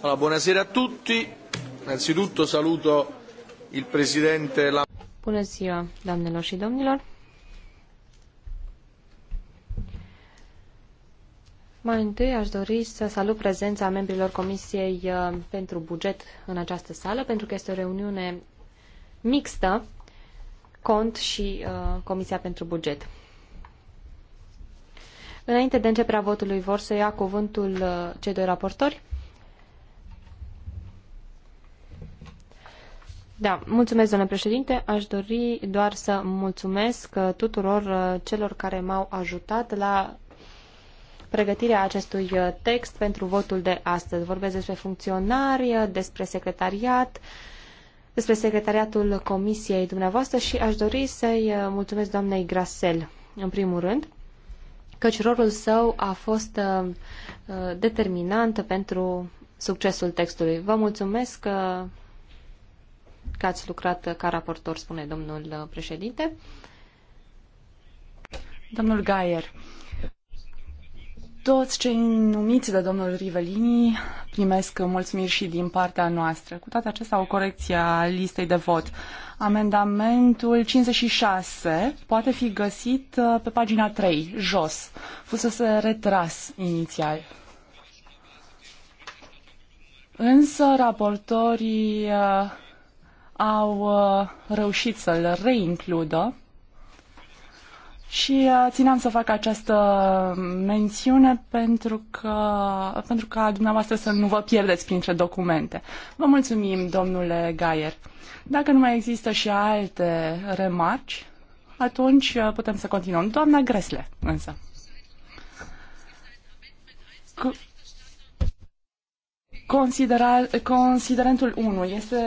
Allora, buonasera a tutti. Innanzitutto saluto il presidente Bună doamnelor și domnilor. Mai întâi aș dori să salut prezența membrilor Comisiei uh, pentru Buget în această sală, pentru că este o reuniune mixtă, cont și uh, Comisia pentru Buget. Înainte de începerea votului, vor să ia cuvântul uh, cei doi raportori? Da, mulțumesc, domnule președinte. Aș dori doar să mulțumesc uh, tuturor uh, celor care m-au ajutat la pregătirea acestui uh, text pentru votul de astăzi. Vorbesc despre funcționari, despre secretariat, despre secretariatul comisiei dumneavoastră și aș dori să-i mulțumesc doamnei Grasel, în primul rând, căci rolul său a fost determinant pentru succesul textului. Vă mulțumesc că ați lucrat ca raportor, spune domnul președinte. Domnul Gaier, toți cei numiți de domnul Rivelini primesc mulțumiri și din partea noastră. Cu toate acestea, o corecție a listei de vot. Amendamentul 56 poate fi găsit uh, pe pagina 3, jos. Fusese retras inițial. Însă raportorii uh, au uh, reușit să-l reincludă și uh, țineam să fac această mențiune pentru, că, pentru ca dumneavoastră să nu vă pierdeți printre documente. Vă mulțumim, domnule Gaier. Dacă nu mai există și alte remarci, atunci uh, putem să continuăm. Doamna Gresle, însă. Cu Considera, considerentul 1 este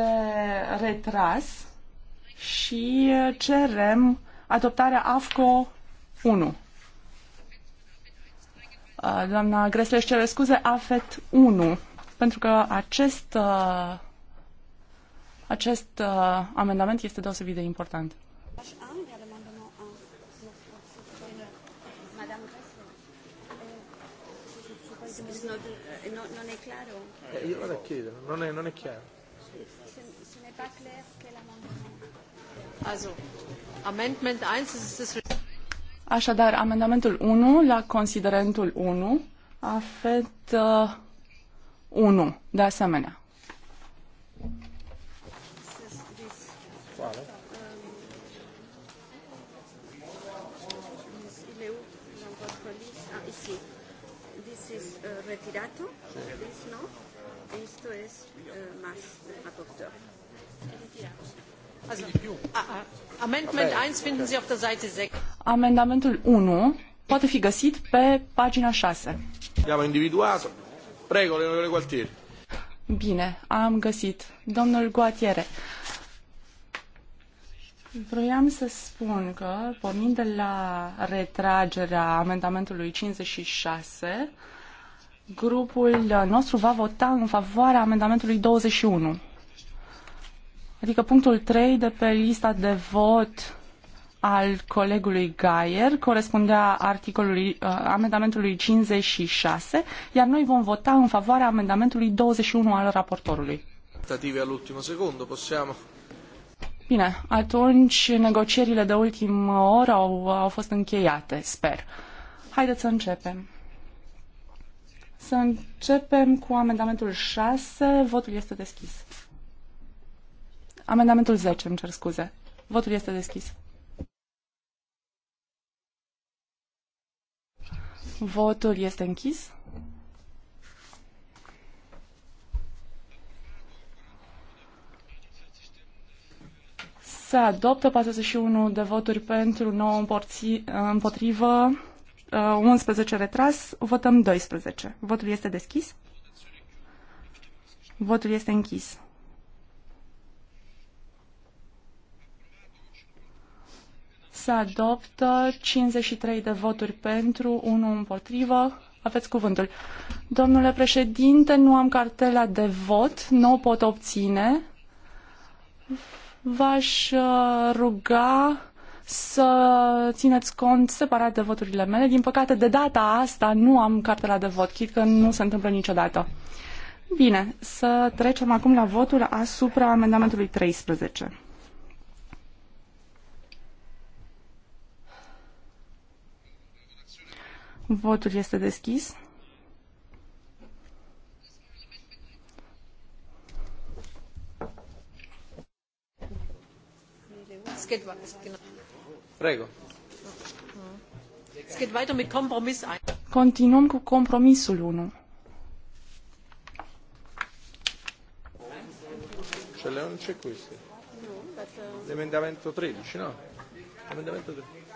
retras și cerem adoptarea AFCO 1. Uh, doamna Gresle își cere scuze, AFET 1, pentru că acest, uh, acest uh, amendament este deosebit de important. Eh, io vado a chiedere, non è, non è chiaro. Așadar, amendamentul 1 la considerentul 1, afectă 1, de asemenea. Ah, uh, retirato Amendamentul 1 poate fi găsit pe pagina 6. Am individuat. Prego, domnule Gualtieri. Bine, am găsit. Domnul Guatiere, Vroiam să spun că, pornind de la retragerea amendamentului 56, grupul nostru va vota în favoarea amendamentului 21 adică punctul 3 de pe lista de vot al colegului Gaier corespundea articolului, uh, amendamentului 56, iar noi vom vota în favoarea amendamentului 21 al raportorului. Tentative all'ultimo secondo, possiamo... Bine, atunci negocierile de ultimă oră au, au fost încheiate, sper. Haideți să începem. Să începem cu amendamentul 6. Votul este deschis. Amendamentul 10, îmi cer scuze. Votul este deschis. Votul este închis. Se adoptă 41 de voturi pentru, 9 împotrivă, 11 uh, retras, votăm 12. Votul este deschis. Votul este închis. se adoptă 53 de voturi pentru, 1 împotrivă. Aveți cuvântul. Domnule președinte, nu am cartela de vot, nu o pot obține. V-aș uh, ruga să țineți cont separat de voturile mele. Din păcate, de data asta nu am cartela de vot, chit că nu se întâmplă niciodată. Bine, să trecem acum la votul asupra amendamentului 13. Votul este deschis. Prego. Continuăm cu compromisul 1. Ce le non c'è questo? L'emendamento 13, no? L'emendamento 13.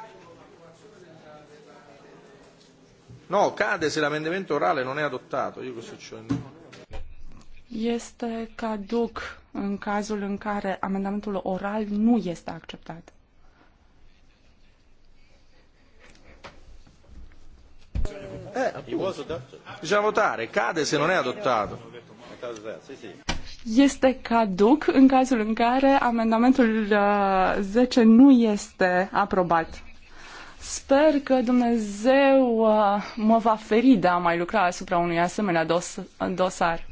No, cade se l'amendamento orale non è adottato. Io cosa c'ho in... Este caduc în cazul în care amendamentul oral nu este acceptat. Eh, Bisogna votare, cade se non è adottato. Este caduc în cazul în care amendamentul 10 eh, nu este aprobat. Sper că Dumnezeu uh, mă va feri de a mai lucra asupra unui asemenea dos dosar.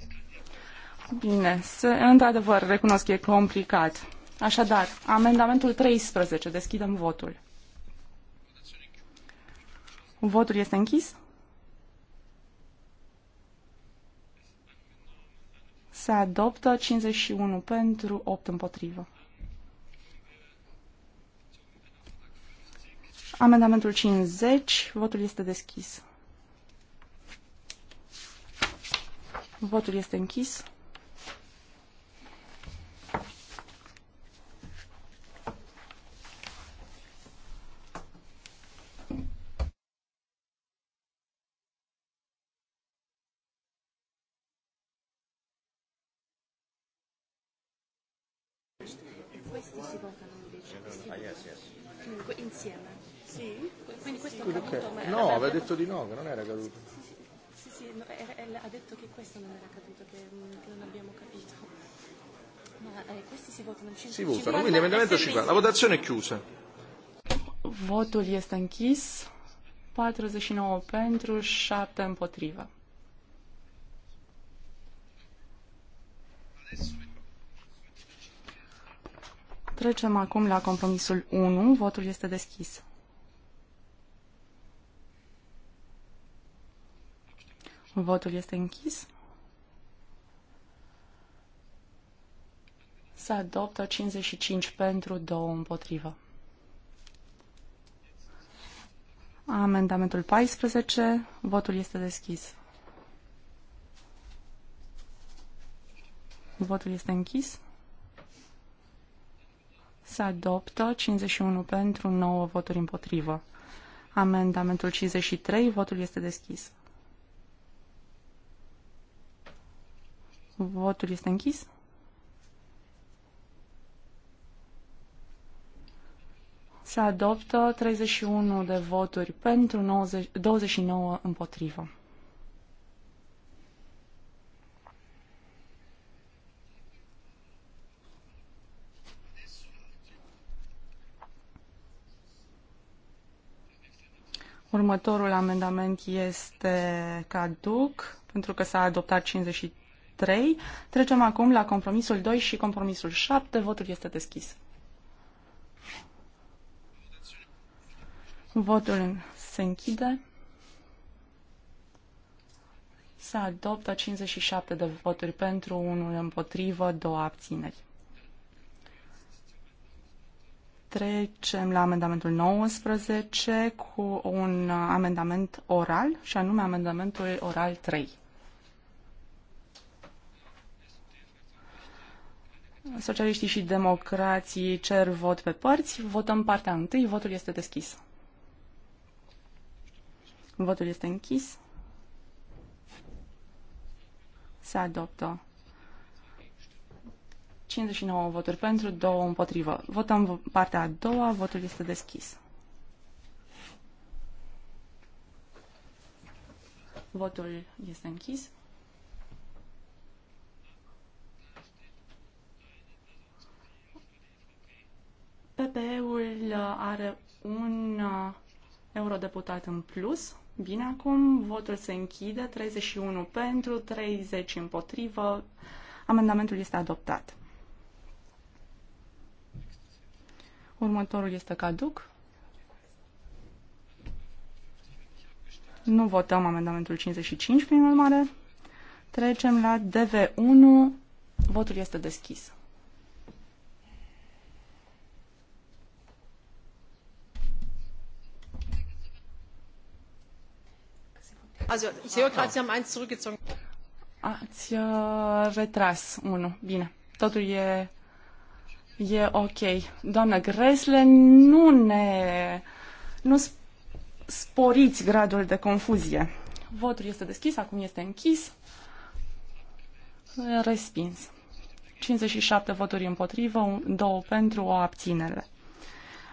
Bine, într-adevăr, recunosc că e complicat. Așadar, amendamentul 13. Deschidem votul. Votul este închis. Se adoptă 51 pentru, 8 împotrivă. Amendamentul 50. Votul este deschis. Votul este închis. detto di no, che non era caduto. Sì, sì, sì, sì, no, è, è, è, ha detto che questo non era caduto, che, mm, che non abbiamo capito. Ma eh, questi si votano 5 Si votano, quindi emendamento 50. La votazione è chiusa. Votul este închis. 49 pentru, 7 împotriva. Trecem acum la compromisul 1. Votul este deschis. Votul este închis. Se adoptă 55 pentru, 2 împotrivă. Amendamentul 14. Votul este deschis. Votul este închis. Se adoptă 51 pentru, 9 voturi împotrivă. Amendamentul 53. Votul este deschis. Votul este închis. Se adoptă 31 de voturi pentru 90, 29 împotrivă. Următorul amendament este caduc, pentru că s-a adoptat 53 3. Trecem acum la compromisul 2 și compromisul 7. Votul este deschis. Votul se închide. Se adoptă 57 de voturi pentru, unul împotrivă, două abțineri. Trecem la amendamentul 19 cu un amendament oral și anume amendamentul oral 3. Socialiștii și democrații cer vot pe părți. Votăm partea întâi. Votul este deschis. Votul este închis. Se adoptă. 59 voturi pentru, 2 împotrivă. Votăm partea a doua. Votul este deschis. Votul este închis. are un uh, eurodeputat în plus. Bine, acum votul se închide. 31 pentru, 30 împotrivă. Amendamentul este adoptat. Următorul este caduc. Nu votăm amendamentul 55, prin urmare. Trecem la DV1. Votul este deschis. Also, ich da, sehe da. gerade, Sie haben eins zurückgezogen. Ați uh, retras unul. Bine. Totul e, e ok. Doamnă Gresle, nu ne... Nu sp- sporiți gradul de confuzie. Votul este deschis, acum este închis. Respins. 57 voturi împotrivă, 2 pentru o abținere.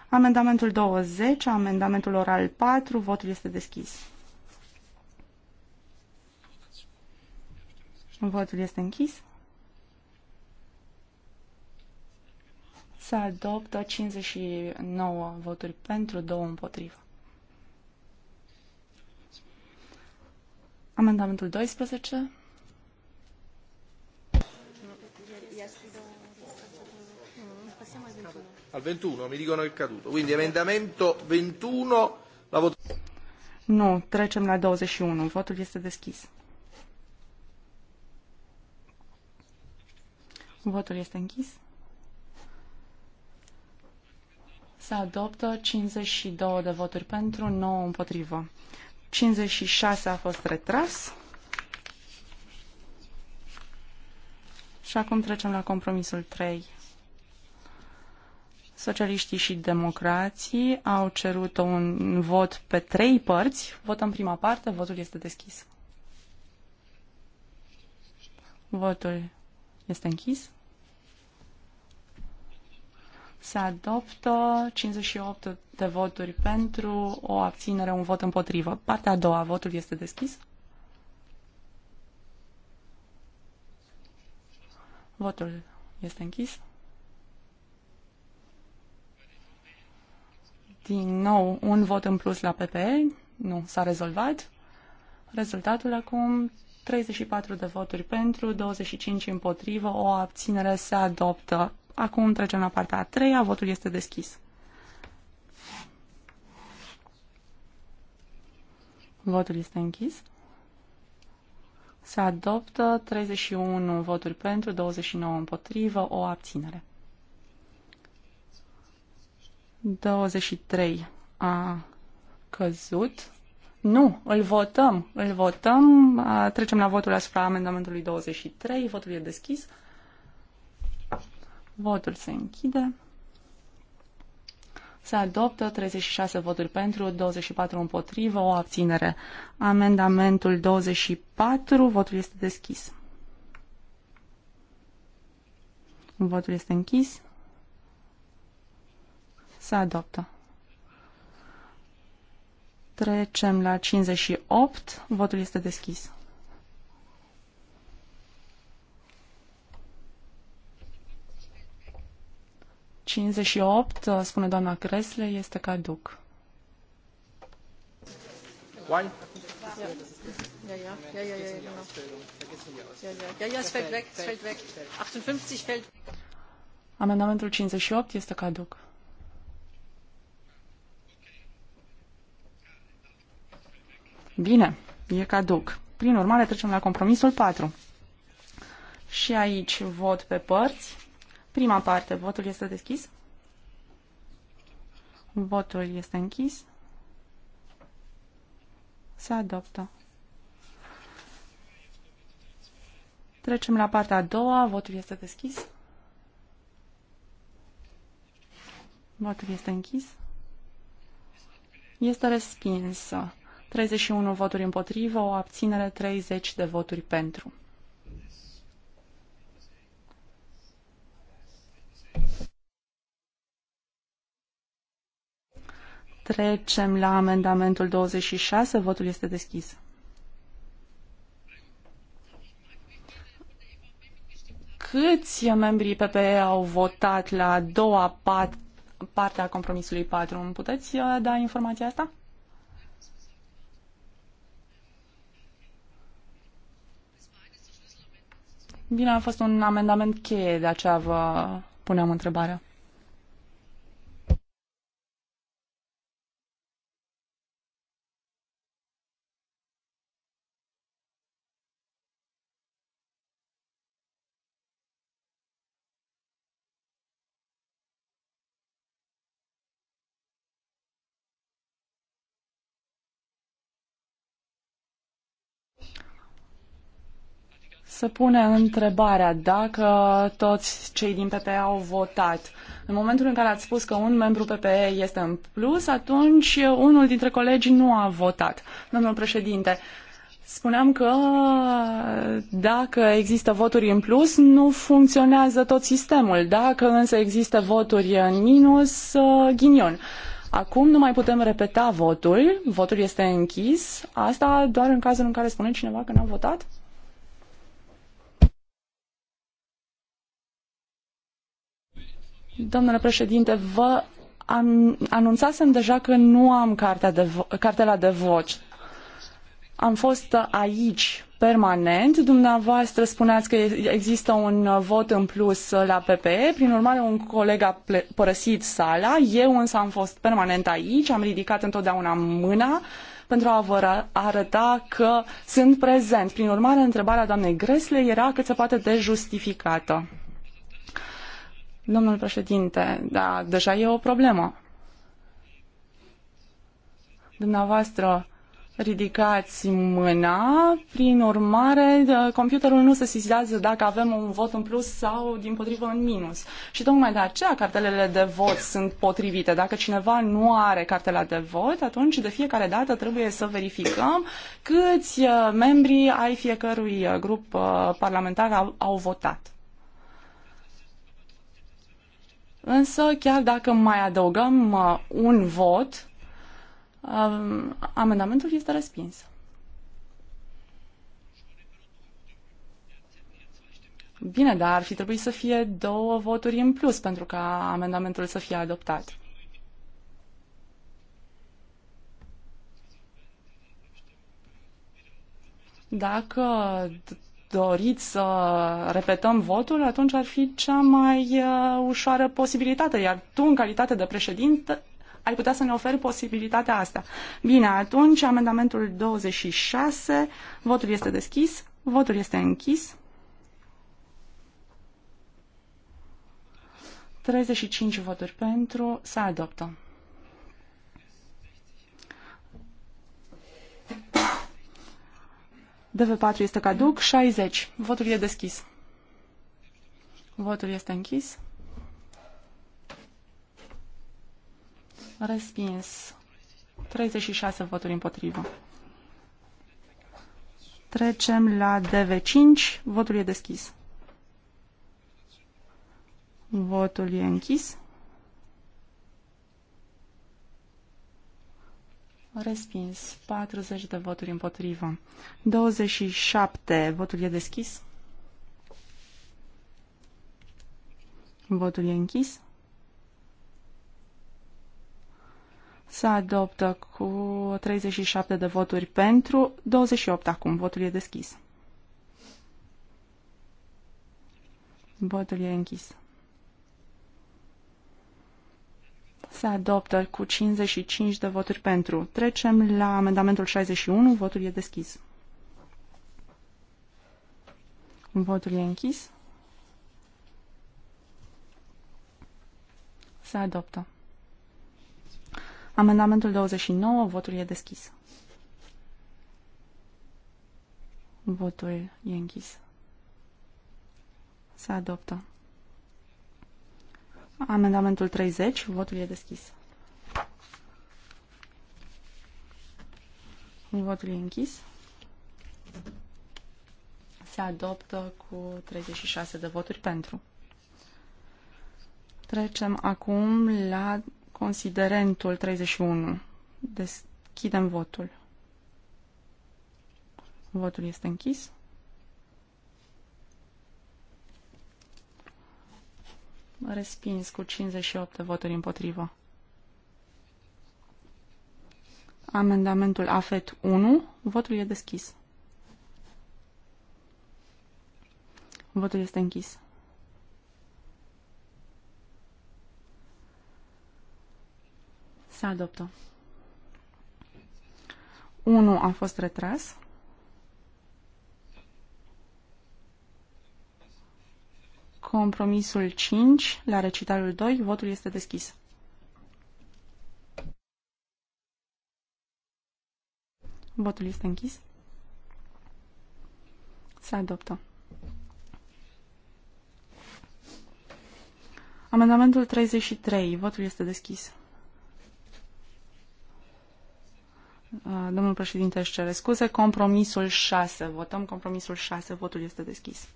Amendamentul 20, amendamentul oral 4, votul este deschis. Votul este închis. Se adoptă 59 voturi pentru, 2 împotrivă. Amendamentul 12. Al 21, mi dicono che è caduto. Quindi emendamento 21, la votazione. Nu, trecem la 21. Votul este deschis. Votul este închis. Se adoptă 52 de voturi pentru, 9 împotrivă. 56 a fost retras. Și acum trecem la compromisul 3. Socialiștii și democrații au cerut un vot pe trei părți. Votăm prima parte, votul este deschis. Votul este închis. Se adoptă 58 de voturi pentru, o abținere, un vot împotrivă. Partea a doua, votul este deschis. Votul este închis. Din nou, un vot în plus la PPE. Nu, s-a rezolvat. Rezultatul acum 34 de voturi pentru, 25 împotrivă, o abținere se adoptă. Acum trecem la partea a treia, votul este deschis. Votul este închis. Se adoptă 31 voturi pentru, 29 împotrivă, o abținere. 23 a căzut. Nu, îl votăm, îl votăm. Trecem la votul asupra amendamentului 23. Votul e deschis. Votul se închide. Se adoptă 36 voturi pentru, 24 împotrivă, o abținere. Amendamentul 24, votul este deschis. Votul este închis. Se adoptă. Trecem la 58. Votul este deschis. Cincizeci opt, spune doamna Cresle, este caduc. Why? Ja, ja, 58 Amendamentul 58 este caduc. Bine, e caduc. Prin urmare, trecem la compromisul 4. Și aici vot pe părți. Prima parte, votul este deschis. Votul este închis. Se adoptă. Trecem la partea a doua. Votul este deschis. Votul este închis. Este respinsă. 31 voturi împotrivă, o abținere 30 de voturi pentru. Trecem la amendamentul 26. Votul este deschis. Câți membrii PPE au votat la a doua pat- parte a compromisului 4? Îmi puteți uh, da informația asta? Bine, a fost un amendament cheie, de aceea vă puneam întrebarea. se pune întrebarea dacă toți cei din PPE au votat. În momentul în care ați spus că un membru PPE este în plus, atunci unul dintre colegii nu a votat. Domnul președinte, spuneam că dacă există voturi în plus, nu funcționează tot sistemul. Dacă însă există voturi în minus, ghinion. Acum nu mai putem repeta votul, votul este închis. Asta doar în cazul în care spune cineva că n-a votat? Domnule președinte, vă anunțasem deja că nu am cartea de cartela de voci. Am fost aici permanent. Dumneavoastră spuneați că există un vot în plus la PPE, prin urmare un coleg a părăsit sala, eu însă am fost permanent aici, am ridicat întotdeauna mâna pentru a vă arăta că sunt prezent. Prin urmare, întrebarea doamnei Gresle era cât se poate de justificată. Domnul președinte, da, deja e o problemă. Dumneavoastră ridicați mâna, prin urmare, computerul nu se sesizează dacă avem un vot în plus sau, din potrivă, în minus. Și tocmai de aceea cartelele de vot sunt potrivite. Dacă cineva nu are cartela de vot, atunci de fiecare dată trebuie să verificăm câți uh, membri ai fiecărui uh, grup uh, parlamentar au, au votat. Însă, chiar dacă mai adăugăm uh, un vot, um, amendamentul este respins. Bine, dar ar fi trebuit să fie două voturi în plus pentru ca amendamentul să fie adoptat. Dacă doriți să repetăm votul, atunci ar fi cea mai uh, ușoară posibilitate, iar tu, în calitate de președinte, ai putea să ne oferi posibilitatea asta. Bine, atunci amendamentul 26, votul este deschis, votul este închis. 35 voturi pentru, se adoptă. DV4 este caduc. 60. Votul e deschis. Votul este închis. Respins. 36 voturi împotrivă. Trecem la DV5. Votul e deschis. Votul e închis. Respins. 40 de voturi împotrivă. 27. Votul e deschis. Votul e închis. Se adoptă cu 37 de voturi pentru, 28 acum. Votul e deschis. Votul e închis. Se adoptă cu 55 de voturi pentru. Trecem la amendamentul 61. Votul e deschis. Votul e închis. Se adoptă. Amendamentul 29, votul e deschis. Votul e închis. Se adoptă. Amendamentul 30. Votul e deschis. Votul e închis. Se adoptă cu 36 de voturi pentru. Trecem acum la considerentul 31. Deschidem votul. Votul este închis. Respins cu 58 de voturi împotrivă. Amendamentul AFET 1. Votul e deschis. Votul este închis. Se adoptă. 1 a fost retras. compromisul 5 la recitalul 2. Votul este deschis. Votul este închis. Se adoptă. Amendamentul 33. Votul este deschis. Uh, domnul președinte își cere scuze. Compromisul 6. Votăm compromisul 6. Votul este deschis.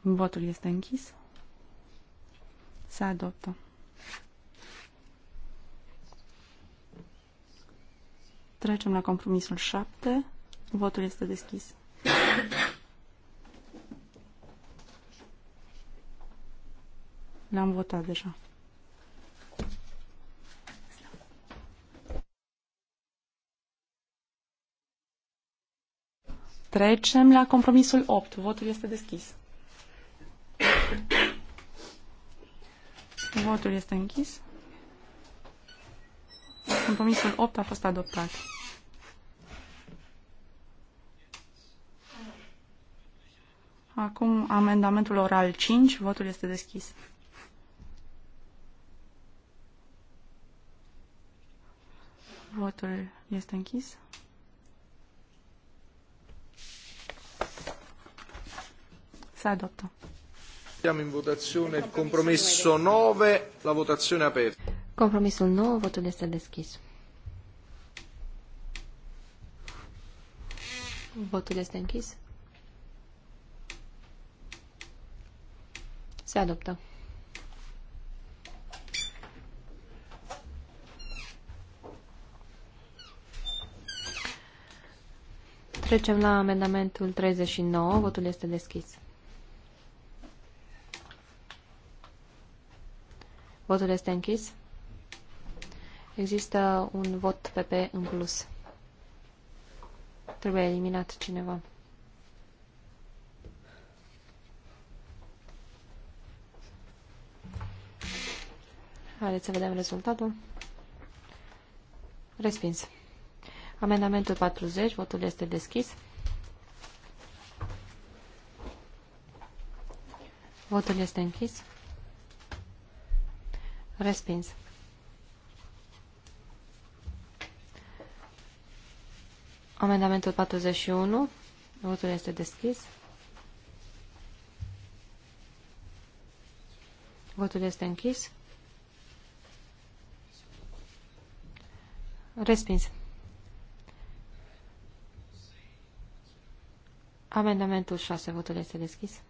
Votul este închis. Se adoptă. Trecem la compromisul 7. Votul este deschis. L-am votat deja. Trecem la compromisul 8. Votul este deschis. Votul este închis. Compromisul 8 a fost adoptat. Acum amendamentul oral 5. Votul este deschis. Votul este închis. Se adoptă. Siamo in votazione il compromesso 9, la votazione aperta. Compromisul 9, votul este deschis. Votul este închis. Se adoptă. Trecem la amendamentul 39. Votul este deschis. Votul este închis. Există un vot PP în plus. Trebuie eliminat cineva. Haideți să vedem rezultatul. Respins. Amendamentul 40, votul este deschis. Votul este închis. Respins. Amendamentul 41. Votul este deschis. Votul este închis. Respins. Amendamentul 6. Votul este deschis.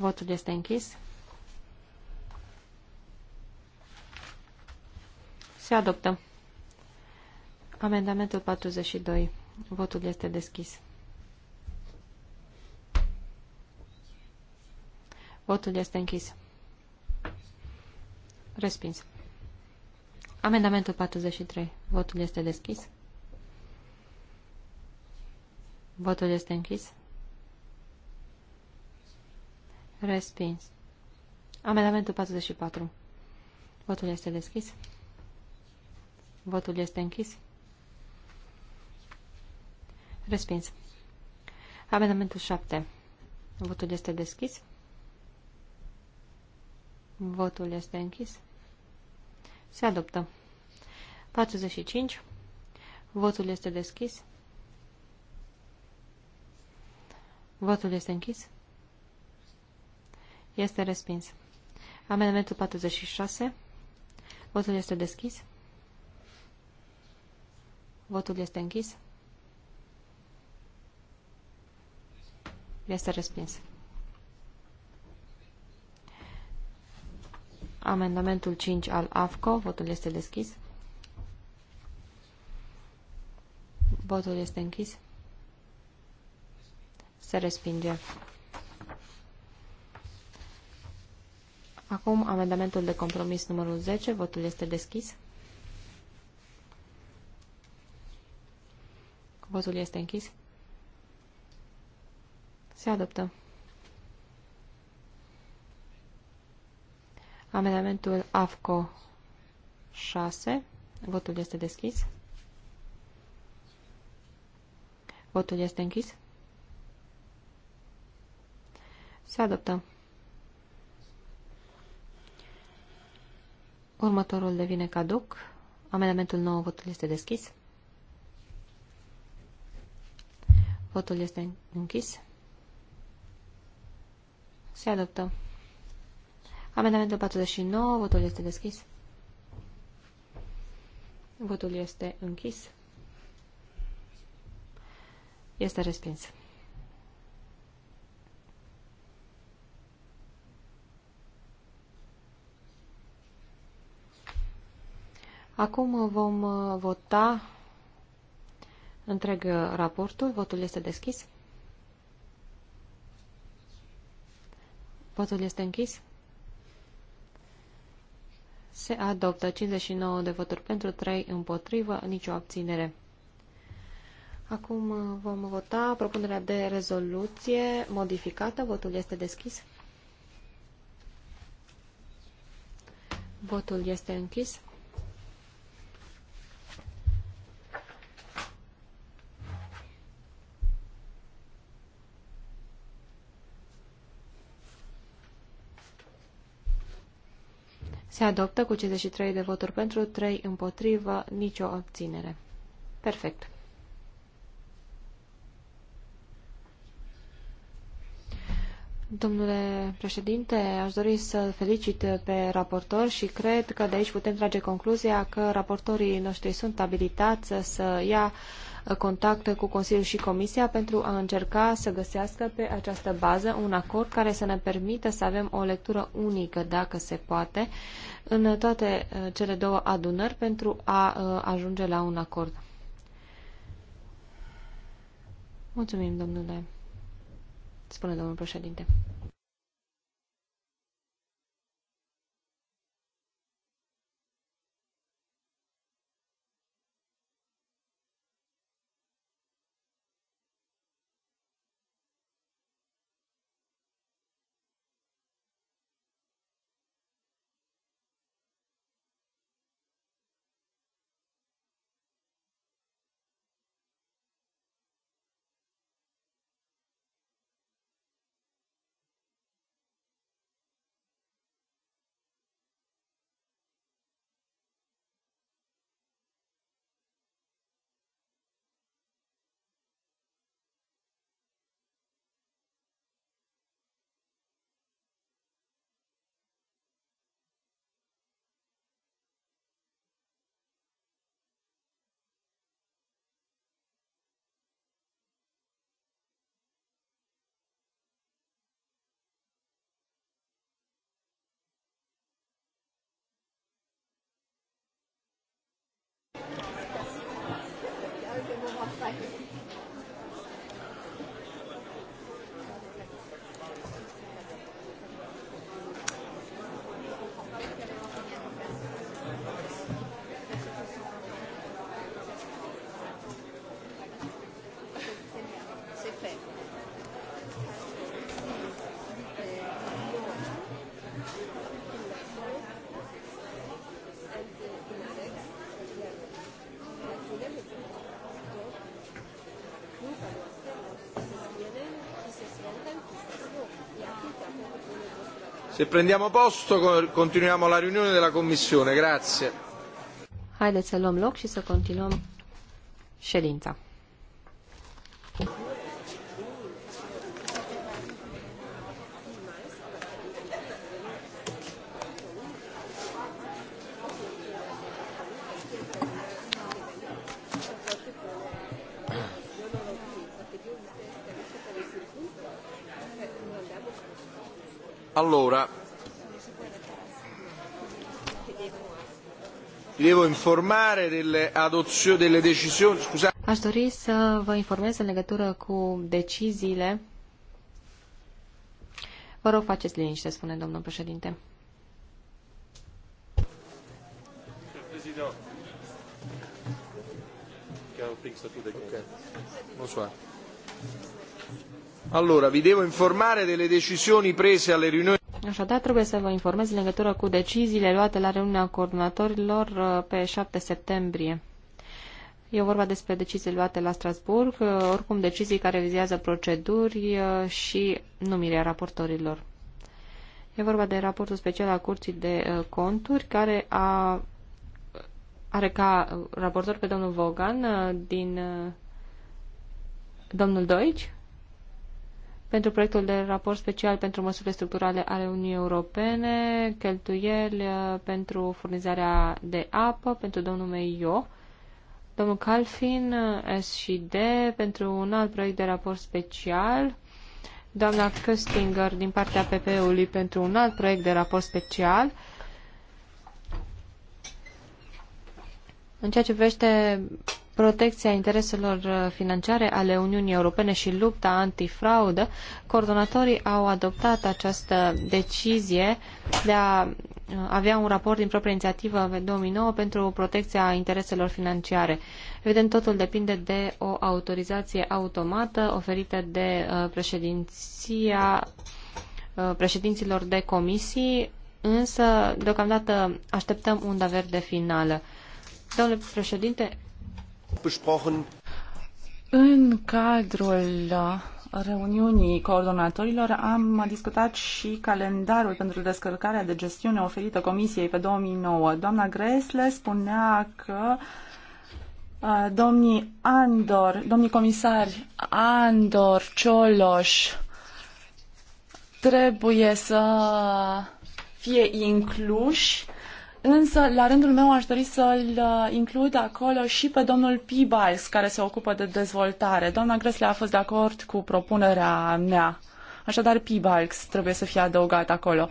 Votul este închis. Se adoptă. Amendamentul 42. Votul este deschis. Votul este închis. Respins. Amendamentul 43. Votul este deschis. Votul este închis. Respins. Amendamentul 44. Votul este deschis. Votul este închis. Respins. Amendamentul 7. Votul este deschis. Votul este închis. Se adoptă. 45. Votul este deschis. Votul este închis. Este respins. Amendamentul 46. Votul este deschis. Votul este închis. Este respins. Amendamentul 5 al AFCO. Votul este deschis. Votul este închis. Se respinge. Acum amendamentul de compromis numărul 10. Votul este deschis. Votul este închis. Se adoptă. Amendamentul AFCO 6. Votul este deschis. Votul este închis. Se adoptă. Următorul devine caduc. Amendamentul 9, votul este deschis. Votul este închis. Se adoptă. Amendamentul 49, votul este deschis. Votul este închis. Este respins. Acum uh, vom uh, vota întreg uh, raportul. Votul este deschis. Votul este închis. Se adoptă 59 de voturi pentru 3 împotrivă, nicio abținere. Acum vom vota propunerea de rezoluție modificată. Votul este deschis. Votul este închis. Se adoptă cu 53 de voturi pentru, 3 împotrivă, nicio abținere. Perfect. Domnule președinte, aș dori să felicit pe raportor și cred că de aici putem trage concluzia că raportorii noștri sunt abilitați să ia uh, contact cu Consiliul și Comisia pentru a încerca să găsească pe această bază un acord care să ne permită să avem o lectură unică, dacă se poate, în toate uh, cele două adunări pentru a uh, ajunge la un acord. Mulțumim, domnule, spune domnul președinte. Se prendiamo posto, continuiamo la riunione della Commissione. Grazie. Haideți să luăm loc și să continuăm ședința. devo informare delle adozioni delle decisioni. Scusate. Aș dori să vă informez în legătură cu deciziile. Vă rog, faceți liniște, spune domnul președinte. Allora, vi devo informare delle decisioni prese alle riunioni Așadar, trebuie să vă informez în legătură cu deciziile luate la reuniunea coordonatorilor uh, pe 7 septembrie. E vorba despre decizii luate la Strasburg, uh, oricum decizii care vizează proceduri uh, și numirea raportorilor. E vorba de raportul special al Curții de Conturi, care a, are ca raportor pe domnul Vogan din domnul Deutsch pentru proiectul de raport special pentru măsurile structurale ale Uniunii Europene, cheltuieli uh, pentru furnizarea de apă pentru domnul Meio, domnul Calfin, uh, S pentru un alt proiect de raport special, doamna Köstinger din partea PP-ului pentru un alt proiect de raport special, În ceea ce privește protecția intereselor uh, financiare ale Uniunii Europene și lupta antifraudă, coordonatorii au adoptat această decizie de a uh, avea un raport din proprie inițiativă pe 2009 pentru protecția intereselor financiare. Evident, totul depinde de o autorizație automată oferită de uh, președinția președinților de comisii, însă deocamdată așteptăm unda verde finală. Domnule președinte, în cadrul reuniunii coordonatorilor am discutat și calendarul pentru descărcarea de gestiune oferită Comisiei pe 2009. Doamna Gresle spunea că uh, domnii Andor, domnii comisari Andor, Cioloș, trebuie să fie incluși Însă, la rândul meu, aș dori să-l uh, includ acolo și pe domnul Pibals, care se ocupă de dezvoltare. Doamna Gresle a fost de acord cu propunerea mea. Așadar, Pibals trebuie să fie adăugat acolo.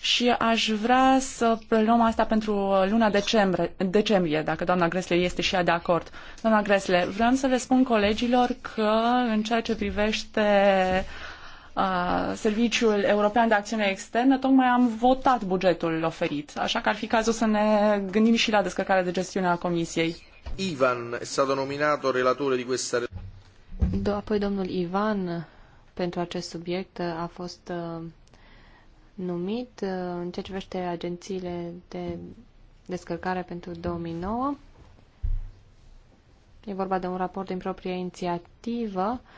Și aș vrea să preluăm asta pentru luna decembrie, decembrie dacă doamna Gresle este și ea de acord. Doamna Gresle, vreau să le spun colegilor că în ceea ce privește uh, Serviciul European de Acțiune Externă, tocmai am votat bugetul oferit, așa că ar fi cazul să ne gândim și la descărcarea de gestiune a Comisiei. Ivan è stato nominato relatore di questa... Do, apoi domnul Ivan pentru acest subiect a fost uh, numit uh, în ce privește agențiile de descărcare pentru 2009. E vorba de un raport din proprie inițiativă uh,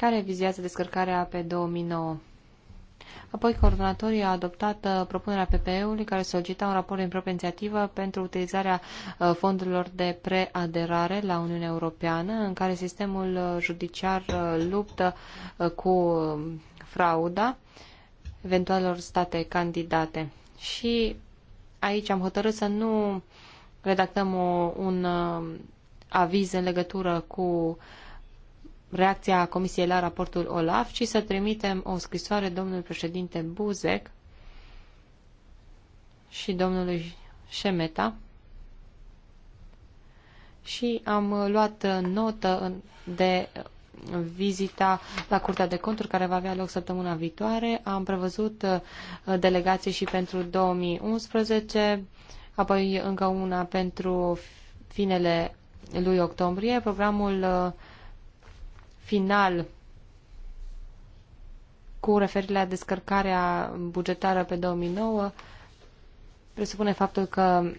care vizează descărcarea pe 2009. Apoi, coordonatorii au adoptat uh, propunerea PPE-ului care solicita un raport în proprie inițiativă pentru utilizarea uh, fondurilor de preaderare la Uniunea Europeană, în care sistemul uh, judiciar luptă cu um, frauda eventualelor state candidate. Și aici am hotărât să nu redactăm o, un aviz în legătură cu uh, reacția Comisiei la raportul OLAF, ci să trimitem o scrisoare domnului președinte Buzek și domnului Șemeta și am luat notă de vizita la Curtea de Conturi care va avea loc săptămâna viitoare. Am prevăzut uh, delegații și pentru 2011, apoi încă una pentru finele lui octombrie. Programul uh, final cu referire la descărcarea bugetară pe 2009 presupune faptul că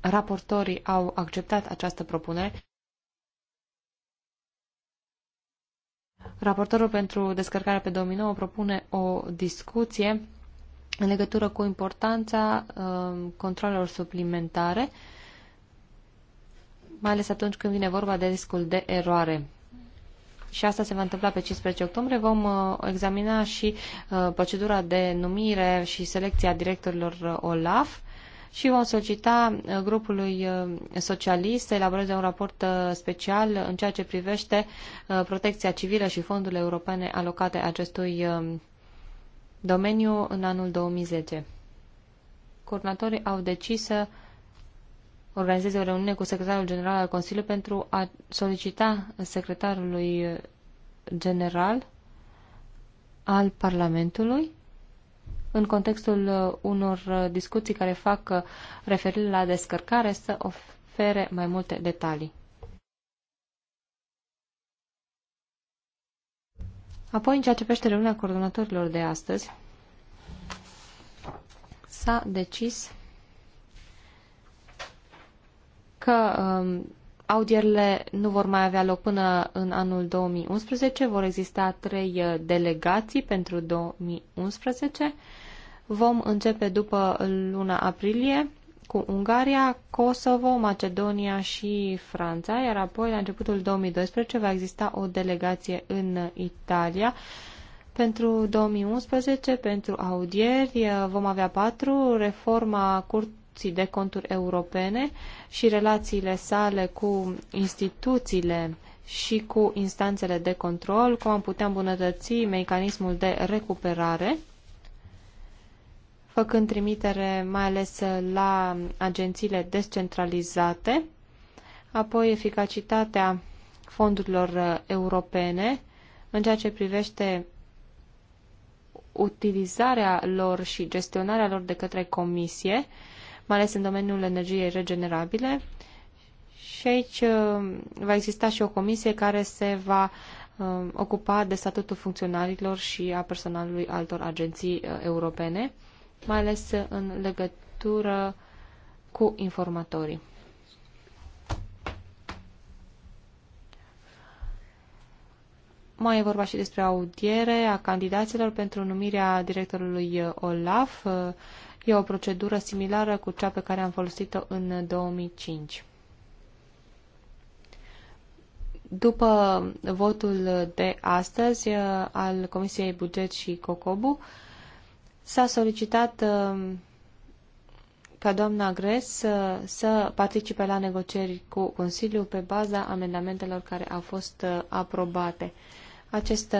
raportorii au acceptat această propunere. Raportorul pentru descărcarea pe 2009 propune o discuție în legătură cu importanța uh, controlelor suplimentare, mai ales atunci când vine vorba de riscul de eroare și asta se va întâmpla pe 15 octombrie. Vom uh, examina și uh, procedura de numire și selecția directorilor uh, OLAF și vom solicita grupului socialist să elaboreze un raport special în ceea ce privește protecția civilă și fondurile europene alocate acestui domeniu în anul 2010. Coordonatorii au decis să organizeze o reuniune cu secretarul general al Consiliului pentru a solicita secretarului general al Parlamentului în contextul unor discuții care fac referire la descărcare să ofere mai multe detalii. Apoi, în ceea ce privește reuniunea coordonatorilor de astăzi, s-a decis că um, audierile nu vor mai avea loc până în anul 2011, vor exista trei uh, delegații pentru 2011. Vom începe după luna aprilie cu Ungaria, Kosovo, Macedonia și Franța, iar apoi la începutul 2012 va exista o delegație în Italia. Pentru 2011, pentru audieri, uh, vom avea patru, reforma curt Curții de Conturi Europene și relațiile sale cu instituțiile și cu instanțele de control, cum am putea îmbunătăți mecanismul de recuperare, făcând trimitere mai ales la agențiile descentralizate, apoi eficacitatea fondurilor europene în ceea ce privește utilizarea lor și gestionarea lor de către comisie mai ales în domeniul energiei regenerabile. Și aici uh, va exista și o comisie care se va uh, ocupa de statutul funcționarilor și a personalului altor agenții uh, europene, mai ales în legătură cu informatorii. Mai e vorba și despre audiere a candidaților pentru numirea directorului OLAF E o procedură similară cu cea pe care am folosit-o în 2005. După votul de astăzi uh, al Comisiei Buget și COCOBU, s-a solicitat uh, ca doamna Gres să, uh, să participe la negocieri cu Consiliul pe baza amendamentelor care au fost aprobate. Acest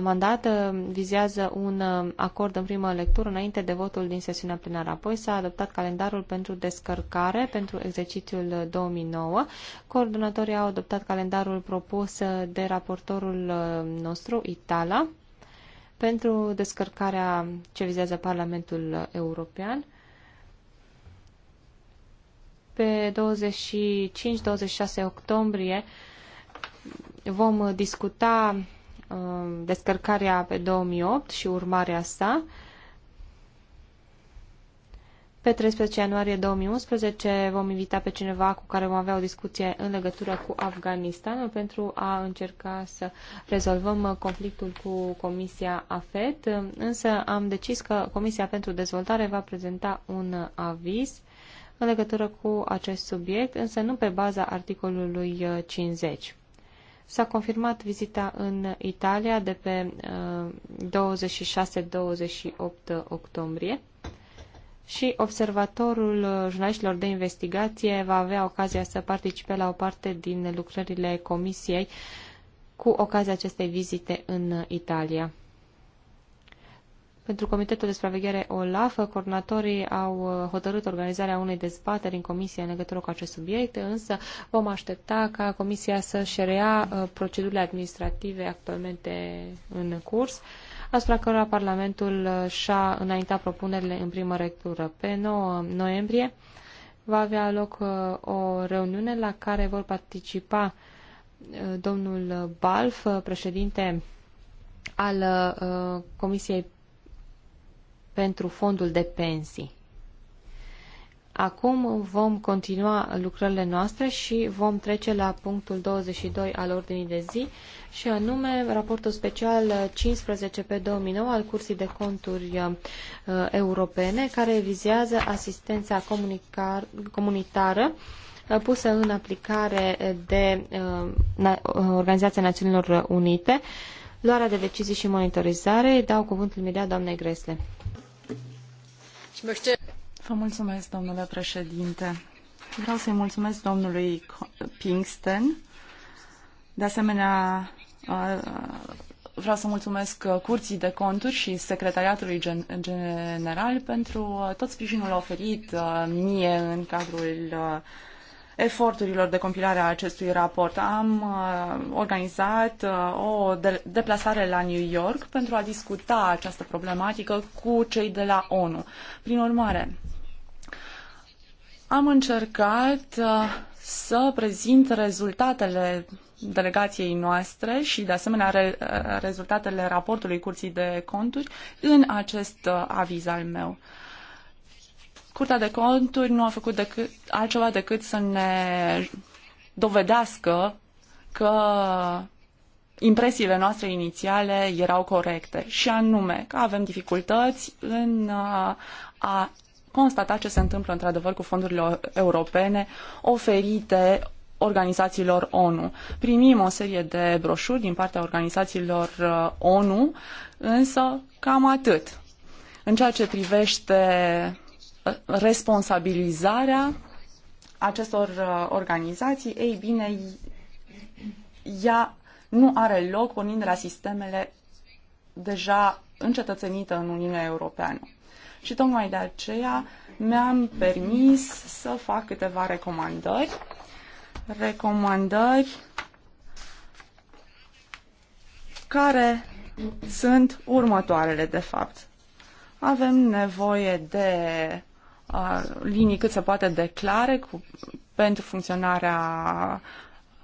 mandat uh, vizează un uh, acord în primă lectură înainte de votul din sesiunea plenară. Apoi s-a adoptat calendarul pentru descărcare pentru exercițiul 2009. Uh, Coordonatorii au adoptat calendarul propus de raportorul nostru, Itala, pentru descărcarea ce vizează Parlamentul European pe 25-26 octombrie vom uh, discuta uh, descărcarea pe 2008 și urmarea sa. Pe 13 ianuarie 2011 vom invita pe cineva cu care vom avea o discuție în legătură cu Afganistanul pentru a încerca să rezolvăm uh, conflictul cu Comisia AFET, însă am decis că Comisia pentru Dezvoltare va prezenta un aviz în legătură cu acest subiect, însă nu pe baza articolului 50. S-a confirmat vizita în Italia de pe 26-28 uh, octombrie și observatorul uh, jurnaliștilor de investigație va avea ocazia să participe la o parte din lucrările comisiei cu ocazia acestei vizite în Italia. Pentru Comitetul de Supraveghere OLAF, coordonatorii au uh, hotărât organizarea unei dezbateri în comisie în legătură cu acest subiect, însă vom aștepta ca comisia să-și rea uh, procedurile administrative actualmente în curs asupra cărora Parlamentul uh, și-a înaintat propunerile în primă lectură. Pe 9 noiembrie va avea loc o reuniune la care vor participa domnul Balf, președinte al Comisiei pentru fondul de pensii. Acum vom continua lucrările noastre și vom trece la punctul 22 al ordinii de zi și anume raportul special 15 pe 2009 al cursii de Conturi uh, Europene care vizează asistența comunitară uh, pusă în aplicare de uh, Organizația Națiunilor Unite, luarea de decizii și monitorizare. Dau cuvântul imediat doamnei Gresle mulțumesc, Vreau să-i mulțumesc domnului Pinkston. De asemenea, uh, vreau să mulțumesc Curții de Conturi și Secretariatului General pentru uh, tot sprijinul oferit uh, mie în cadrul eforturilor de compilare a acestui raport. Am uh, organizat uh, o de- deplasare la New York pentru a discuta această problematică cu cei de la ONU. Prin urmare, am încercat uh, să prezint rezultatele delegației noastre și, de asemenea, re- uh, rezultatele raportului Curții de Conturi în acest uh, aviz al meu. Uh, Curtea de conturi nu a făcut decât, altceva decât să ne dovedească că impresiile noastre inițiale erau corecte și anume că avem dificultăți în uh, a constata ce se întâmplă într-adevăr cu fondurile europene oferite organizațiilor ONU. Primim o serie de broșuri din partea organizațiilor uh, ONU, însă cam atât. În ceea ce privește responsabilizarea acestor uh, organizații, ei bine, ea nu are loc pornind de la sistemele deja încetățenită în Uniunea Europeană. Și tocmai de aceea mi-am permis să fac câteva recomandări. Recomandări care sunt următoarele, de fapt. Avem nevoie de Uh, linii cât se poate de clare cu, pentru funcționarea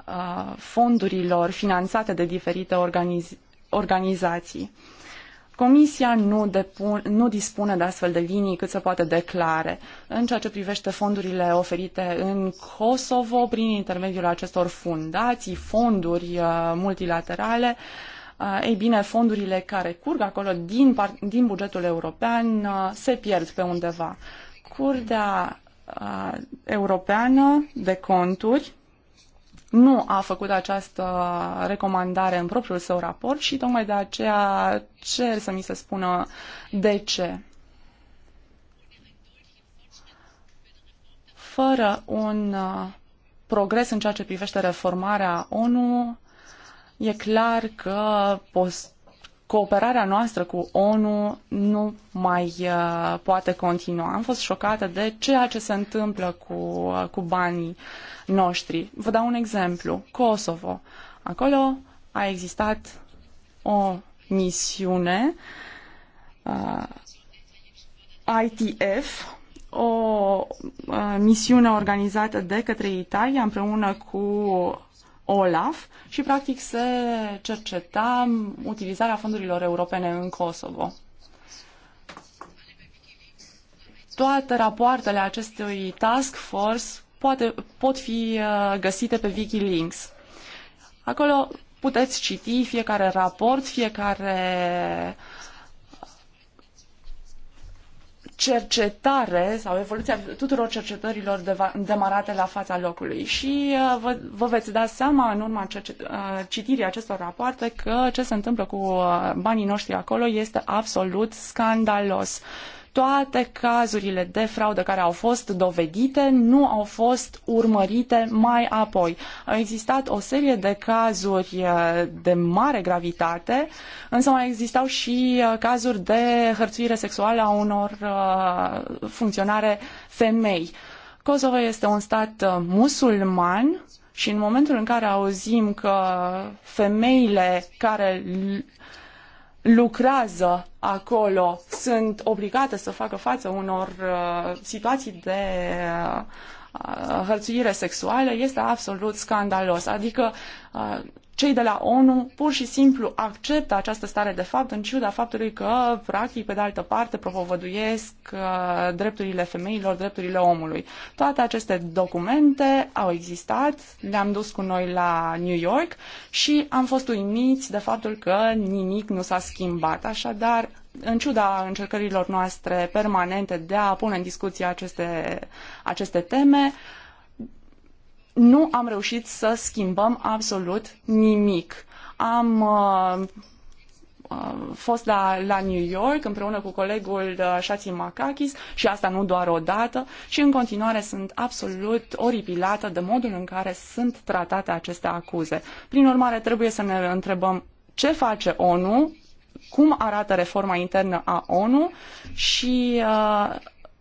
uh, fondurilor finanțate de diferite organiz- organizații. Comisia nu, depun, nu dispune de astfel de linii cât se poate de clare. În ceea ce privește fondurile oferite în Kosovo, prin intermediul acestor fundații, fonduri uh, multilaterale, ei bine, fondurile care curg acolo din, din bugetul european se pierd pe undeva. Curtea Europeană de Conturi nu a făcut această recomandare în propriul său raport și tocmai de aceea cer să mi se spună de ce. Fără un progres în ceea ce privește reformarea ONU, e clar că post cooperarea noastră cu ONU nu mai uh, poate continua. Am fost șocată de ceea ce se întâmplă cu, uh, cu banii noștri. Vă dau un exemplu. Kosovo. Acolo a existat o misiune uh, ITF, o uh, misiune organizată de către Italia împreună cu OLAF și practic se cerceta utilizarea fondurilor europene în Kosovo. Toate rapoartele acestui task force poate, pot fi uh, găsite pe Wikilinks. Acolo puteți citi fiecare raport, fiecare cercetare sau evoluția tuturor cercetărilor demarate la fața locului și uh, vă, vă veți da seama în urma uh, citirii acestor rapoarte că ce se întâmplă cu uh, banii noștri acolo este absolut scandalos toate cazurile de fraudă care au fost dovedite nu au fost urmărite mai apoi. Au existat o serie de cazuri eh, de mare gravitate, însă mai existau și eh, cazuri de hărțuire sexuală a unor eh, funcționare femei. Kosovo este un stat musulman și în momentul în care auzim că femeile care lucrează acolo sunt obligate să facă față unor uh, situații de uh, hărțuire sexuală este absolut scandalos. Adică uh, cei de la ONU pur și simplu acceptă această stare de fapt în ciuda faptului că, practic, pe de altă parte, propovăduiesc uh, drepturile femeilor, drepturile omului. Toate aceste documente au existat, le-am dus cu noi la New York și am fost uimiți de faptul că nimic nu s-a schimbat. Așadar, în ciuda încercărilor noastre permanente de a pune în discuție aceste, aceste teme, uh, nu am reușit să schimbăm absolut nimic. Am uh, uh fost la, la New York împreună cu colegul uh, Shati Makakis și asta nu doar o dată și în continuare sunt absolut oripilată de modul în care sunt tratate aceste acuze. Prin urmare, trebuie să ne întrebăm ce face ONU, cum arată reforma internă a ONU și uh,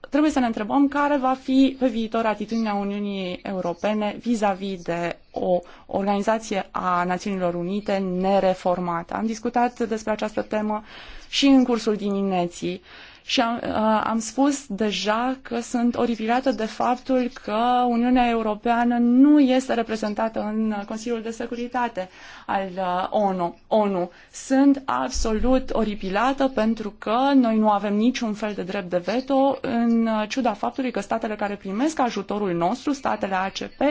trebuie să ne întrebăm care va fi pe viitor atitudinea Uniunii Europene vis-a-vis -vis de o organizație a Națiunilor Unite nereformată. Am discutat despre această temă și în cursul dimineții și am, uh, am spus deja că sunt oribilată de faptul că Uniunea Europeană nu este reprezentată în Consiliul de Securitate al uh, ONU. ONU. Sunt absolut oribilată pentru că noi nu avem niciun fel de drept de veto în uh, ciuda faptului că statele care primesc ajutorul nostru, statele ACP,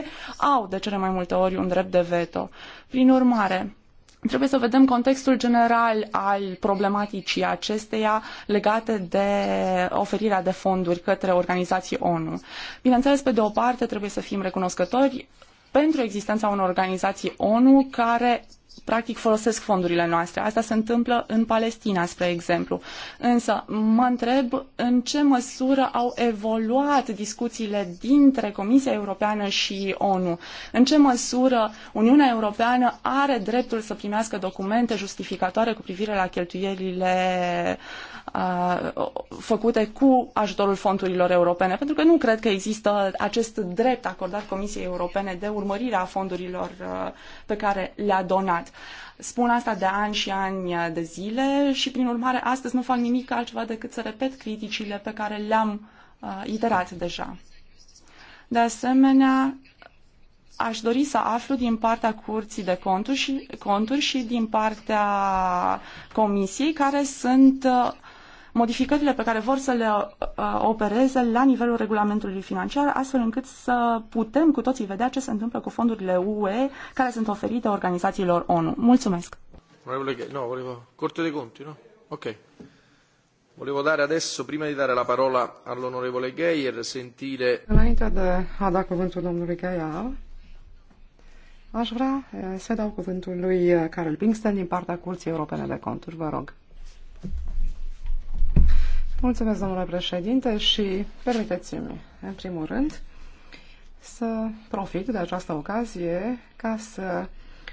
au de cele mai multe ori un drept de veto. Prin urmare, Trebuie să vedem contextul general al problematicii acesteia legate de oferirea de fonduri către organizații ONU. Bineînțeles, pe de o parte, trebuie să fim recunoscători pentru existența unor organizații ONU care practic folosesc fondurile noastre. Asta se întâmplă în Palestina, spre exemplu. Însă mă întreb în ce măsură au evoluat discuțiile dintre Comisia Europeană și ONU. În ce măsură Uniunea Europeană are dreptul să primească documente justificatoare cu privire la cheltuielile uh, Uh, făcute cu ajutorul fondurilor europene, pentru că nu cred că există acest drept acordat Comisiei Europene de urmărire a fondurilor uh, pe care le-a donat. Spun asta de ani și ani de zile și, prin urmare, astăzi nu fac nimic altceva decât să repet criticile pe care le-am uh, iterat deja. De asemenea, aș dori să aflu din partea Curții de Conturi și, conturi și din partea Comisiei care sunt modificările pe care vor să le uh, uh, opereze la nivelul regulamentului financiar, astfel încât să putem cu toții vedea ce se întâmplă cu fondurile UE care sunt oferite organizațiilor ONU. Mulțumesc! No, volevo... Corte dei Conti, no? Ok. Volevo dare adesso, prima di dare la parola all'onorevole Geier, sentire... Înainte de a da cuvântul domnului Geier, aș vrea eh, să dau cuvântul lui eh, Carol Pinkston din partea Curții Europene de Conturi. Vă rog. Mulțumesc, domnule președinte, și permiteți-mi, în primul rând, să profit de această ocazie ca să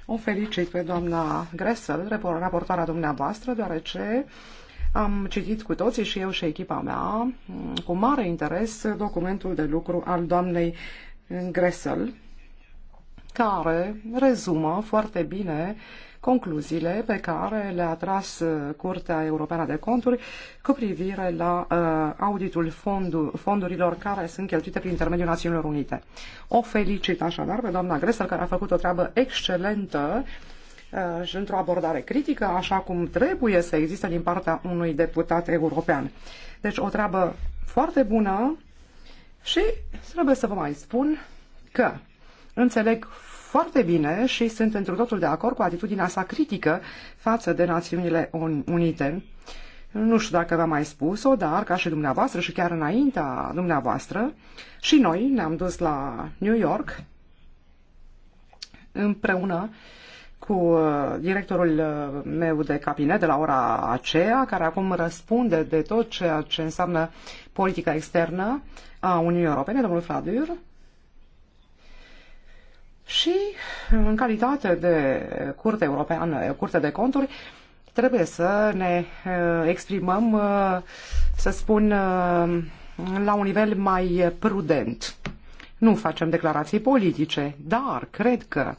o felicit pe doamna Gressel, raportoarea dumneavoastră, deoarece am citit cu toții și eu și echipa mea mm, cu mare interes documentul de lucru al doamnei Gressel, care rezumă foarte bine uh, concluziile pe care le-a tras uh, Curtea Europeană de Conturi cu privire la uh, auditul fondul, fondurilor care sunt cheltuite prin intermediul Națiunilor Unite. O felicit așadar pe doamna Gresel care a făcut o treabă excelentă uh, și într-o abordare critică, așa cum trebuie să existe din partea unui deputat european. Deci o treabă foarte bună și trebuie să vă mai spun că înțeleg foarte bine și sunt într totul de acord cu atitudinea sa critică față de Națiunile Unite. Nu știu dacă v-am mai spus-o, dar ca și dumneavoastră și chiar înaintea dumneavoastră, și noi ne-am dus la New York împreună cu uh, directorul uh, meu de cabinet de la ora aceea, care acum răspunde de tot ceea ce înseamnă politica externă a Uniunii Europene, domnul Fladur, și în calitate de curte europeană, curte de conturi, trebuie să ne eh, exprimăm, eh, să spun, eh, la un nivel mai prudent. Nu facem declarații politice, dar cred că,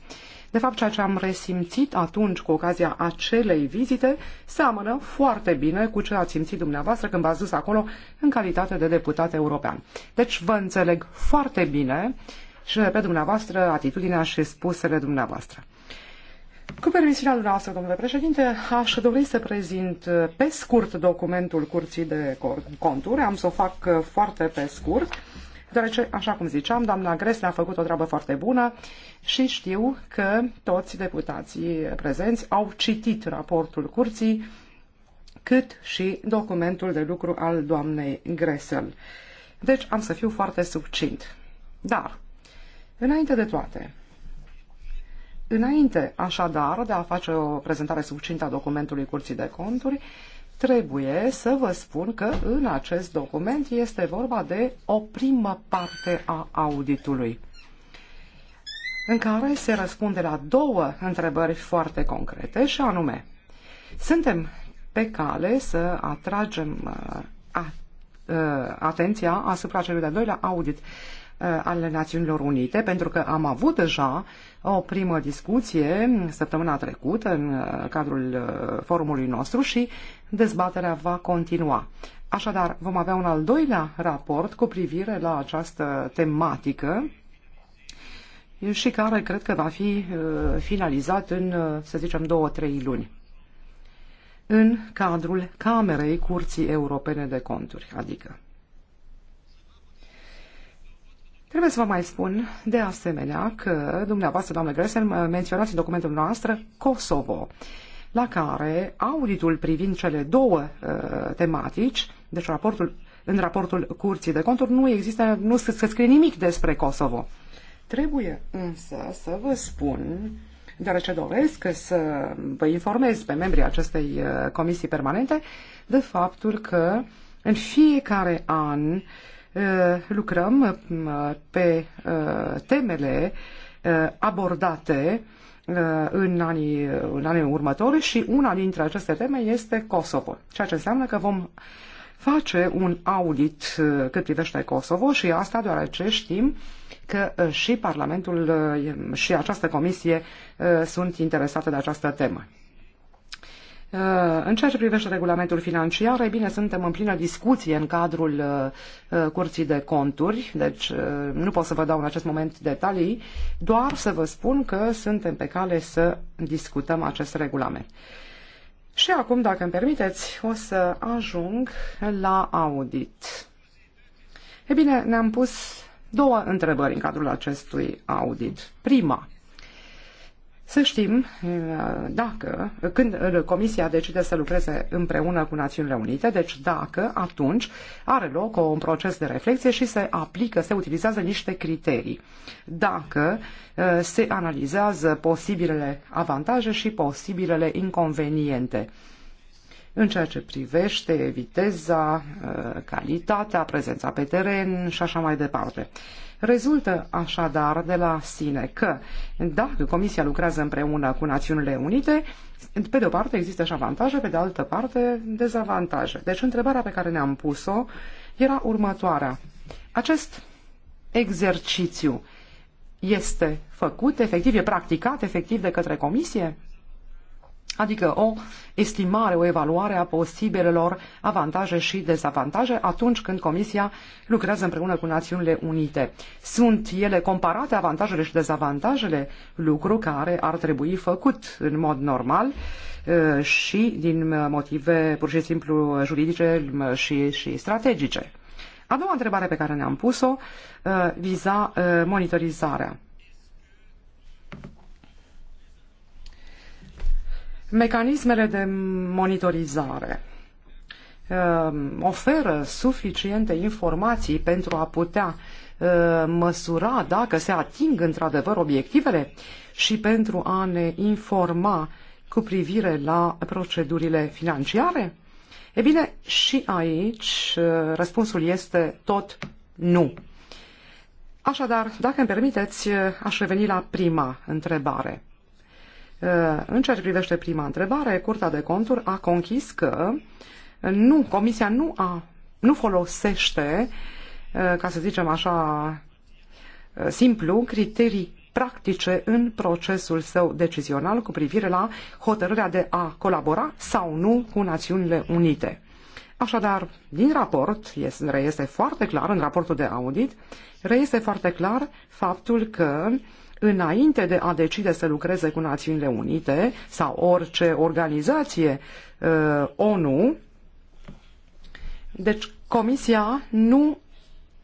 de fapt, ceea ce am resimțit atunci cu ocazia acelei vizite seamănă foarte bine cu ce ați simțit dumneavoastră când v-ați dus acolo în calitate de deputat european. Deci vă înțeleg foarte bine și pe dumneavoastră atitudinea și spusele dumneavoastră. Cu permisiunea dumneavoastră, domnule președinte, aș dori să prezint uh, pe scurt documentul Curții de Conturi. Am să o fac uh, foarte pe scurt, deoarece, așa cum ziceam, doamna Gresle a făcut o treabă foarte bună și știu că toți deputații prezenți au citit raportul Curții, cât și documentul de lucru al doamnei Gresel. Deci am să fiu foarte succint. Dar Înainte de toate, înainte așadar de a face o prezentare succintă a documentului Curții de Conturi, trebuie să vă spun că în acest document este vorba de o primă parte a auditului în care se răspunde la două întrebări foarte concrete și anume suntem pe cale să atragem uh, a, a, uh, atenția asupra celui de-al doilea audit Uh, ale Națiunilor Unite, pentru că am avut deja o primă discuție săptămâna trecută în uh, cadrul uh, forumului nostru și dezbaterea va continua. Așadar, vom avea un al doilea raport cu privire la această tematică și care cred că va fi finalizat în, să zicem, două-trei luni în cadrul Camerei Curții Europene de Conturi, adică Trebuie să vă mai spun, de asemenea, că dumneavoastră, doamnă Gresel, menționați în documentul noastră Kosovo, la care auditul privind cele două uh, tematici, deci raportul, în raportul Curții de Conturi, nu există, nu se, se scrie nimic despre Kosovo. Trebuie însă să vă spun, deoarece doresc să vă informez pe membrii acestei uh, comisii permanente, de faptul că în fiecare an uh, Eh, lucrăm mm, pe eh, temele eh, abordate în anii, în anii următori și una dintre aceste teme este Kosovo, ceea ce înseamnă că vom face un audit cât privește Kosovo și asta deoarece știm că și Parlamentul și această comisie sunt interesate de această temă. Uh, în ceea ce privește regulamentul financiar, e bine, suntem în plină discuție în cadrul uh, uh, Curții de Conturi, deci nu pot să vă dau în acest moment detalii, doar să vă spun că suntem pe cale să discutăm acest regulament. Și acum, dacă îmi permiteți, o să ajung la audit. E bine, ne-am pus două întrebări în cadrul acestui audit. Prima, să știm uh, dacă, când uh, Comisia decide să lucreze împreună cu Națiunile Unite, deci dacă, atunci are loc un proces de reflexie și se aplică, se utilizează niște criterii. Dacă uh, se analizează posibilele avantaje și posibilele inconveniente în ceea ce privește viteza, calitatea, prezența pe teren și așa mai departe. Rezultă așadar de la sine că dacă Comisia lucrează împreună cu Națiunile Unite, pe de o parte există și avantaje, pe de altă parte dezavantaje. Deci întrebarea pe care ne-am pus-o era următoarea. Acest exercițiu este făcut efectiv, e practicat efectiv de către Comisie? adică o estimare, o evaluare a posibilelor avantaje și dezavantaje atunci când Comisia lucrează împreună cu Națiunile Unite. Sunt ele comparate, avantajele și dezavantajele, lucru care ar trebui făcut în mod normal și din motive pur și simplu juridice și, și strategice. A doua întrebare pe care ne-am pus-o viza monitorizarea. Mecanismele de monitorizare um, oferă suficiente informații pentru a putea uh, măsura dacă se ating într-adevăr obiectivele și pentru a ne informa cu privire la procedurile financiare? E bine, și aici uh, răspunsul este tot nu. Așadar, dacă îmi permiteți, uh, aș reveni la prima întrebare. În ceea ce privește prima întrebare, Curtea de Conturi a conchis că nu, Comisia nu, a, nu folosește, uh, ca să zicem așa, uh, simplu, criterii practice în procesul său decizional cu privire la hotărârea de a colabora sau nu cu Națiunile Unite. Așadar, din raport, reiese foarte clar, în raportul de audit, reiese foarte clar faptul că uh, înainte de a decide să lucreze cu Națiunile Unite sau orice organizație uh, ONU, deci Comisia nu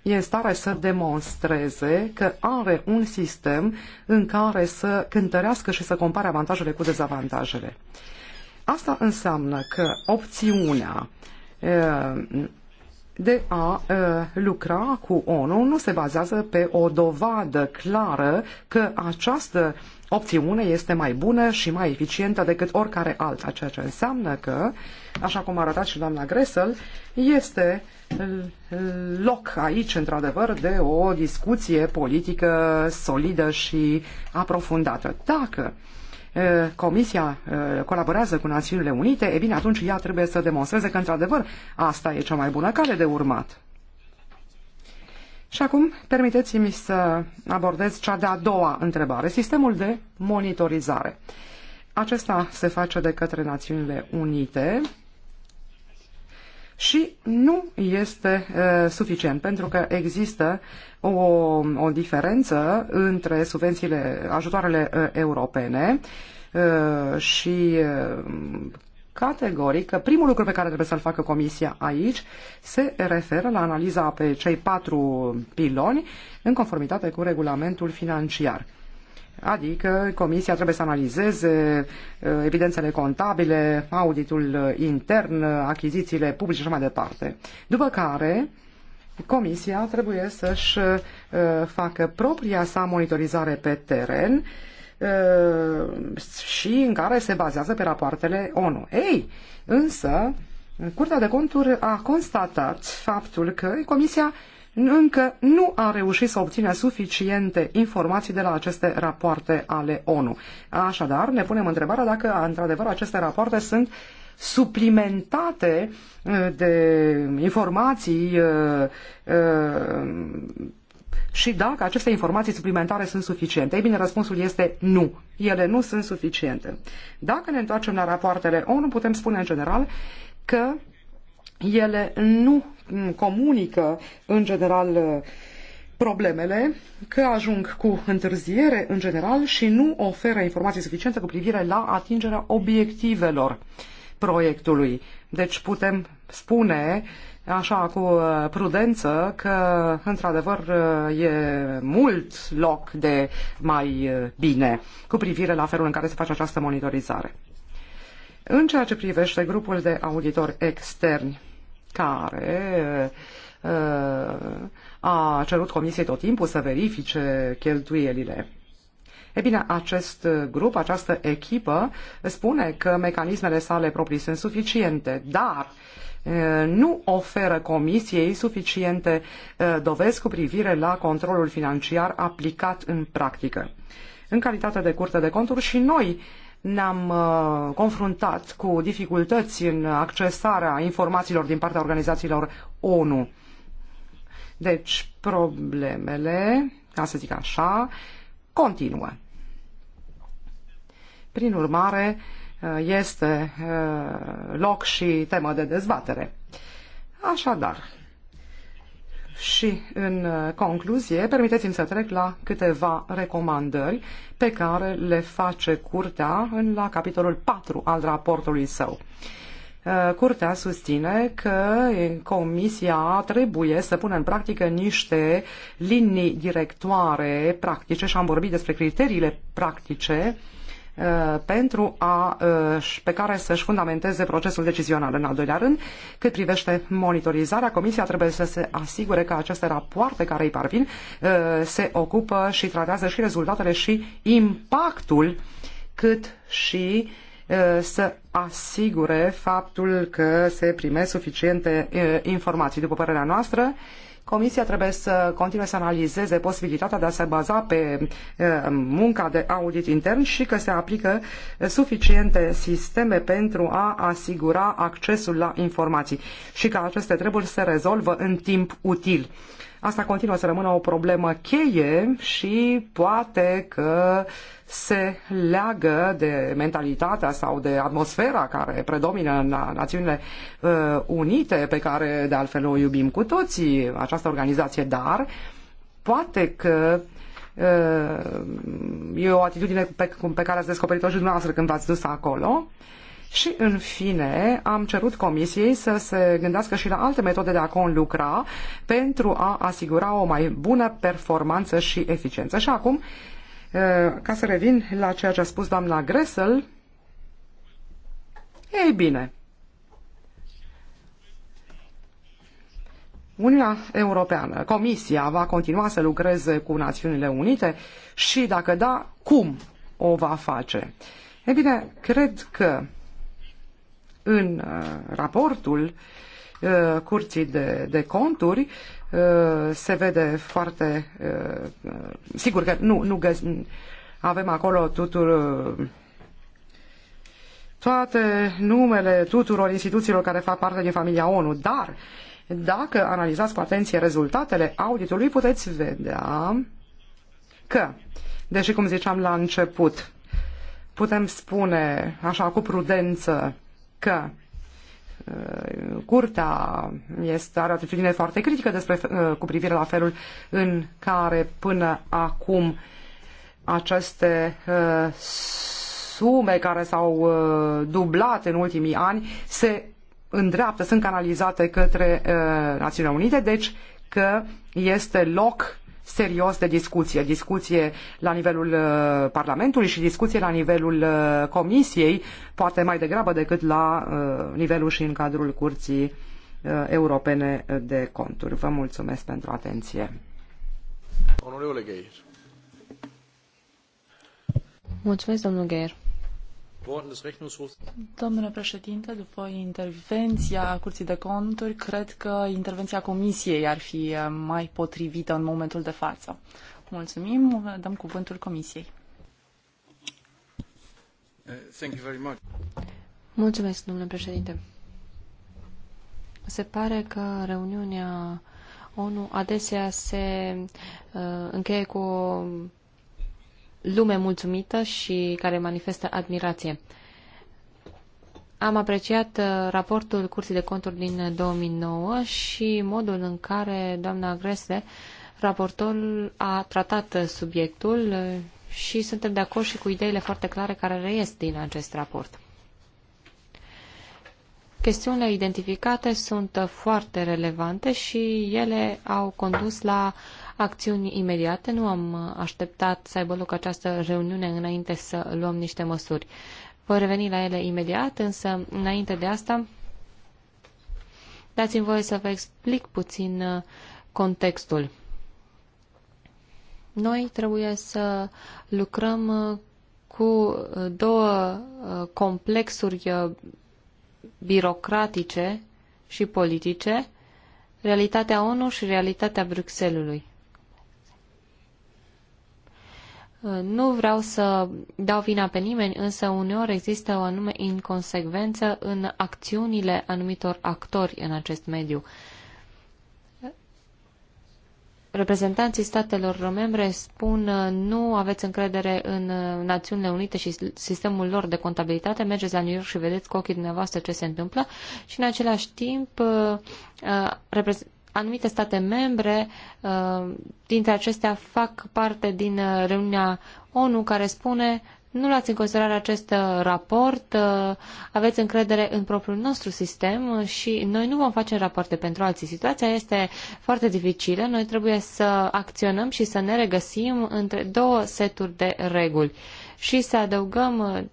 e în stare să demonstreze că are un sistem în care să cântărească și să compare avantajele cu dezavantajele. Asta înseamnă că opțiunea uh, de a lucra cu ONU nu se bazează pe o dovadă clară că această opțiune este mai bună și mai eficientă decât oricare alta, ceea ce înseamnă că, așa cum a arătat și doamna Gressel, este loc aici, într-adevăr, de o discuție politică solidă și aprofundată. Dacă uh, Comisia colaborează cu Națiunile Unite, e bine, atunci ea trebuie să demonstreze că, într-adevăr, asta e cea mai bună cale de urmat. Și acum, permiteți-mi să abordez cea de-a doua întrebare, sistemul de monitorizare. Acesta se face de către Națiunile Unite și nu este uh, suficient, pentru că există o, o diferență între subvențiile, ajutoarele uh, europene uh, și uh, categoric primul lucru pe care trebuie să-l facă Comisia aici se referă la analiza pe cei patru piloni în conformitate cu regulamentul financiar. Adică comisia trebuie să analizeze uh, evidențele contabile, auditul uh, intern, uh, achizițiile publice și mai departe. După care, comisia trebuie să-și facă propria sa monitorizare pe teren și în care se bazează pe rapoartele ONU. Ei, însă, Curtea de Conturi a constatat faptul că comisia încă nu a reușit să obțină suficiente informații de la aceste rapoarte ale ONU. Așadar, ne punem întrebarea dacă, într-adevăr, aceste rapoarte sunt suplimentate uh, de informații uh, uh, și dacă aceste informații suplimentare sunt suficiente? Ei bine, răspunsul este nu. Ele nu sunt suficiente. Dacă ne întoarcem la rapoartele ONU, putem spune în general că ele nu comunică în general problemele, că ajung cu întârziere în general și nu oferă informații suficiente cu privire la atingerea obiectivelor proiectului. Deci putem spune așa cu uh, prudență că într-adevăr uh, e mult loc de mai uh, bine cu privire la felul în care se face această monitorizare. În ceea ce privește grupul de auditori externi, care uh, a cerut Comisiei tot timpul să verifice cheltuielile. E bine, acest grup, această echipă spune că mecanismele sale proprii sunt suficiente, dar uh, nu oferă Comisiei suficiente uh, dovezi cu privire la controlul financiar aplicat în practică. În calitate de curte de conturi și noi ne-am uh, confruntat cu dificultăți în accesarea informațiilor din partea organizațiilor ONU. Deci, problemele, ca să zic așa, continuă. Prin urmare, uh, este uh, loc și temă de dezbatere. Așadar, și în uh, concluzie, permiteți-mi să trec la câteva recomandări pe care le face Curtea în, la capitolul 4 al raportului său. Uh, curtea susține că Comisia trebuie să pună în practică niște linii directoare practice și am vorbit despre criteriile practice uh, Uh, pentru a, uh, pe care să-și fundamenteze procesul decizional. În al doilea rând, cât privește monitorizarea, Comisia trebuie să se asigure că aceste rapoarte care îi parvin uh, se ocupă și tratează și rezultatele și impactul cât și să asigure faptul că se primesc suficiente informații. După părerea noastră, Comisia trebuie să continue să analizeze posibilitatea de a se baza pe eh, munca de audit intern și că se aplică suficiente sisteme pentru a asigura accesul la informații și că aceste treburi se rezolvă în timp util. Asta continuă să rămână o problemă cheie și poate că uh, se leagă de mentalitatea sau de atmosfera care predomină în Națiunile uh, Unite, pe care de altfel o iubim cu toții, această organizație, dar poate că uh, e o atitudine pe, pe care ați descoperit-o și dumneavoastră când v-ați dus acolo. Și, în fine, am cerut comisiei să se gândească și la alte metode de a conlucra pentru a asigura o mai bună performanță și eficiență. Și acum Eh, ca să revin la ceea ce a spus doamna Gressel, ei bine, Uniunea Europeană, Comisia, va continua să lucreze cu Națiunile Unite și, dacă da, cum o va face? Ei bine, cred că în eh, raportul eh, Curții de, de Conturi Uh, se vede foarte... Uh, sigur că nu, nu găs, avem acolo tutur, toate numele tuturor instituțiilor care fac parte din familia ONU, dar dacă analizați cu atenție rezultatele auditului, puteți vedea că, deși cum ziceam la început, putem spune așa cu prudență că Eh, curtea este, are o atitudine foarte critică despre, eh, cu privire la felul în care până acum aceste eh, sume care s-au dublat în ultimii ani se îndreaptă, sunt canalizate către Națiunile Unite, deci că este loc serios de discuție. Discuție la nivelul uh, Parlamentului și discuție la nivelul uh, Comisiei, poate mai degrabă decât la uh, nivelul și în cadrul Curții Europene de Conturi. Vă mulțumesc pentru atenție. Mulțumesc, domnul Gheir. Domnule președinte, după intervenția Curții de Conturi, cred că intervenția Comisiei ar fi eh, mai potrivită în momentul de față. Mulțumim, dăm cuvântul Comisiei. Eh, Mulțumesc, domnule președinte. Se pare că reuniunea ONU adesea se uh, încheie cu lume mulțumită și care manifestă admirație. Am apreciat uh, raportul Curții de Conturi din 2009 uh, și modul în care doamna Grese, raportorul, a tratat uh, subiectul și suntem de acord și cu ideile foarte clare care reies din acest raport. Chestiunile identificate sunt foarte relevante și ele au condus la acțiuni imediate. Nu am așteptat să aibă loc această reuniune înainte să luăm niște măsuri. Voi reveni la ele imediat, însă înainte de asta dați-mi voie să vă explic puțin uh, contextul. Noi trebuie să lucrăm uh, cu uh, două complexuri birocratice și politice, realitatea ONU și realitatea Bruxellesului. Uh, nu vreau să dau vina pe nimeni, însă uneori există o anume inconsecvență în acțiunile anumitor actori în acest mediu. Reprezentanții statelor membre spun uh, nu aveți încredere în uh, Națiunile Unite și sistemul lor de contabilitate, mergeți la New York și vedeți cu ochii dumneavoastră ce se întâmplă și în același timp Anumite state membre, uh, dintre acestea, fac parte din uh, reuniunea ONU care spune nu luați în considerare acest uh, raport, aveți încredere în propriul nostru sistem și noi nu vom face rapoarte pentru alții. Situația este foarte dificilă, noi trebuie să acționăm și să ne regăsim între două seturi de reguli și să adăugăm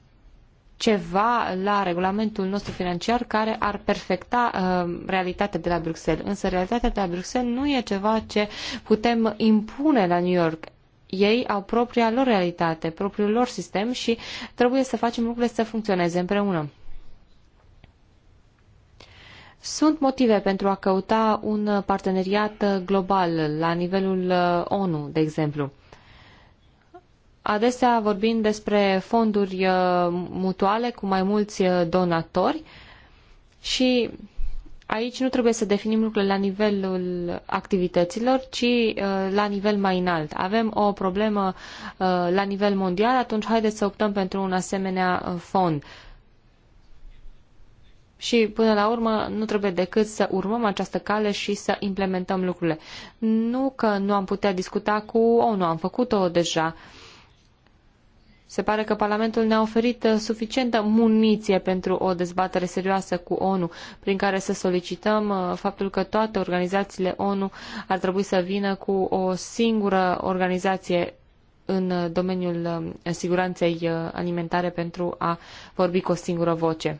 ceva la regulamentul nostru financiar care ar perfecta uh, realitatea de la Bruxelles. Însă realitatea de la Bruxelles nu e ceva ce putem impune la New York. Ei au propria lor realitate, propriul lor sistem și trebuie să facem lucrurile să funcționeze împreună. Sunt motive pentru a căuta un parteneriat global la nivelul uh, ONU, de exemplu adesea vorbim despre fonduri uh, mutuale cu mai mulți uh, donatori și aici nu trebuie să definim lucrurile la nivelul activităților, ci uh, la nivel mai înalt. Avem o problemă la nivel mondial, atunci haideți să optăm pentru un asemenea fond. Și până la urmă nu trebuie decât să urmăm această cale și să implementăm lucrurile. Nu că nu am putea discuta cu ONU, oh, am făcut-o deja. Uh, se pare că Parlamentul ne-a oferit uh, suficientă muniție pentru o dezbatere serioasă cu ONU, prin care să solicităm uh, faptul că toate organizațiile ONU ar trebui să vină cu o singură organizație în uh, domeniul siguranței alimentare pentru a vorbi cu o singură voce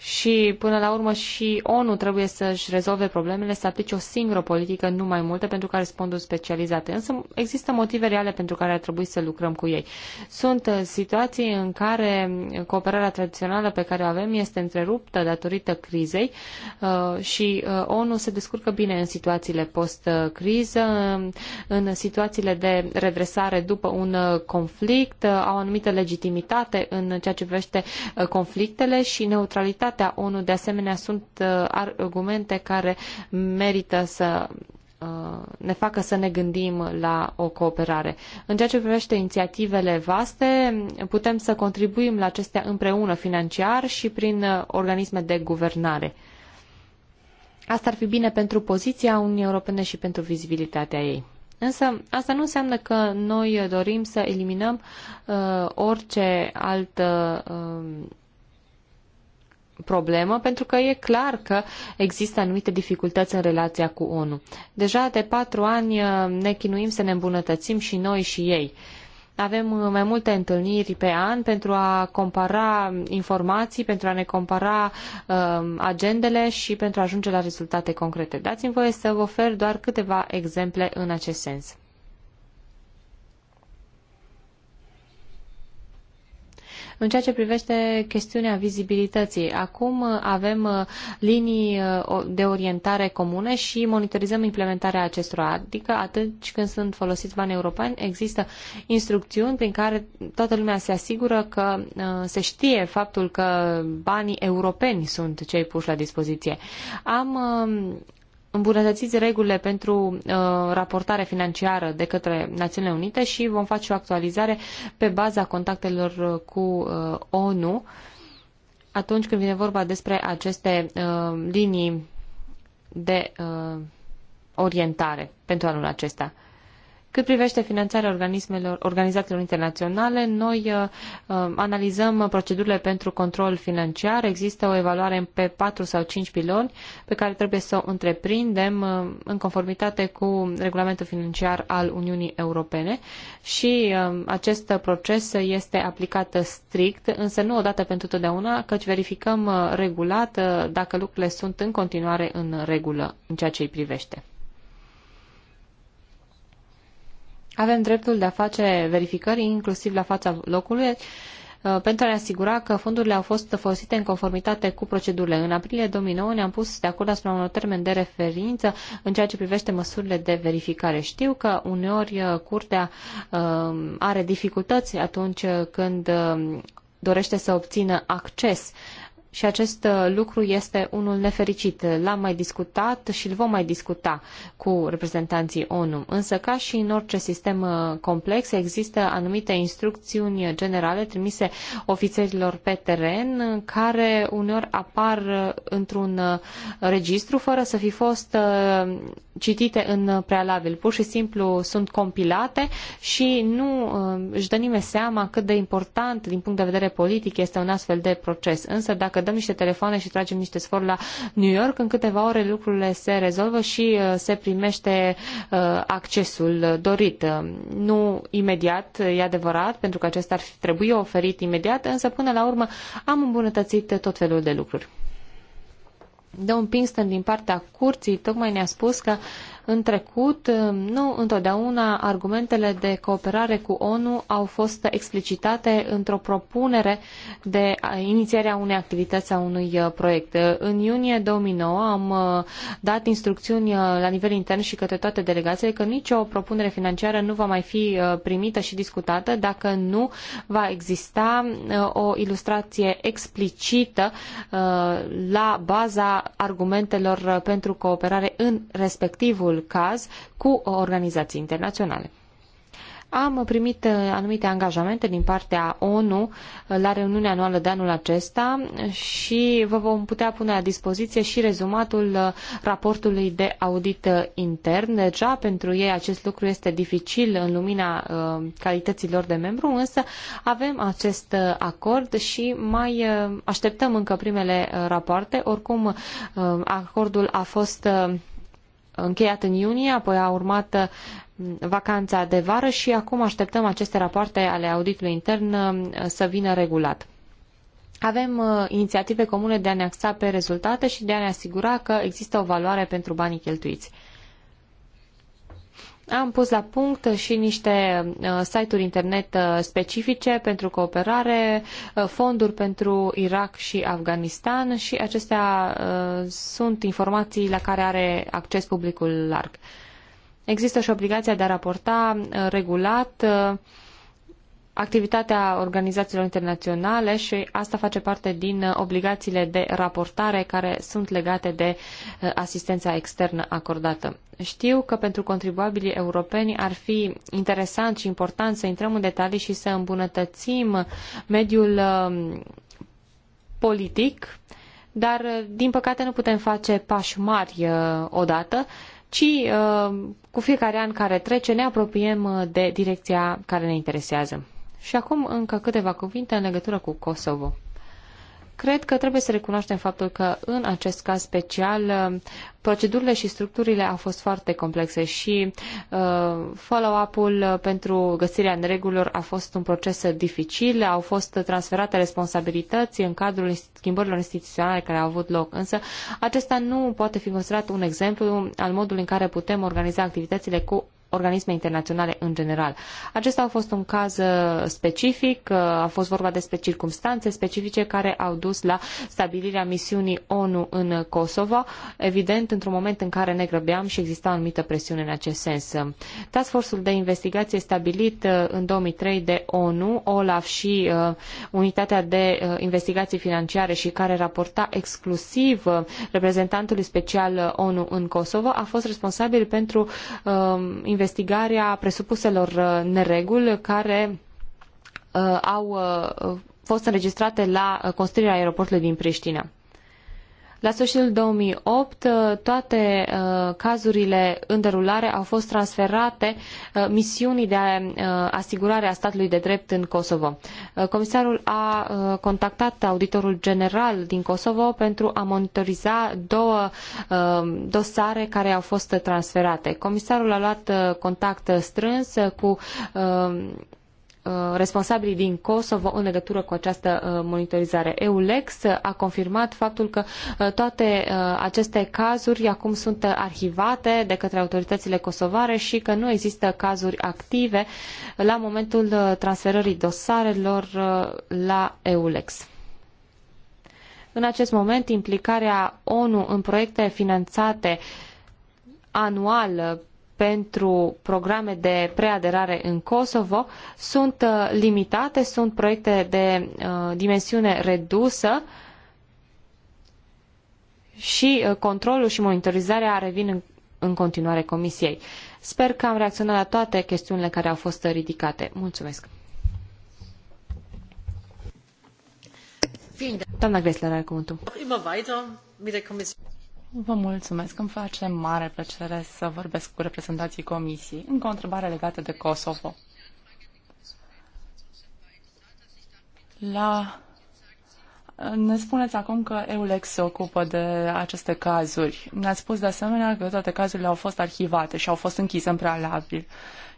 și până la urmă și ONU trebuie să-și rezolve problemele, să aplice o singură politică, nu mai multe, pentru care răspunduri specializate. Însă există motive reale pentru care ar trebui să lucrăm cu ei. Sunt uh, situații în care cooperarea tradițională pe care o avem este întreruptă datorită crizei uh, și uh, ONU se descurcă bine în situațiile post-criză, în situațiile de redresare după un conflict, au anumită legitimitate în ceea ce privește conflictele și neutralitatea securitatea ONU, de asemenea, sunt uh, argumente care merită să uh, ne facă să ne gândim la o cooperare. În ceea ce privește inițiativele vaste, putem să contribuim la acestea împreună financiar și prin uh, organisme de guvernare. Asta ar fi bine pentru poziția Uniunii Europene și pentru vizibilitatea ei. Însă asta nu înseamnă că noi dorim să eliminăm uh, orice altă uh, problemă pentru că e clar că există anumite dificultăți în relația cu ONU. Deja de patru ani uh, ne chinuim să ne îmbunătățim și noi și ei. Avem uh, mai multe întâlniri pe an pentru a compara informații, pentru a ne compara uh, agendele și pentru a ajunge la rezultate concrete. Dați-mi voie să vă ofer doar câteva exemple în acest sens. În ceea ce privește chestiunea vizibilității, acum avem uh, linii uh, de orientare comune și monitorizăm implementarea acestora, adică atunci când sunt folosiți bani europeni, există instrucțiuni prin care toată lumea se asigură că uh, se știe faptul că banii europeni sunt cei puși la dispoziție. Am îmbunătățiți regulile pentru uh, raportare financiară de către Națiunile Unite și vom face o actualizare pe baza contactelor uh, cu uh, ONU atunci când vine vorba despre aceste uh, linii de uh, orientare pentru anul acesta. Cât privește finanțarea organismelor, organizațiilor internaționale, noi uh, uh, analizăm procedurile pentru control financiar. Există o evaluare pe patru sau cinci piloni pe care trebuie să o întreprindem uh, în conformitate cu regulamentul financiar al Uniunii Europene și uh, acest proces este aplicat strict, însă nu odată pentru totdeauna, căci verificăm uh, regulat uh, dacă lucrurile sunt în continuare în regulă în ceea ce îi privește. Avem dreptul de a face verificări inclusiv la fața locului uh, pentru a ne asigura că fondurile au fost folosite în conformitate cu procedurile. În aprilie 2009 ne-am pus de acord asupra unor termen de referință în ceea ce privește măsurile de verificare. Știu că uneori uh, curtea uh, are dificultăți atunci când dorește să obțină acces și acest uh, lucru este unul nefericit. L-am mai discutat și îl vom mai discuta cu reprezentanții ONU. Însă, ca și în orice sistem uh, complex, există anumite instrucțiuni generale trimise ofițerilor pe teren, uh, care uneori apar într-un registru fără să fi fost citite în prealabil. Pur și simplu sunt compilate și nu își dă nimeni seama cât de important din punct de vedere politic este un astfel de proces. Însă, dacă că dăm niște telefoane și tragem niște sfori la New York, în câteva ore lucrurile se rezolvă și uh, se primește uh, accesul dorit. Uh, nu imediat, e adevărat, pentru că acesta ar trebui oferit imediat, însă până la urmă am îmbunătățit tot felul de lucruri. Domn Pinkston din partea curții tocmai ne-a spus că uh, în trecut, um, nu întotdeauna argumentele de cooperare cu ONU au fost explicitate într-o propunere de inițierea unei activități sau unui uh, proiect. Uh, în iunie 2009 am uh, dat instrucțiuni la nivel intern și către toate delegațiile că nicio propunere financiară nu va mai fi primită și discutată dacă nu va exista o ilustrație explicită la baza argumentelor pentru cooperare în respectivul caz cu organizații internaționale. Am primit uh, anumite angajamente din partea ONU uh, la reuniunea anuală de anul acesta și vă vom putea pune la dispoziție și rezumatul uh, raportului de audit intern. Deja pentru ei acest lucru este dificil în lumina calităților de membru, însă avem acest acord și mai așteptăm încă primele rapoarte. Oricum, acordul a fost încheiat în iunie, apoi a urmat mm, vacanța de vară și acum așteptăm aceste rapoarte ale auditului intern mm, să vină regulat. Avem mm, inițiative comune de a ne axa pe rezultate și de a ne asigura că există o valoare pentru banii cheltuiți. Am pus la punct și niște uh, site-uri internet uh, specifice pentru cooperare, uh, fonduri pentru Irak și Afganistan și acestea sunt informații la care are acces publicul larg. Există și obligația de a raporta regulat uh, activitatea organizațiilor internaționale și asta face parte din uh, obligațiile de raportare care sunt legate de uh, asistența externă acordată. Știu că pentru contribuabilii europeni ar fi interesant și important să intrăm în detalii și să îmbunătățim mediul um, politic, dar uh, din păcate nu putem face pași mari odată, ci cu fiecare an care trece ne apropiem de direcția care ne interesează. Și acum încă câteva cuvinte în legătură cu Kosovo. Cred că trebuie să recunoaștem faptul că în acest caz special procedurile și structurile au fost foarte complexe și uh, follow-up-ul pentru găsirea neregulilor a fost un proces dificil, au fost transferate responsabilități în cadrul schimbărilor instituționale care au avut loc, însă acesta nu poate fi considerat un exemplu al modului în care putem organiza activitățile cu organisme internaționale în general. Acesta a fost un caz uh, specific, uh, a fost vorba despre circumstanțe specifice care au dus la stabilirea misiunii ONU în Kosovo, evident într-un moment în care ne grăbeam și exista o anumită presiune în acest sens. Task Force-ul de investigație stabilit uh, în 2003 de ONU, OLAF și Unitatea de Investigații Financiare și care raporta exclusiv reprezentantului special ONU în Kosovo, a fost responsabil pentru uh, investigarea presupuselor uh, nereguli care uh, au uh, fost înregistrate la construirea aeroportului din Priștina. La sfârșitul 2008, uh, toate uh, cazurile în derulare au fost transferate uh, misiunii de uh, asigurare a statului de drept în Kosovo. Uh, comisarul a uh, contactat auditorul general din Kosovo pentru a monitoriza două dosare care au fost transferate. Comisarul a luat contact strâns cu Uh, responsabilii din Kosovo în legătură cu această uh, monitorizare. EULEX a confirmat faptul că uh, toate aceste cazuri acum sunt arhivate de către autoritățile kosovare și că nu există cazuri active la momentul transferării dosarelor la EULEX. În acest moment, implicarea ONU în proiecte finanțate anual pentru programe de preaderare în Kosovo sunt uh, limitate, sunt proiecte de uh, dimensiune redusă și uh, controlul și monitorizarea revin în continuare Comisiei. Sper că am reacționat la toate chestiunile care au fost ridicate. Mulțumesc! Doamna Gressler are cuvântul. Vă mulțumesc. Îmi face mare plăcere să vorbesc cu reprezentanții Comisiei. Încă o întrebare legată de Kosovo. La... Ne spuneți acum că EULEX se ocupă de aceste cazuri. ne a spus de asemenea că toate cazurile au fost arhivate și au fost închise în prealabil.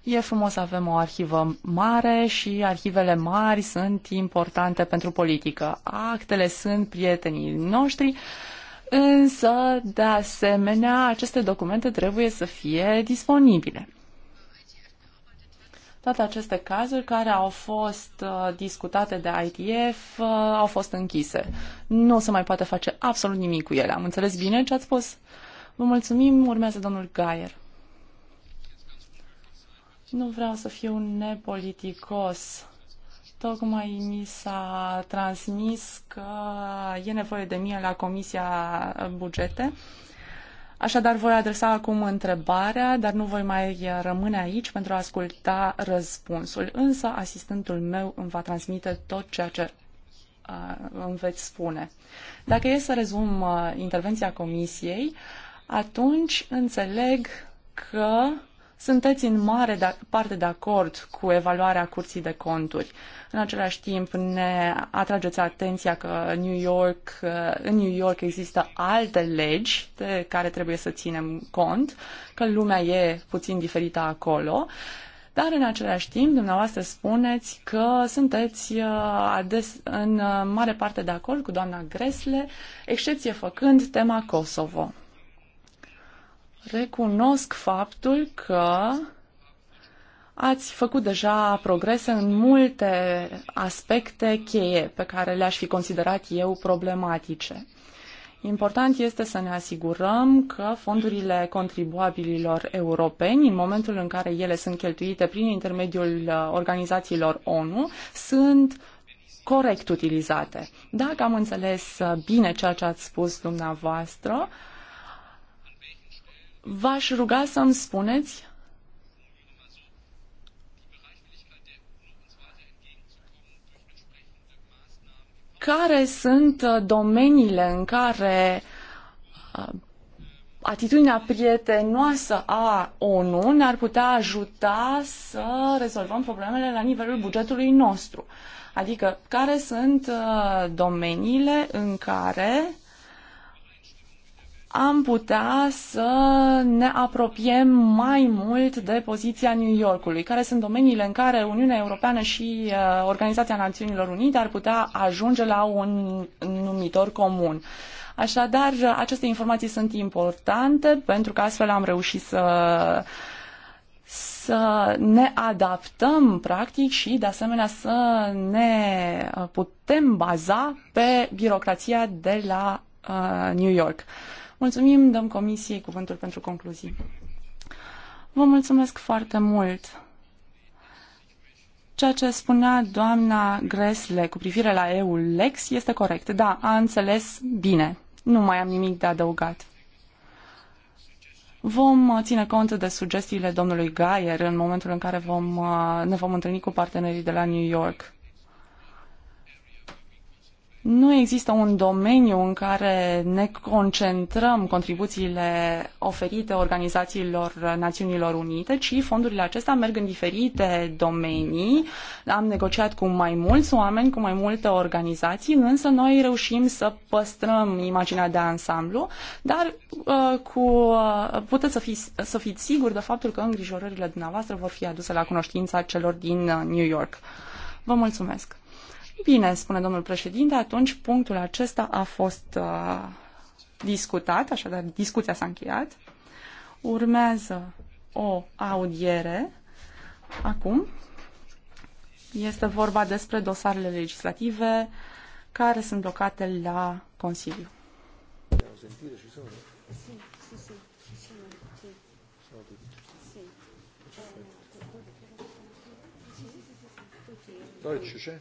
E frumos să avem o arhivă mare și arhivele mari sunt importante pentru politică. Actele sunt prietenii noștri. Uh, însă, de asemenea, aceste documente trebuie să fie disponibile. Toate aceste cazuri care au fost uh, discutate de ITF uh, au fost închise. Nu se mai poate face absolut nimic cu ele. Am înțeles bine ce ați spus? Vă mulțumim. Urmează domnul Gaier. Nu vreau să fiu nepoliticos Tocmai mi s-a transmis că e nevoie de mine la Comisia Bugete. Așadar, voi adresa acum întrebarea, dar nu voi mai rămâne aici pentru a asculta răspunsul. Însă, asistentul meu îmi va transmite tot ceea ce uh, îmi veți spune. Dacă e să rezum uh, intervenția comisiei, atunci înțeleg că sunteți în mare de, da- parte de acord cu evaluarea curții de conturi. În același timp ne atrageți atenția că New York, uh, în New York există alte legi de care trebuie să ținem cont, că lumea e puțin diferită acolo. Dar în același timp, dumneavoastră spuneți că sunteți uh, ades, în uh, mare parte de acord cu doamna Gresle, excepție făcând tema Kosovo. Recunosc faptul că ați făcut deja progrese în multe aspecte cheie pe care le-aș fi considerat eu problematice. Important este să ne asigurăm că fondurile contribuabililor europeni, în momentul în care ele sunt cheltuite prin intermediul uh, organizațiilor ONU, sunt corect utilizate. Dacă am înțeles uh, bine ceea ce ați spus dumneavoastră, V-aș ruga să-mi spuneți care sunt uh, domeniile în care uh, atitudinea prietenoasă a ONU ne-ar putea ajuta să rezolvăm problemele la nivelul bugetului nostru. Adică, care sunt uh, domeniile în care am putea să ne apropiem mai mult de poziția New Yorkului, care sunt domeniile în care Uniunea Europeană și uh, Organizația Națiunilor Unite ar putea ajunge la un numitor comun. Așadar, aceste informații sunt importante pentru că astfel am reușit să să ne adaptăm practic și de asemenea să ne putem baza pe birocrația de la uh, New York. Uh, Mulțumim, dăm comisiei cuvântul pentru concluzii. Vă mulțumesc foarte mult. Ceea ce spunea doamna Gresle cu privire la EULEX este corect. Da, a înțeles bine. Nu mai am nimic de adăugat. Vom uh, ține cont de sugestiile domnului Gaier în momentul în care vom, uh, ne vom întâlni cu partenerii de la New York. Nu există un domeniu în care ne concentrăm contribuțiile oferite organizațiilor Națiunilor Unite, ci fondurile acestea merg în diferite domenii. Am negociat cu mai mulți oameni, cu mai multe organizații, însă noi reușim să păstrăm imaginea de ansamblu, dar uh, cu, uh, puteți să, fi, să fiți siguri de faptul că îngrijorările dumneavoastră vor fi aduse la cunoștința celor din uh, New York. Vă mulțumesc! Bine, spune domnul președinte, atunci punctul acesta a fost uh, discutat, așadar discuția s-a încheiat. Urmează o audiere acum. Este vorba despre dosarele legislative care sunt blocate la Consiliu. Deutsche,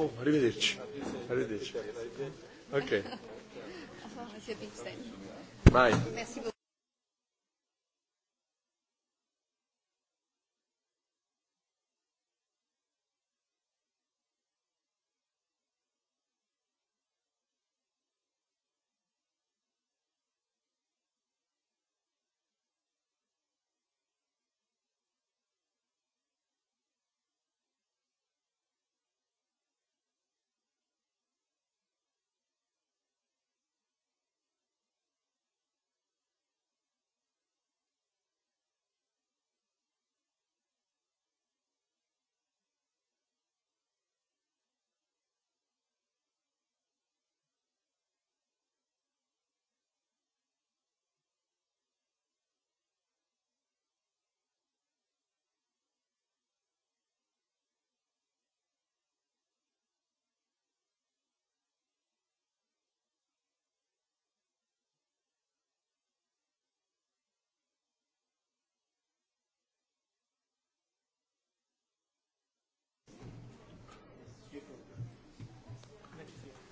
Oh, arrivederci. Arrivederci. Ok. Vai.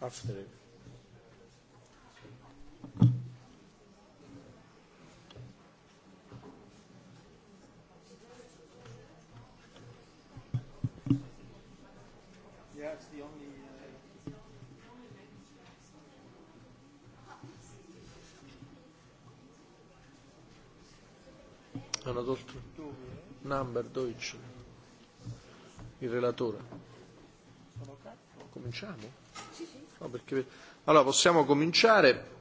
after it. number 12 il relatore. Cominciamo? Sì, sì. No, perché... Allora, possiamo cominciare.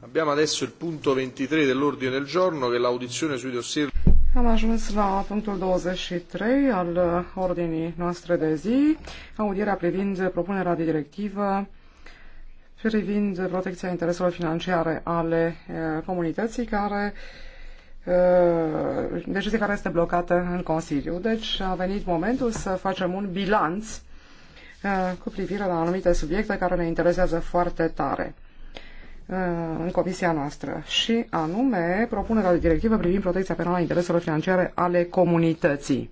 Abbiamo adesso il punto 23 dell'ordine del giorno, che è l'audizione sui dossier. Am ajuns la punctul 23 al ordinii noastre de zi, audierea privind propunerea de directivă privind protecția intereselor financiare ale e, eh, comunității care e, eh, decizie care este blocată în Consiliu. Deci a venit momentul să facem un bilanț Uh, cu privire la anumite subiecte care ne interesează foarte tare uh, în comisia noastră și anume propunerea de directivă privind protecția penală a intereselor financiare ale comunității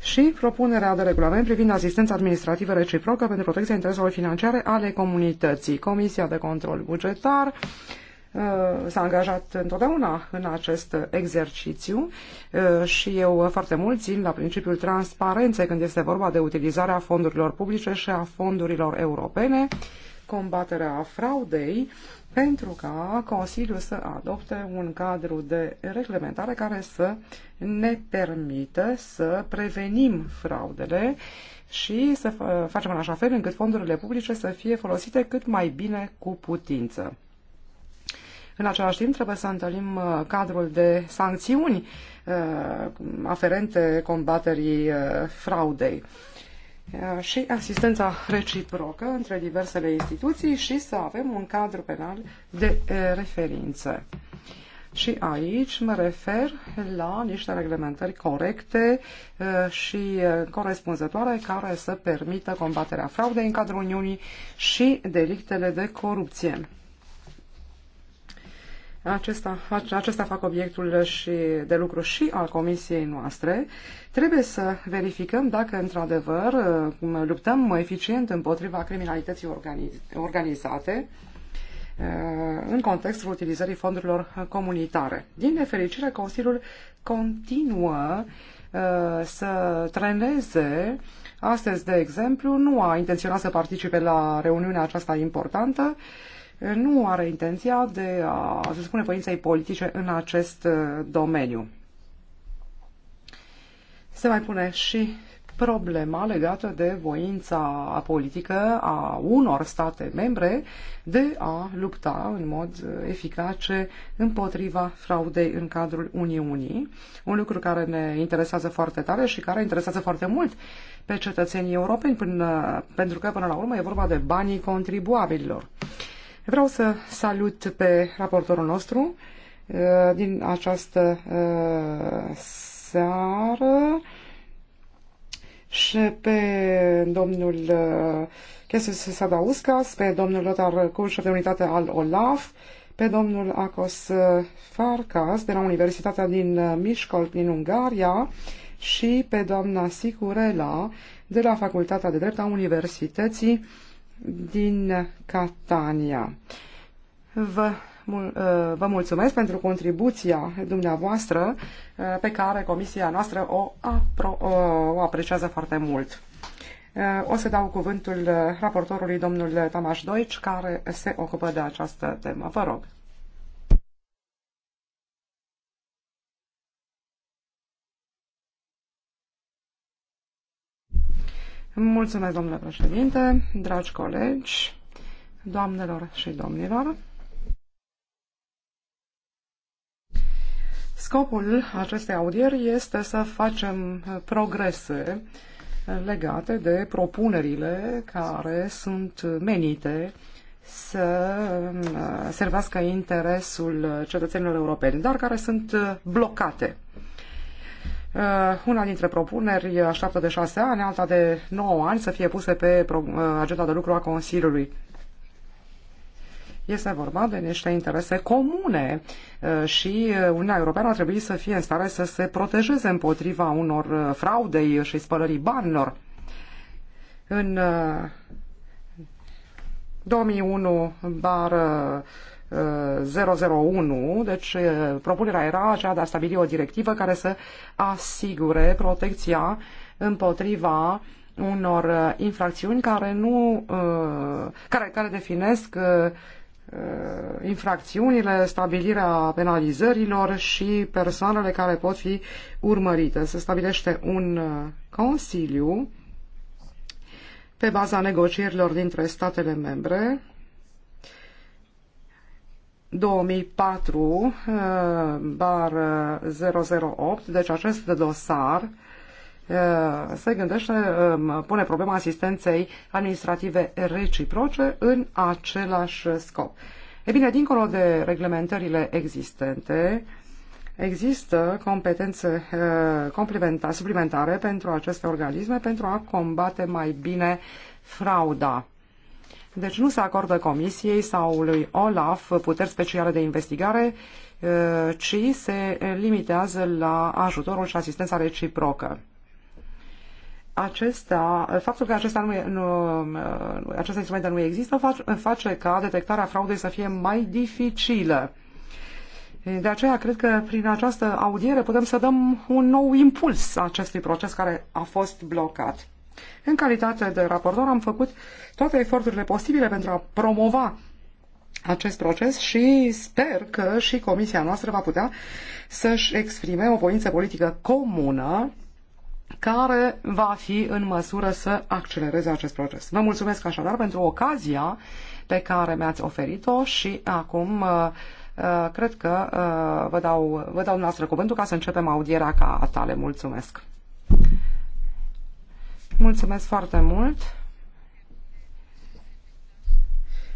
și propunerea de regulament privind asistența administrativă reciprocă pentru protecția intereselor financiare ale comunității. Comisia de control bugetar uh, Uh, s-a angajat întotdeauna în acest exercițiu uh, și eu foarte mult țin la principiul transparenței când este vorba de utilizarea fondurilor publice și a fondurilor europene, combaterea fraudei, pentru ca Consiliul să adopte un cadru de reglementare care să ne permită să prevenim fraudele și să facem în așa fel încât fondurile publice să fie folosite cât mai bine cu putință. În același timp, trebuie să întâlnim uh, cadrul de sancțiuni uh, aferente combaterii uh, fraudei și asistența reciprocă între diversele instituții și să avem un cadru penal de referință. Și aici mă refer la niște reglementări corecte și corespunzătoare care să permită combaterea fraudei în cadrul Uniunii și delictele de corupție acesta, acesta fac obiectul și de lucru și al comisiei noastre, trebuie să verificăm dacă, într-adevăr, luptăm eficient împotriva criminalității organizate uh, în contextul utilizării fondurilor comunitare. Din nefericire, Consiliul continuă uh, să treneze Astăzi, de exemplu, nu a intenționat să participe la reuniunea aceasta importantă, uh, nu are intenția de a se spune voinței politice în acest uh, domeniu. Se mai pune și problema legată de voința politică a unor state membre de a lupta în mod uh, eficace împotriva fraudei în cadrul Uniunii, un lucru care ne interesează foarte tare și care interesează foarte mult pe cetățenii europeni, până, pentru că până la urmă e vorba de banii contribuabililor. Vreau să salut pe raportorul nostru uh, din această uh, seară și pe domnul uh, Chesus Sadauskas, pe domnul Lothar Kusch de unitate al OLAF, pe domnul Akos Farkas de la Universitatea din Miskolc din Ungaria și pe doamna Sicurela de la Facultatea de Drept a Universității din Catania. Vă, mul, uh, vă mulțumesc pentru contribuția dumneavoastră uh, pe care comisia noastră o, apro, uh, o apreciază foarte mult. O să dau cuvântul raportorului domnul Tamaș Doici, care se ocupă de această temă. Vă rog. Mulțumesc, domnule președinte, dragi colegi, doamnelor și domnilor. Scopul acestei audieri este să facem progrese legate de propunerile care sunt menite să servească interesul cetățenilor europeni, dar care sunt blocate Uh, una dintre propuneri așteaptă de șase ani, alta de 9 ani să fie puse pe uh, agenda de lucru a Consiliului. Este vorba de niște interese comune uh, și Uniunea Europeană ar trebui să fie în stare să se protejeze împotriva unor fraudei și spălării banilor. În 2001 bar 001, deci propunerea era aceea de a stabili o directivă care să asigure protecția împotriva unor uh, infracțiuni care nu uh, care, care definesc uh, infracțiunile, stabilirea penalizărilor și persoanele care pot fi urmărite. Se stabilește un consiliu pe baza negocierilor dintre statele membre 2004 eh, bar 008, eh, deci acest dosar eh, se gândește, pune problema asistenței administrative reciproce în același scop. E bine, dincolo de reglementările existente, există competențe suplimentare pentru aceste organisme pentru a combate mai bine frauda. Deci nu se acordă comisiei sau lui Olaf puteri speciale de investigare, eh, ci se limitează la ajutorul și asistența reciprocă. Acesta, faptul că acesta nu, nu, eh, aceste instrumente nu există face ca detectarea fraudei să fie mai dificilă. De aceea cred că prin această audiere putem să dăm un nou impuls acestui proces care a fost blocat. În calitate de raportor am făcut toate eforturile posibile pentru a promova acest proces și sper că și comisia noastră va putea să-și exprime o voință politică comună care va fi în măsură să accelereze acest proces. Vă mulțumesc așadar pentru ocazia pe care mi-ați oferit-o și acum uh, uh, cred că uh, vă dau, vă dau noastră cuvântul ca să începem audierea ca tale. Mulțumesc! Mulțumesc foarte mult.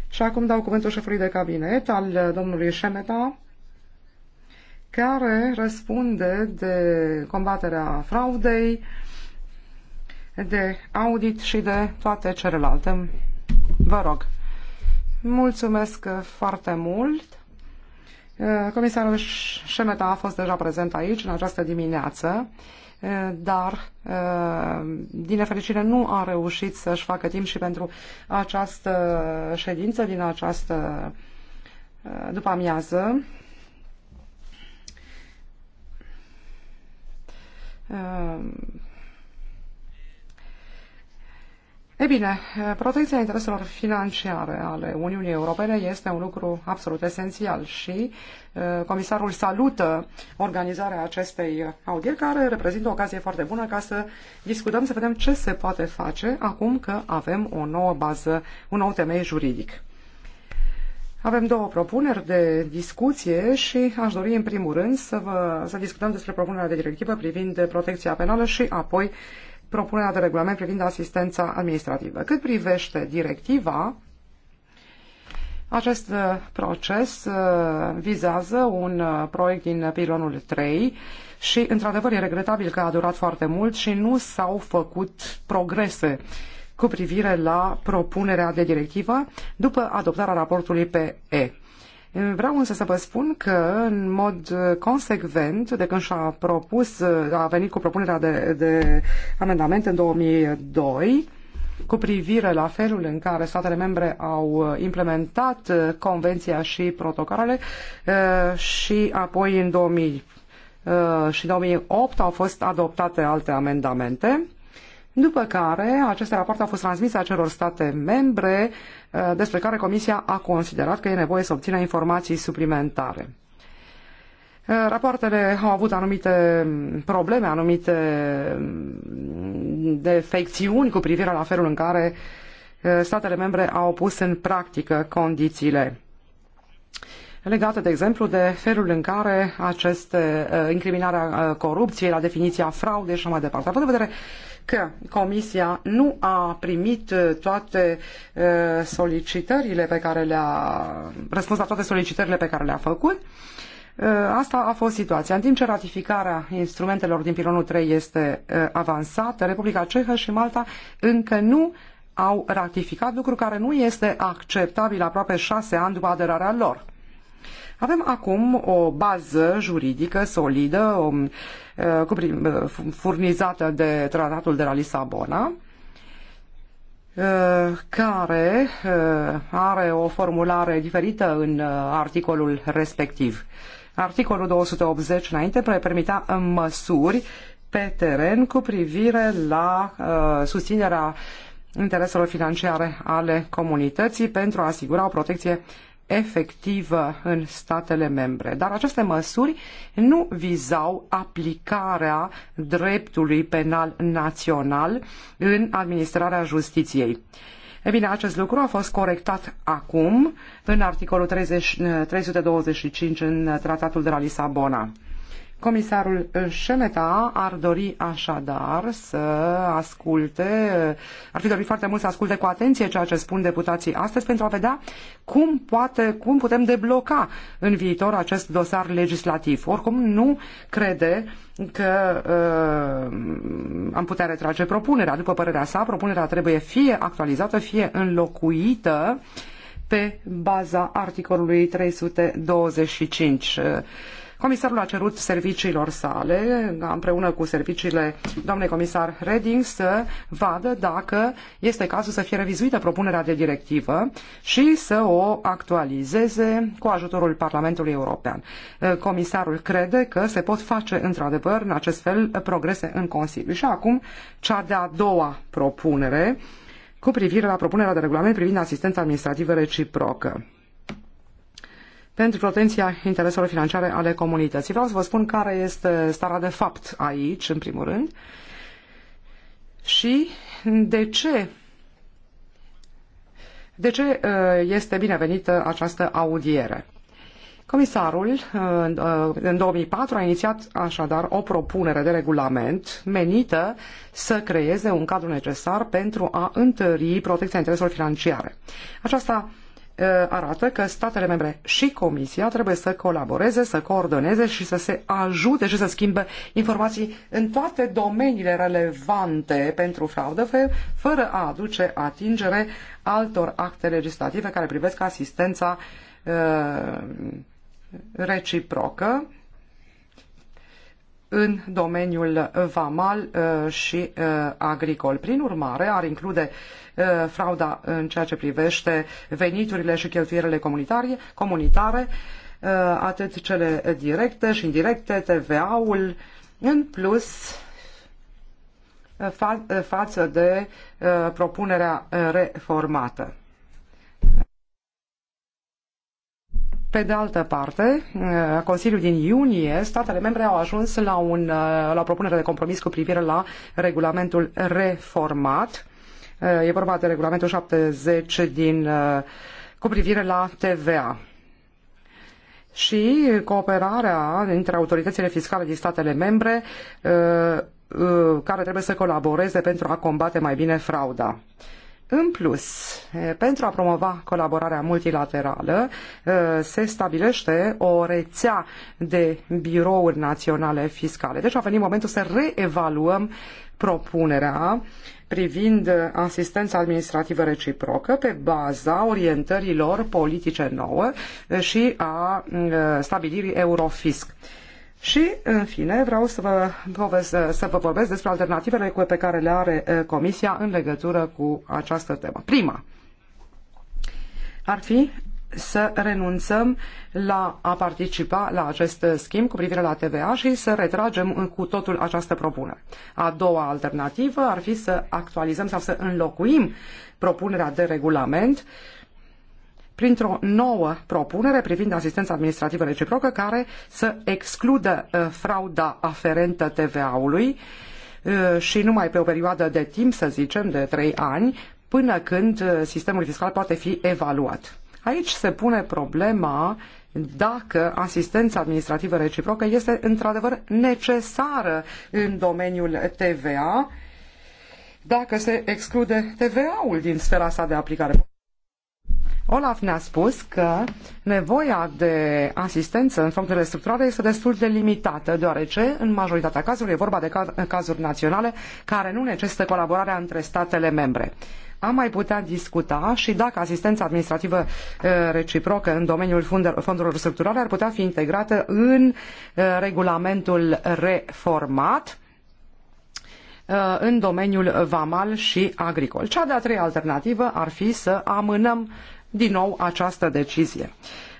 Și acum dau cuvântul șefului de cabinet al domnului Șemeta, care răspunde de combaterea fraudei, de audit și de toate celelalte. Vă rog. Mulțumesc foarte mult. Comisarul Șemeta a fost deja prezent aici în această dimineață dar eh, din nefericire nu a reușit să-și facă timp și pentru această ședință din această eh, după amiază. Uh, E bine, protecția intereselor financiare ale Uniunii Europene este un lucru absolut esențial și uh, comisarul salută organizarea acestei audieri care reprezintă o ocazie foarte bună ca să discutăm, să vedem ce se poate face acum că avem o nouă bază, un nou temei juridic. Avem două propuneri de discuție și aș dori în primul rând să, vă, să discutăm despre propunerea de directivă privind protecția penală și apoi propunerea de regulament privind asistența administrativă. Cât privește directiva, acest uh, proces uh, vizează un uh, proiect din pilonul 3 și, într-adevăr, e regretabil că a durat foarte mult și nu s-au făcut progrese cu privire la propunerea de directivă după adoptarea raportului pe Vreau însă să vă spun că în mod consecvent, de când și-a propus, a venit cu propunerea de, de amendament în 2002, cu privire la felul în care statele membre au implementat convenția și protocolele uh, și apoi în 2000 uh, și 2008 au fost adoptate alte amendamente după care, aceste rapoarte au fost transmise acelor state membre uh, despre care Comisia a considerat că e nevoie să obțină informații suplimentare. Uh, rapoartele au avut anumite mm, probleme, anumite mm, defecțiuni cu privire la felul în care uh, statele membre au pus în practică condițiile legate, de exemplu, de felul în care aceste incriminarea corupției, la definiția fraudei și așa mai departe. Apoi de vedere că Comisia nu a primit uh, toate uh, solicitările pe care le-a răspuns la toate solicitările pe care le-a făcut. Uh, asta a fost situația. În timp ce ratificarea instrumentelor din pilonul 3 este avansată, Republica Cehă și Malta încă nu au ratificat, lucru care nu este acceptabil aproape șase ani după aderarea lor. Avem acum o bază juridică solidă o, um, eh, eh, furnizată de tratatul de la Lisabona eh, care are o formulare diferită în articolul respectiv. Articolul 280 înainte permitea măsuri pe teren cu privire la uh, susținerea intereselor financiare ale comunității pentru a asigura o protecție efectivă în statele membre. Dar aceste măsuri nu vizau aplicarea dreptului penal național în administrarea justiției. E bine, acest lucru a fost corectat acum în articolul 30, 325 în Tratatul de la Lisabona. Comisarul Șemeta ar dori așadar să asculte, ar fi dorit foarte mult să asculte cu atenție ceea ce spun deputații astăzi pentru a vedea cum, poate, cum putem debloca în viitor acest dosar legislativ. Oricum nu crede că uh, am putea retrage propunerea. După părerea sa, propunerea trebuie fie actualizată, fie înlocuită pe baza articolului 325. Uh, Comisarul a cerut serviciilor sale, împreună cu serviciile doamnei comisar Reding, să vadă dacă este cazul să fie revizuită propunerea de directivă și să o actualizeze cu ajutorul Parlamentului European. Comisarul crede că se pot face, într-adevăr, în acest fel, progrese în Consiliu. Și acum, cea de-a doua propunere cu privire la propunerea de regulament privind asistența administrativă reciprocă pentru protecția intereselor financiare ale comunității. Vreau să vă spun care este starea de fapt aici, în primul rând, și de ce de ce uh, este binevenită această audiere? Comisarul uh, în 2004 a inițiat așadar o propunere de regulament menită să creeze un cadru necesar pentru a întări protecția intereselor financiare. Aceasta Uh, arată că statele membre și Comisia trebuie să colaboreze, să coordoneze și să se ajute și să schimbe informații în toate domeniile relevante pentru fraudă, fără a aduce atingere altor acte legislative care privesc asistența uh, reciprocă în domeniul vamal uh, și agricol. Prin urmare, ar include Uh, frauda în ceea ce privește veniturile și cheltuierile comunitare, comunitare uh, atât cele directe și indirecte, TVA-ul, în plus uh, fa față de propunerea reformată. Pe de altă parte, Consiliul din iunie, statele membre au ajuns la, un, la o propunere de compromis cu privire la regulamentul reformat Eh, e vorba de regulamentul 70 din, eh, cu privire la TVA și cooperarea dintre autoritățile fiscale din statele membre eh, care trebuie să colaboreze pentru a combate mai bine frauda. În plus, pentru a promova colaborarea multilaterală, se stabilește o rețea de birouri naționale fiscale. Deci a venit momentul să reevaluăm propunerea privind uh, asistența administrativă reciprocă pe baza orientărilor politice nouă uh, și a uh, stabilirii Eurofisc. Și, în fine, vreau să vă, povesc, să vă vorbesc despre alternativele pe care le are Comisia în legătură cu această temă. Prima ar fi să renunțăm la a participa la acest schimb cu privire la TVA și să retragem cu totul această propunere. A doua alternativă ar fi să actualizăm sau să înlocuim propunerea de regulament printr-o nouă propunere privind asistența administrativă reciprocă care să excludă uh, frauda aferentă TVA-ului uh, și numai pe o perioadă de timp, să zicem, de trei ani, până când uh, sistemul fiscal poate fi evaluat. Aici se pune problema dacă asistența administrativă reciprocă este într-adevăr necesară în domeniul TVA, dacă se exclude TVA-ul din sfera sa de aplicare. Olaf ne-a spus că nevoia de asistență în fondurile structurale este destul de limitată, deoarece în majoritatea cazurilor e vorba de cazuri naționale care nu necesită colaborarea între statele membre am mai putea discuta și dacă asistența administrativă uh, reciprocă în domeniul fondurilor structurale ar putea fi integrată în uh, regulamentul reformat uh, în domeniul vamal și agricol. Cea de-a treia alternativă ar fi să amânăm din nou această decizie.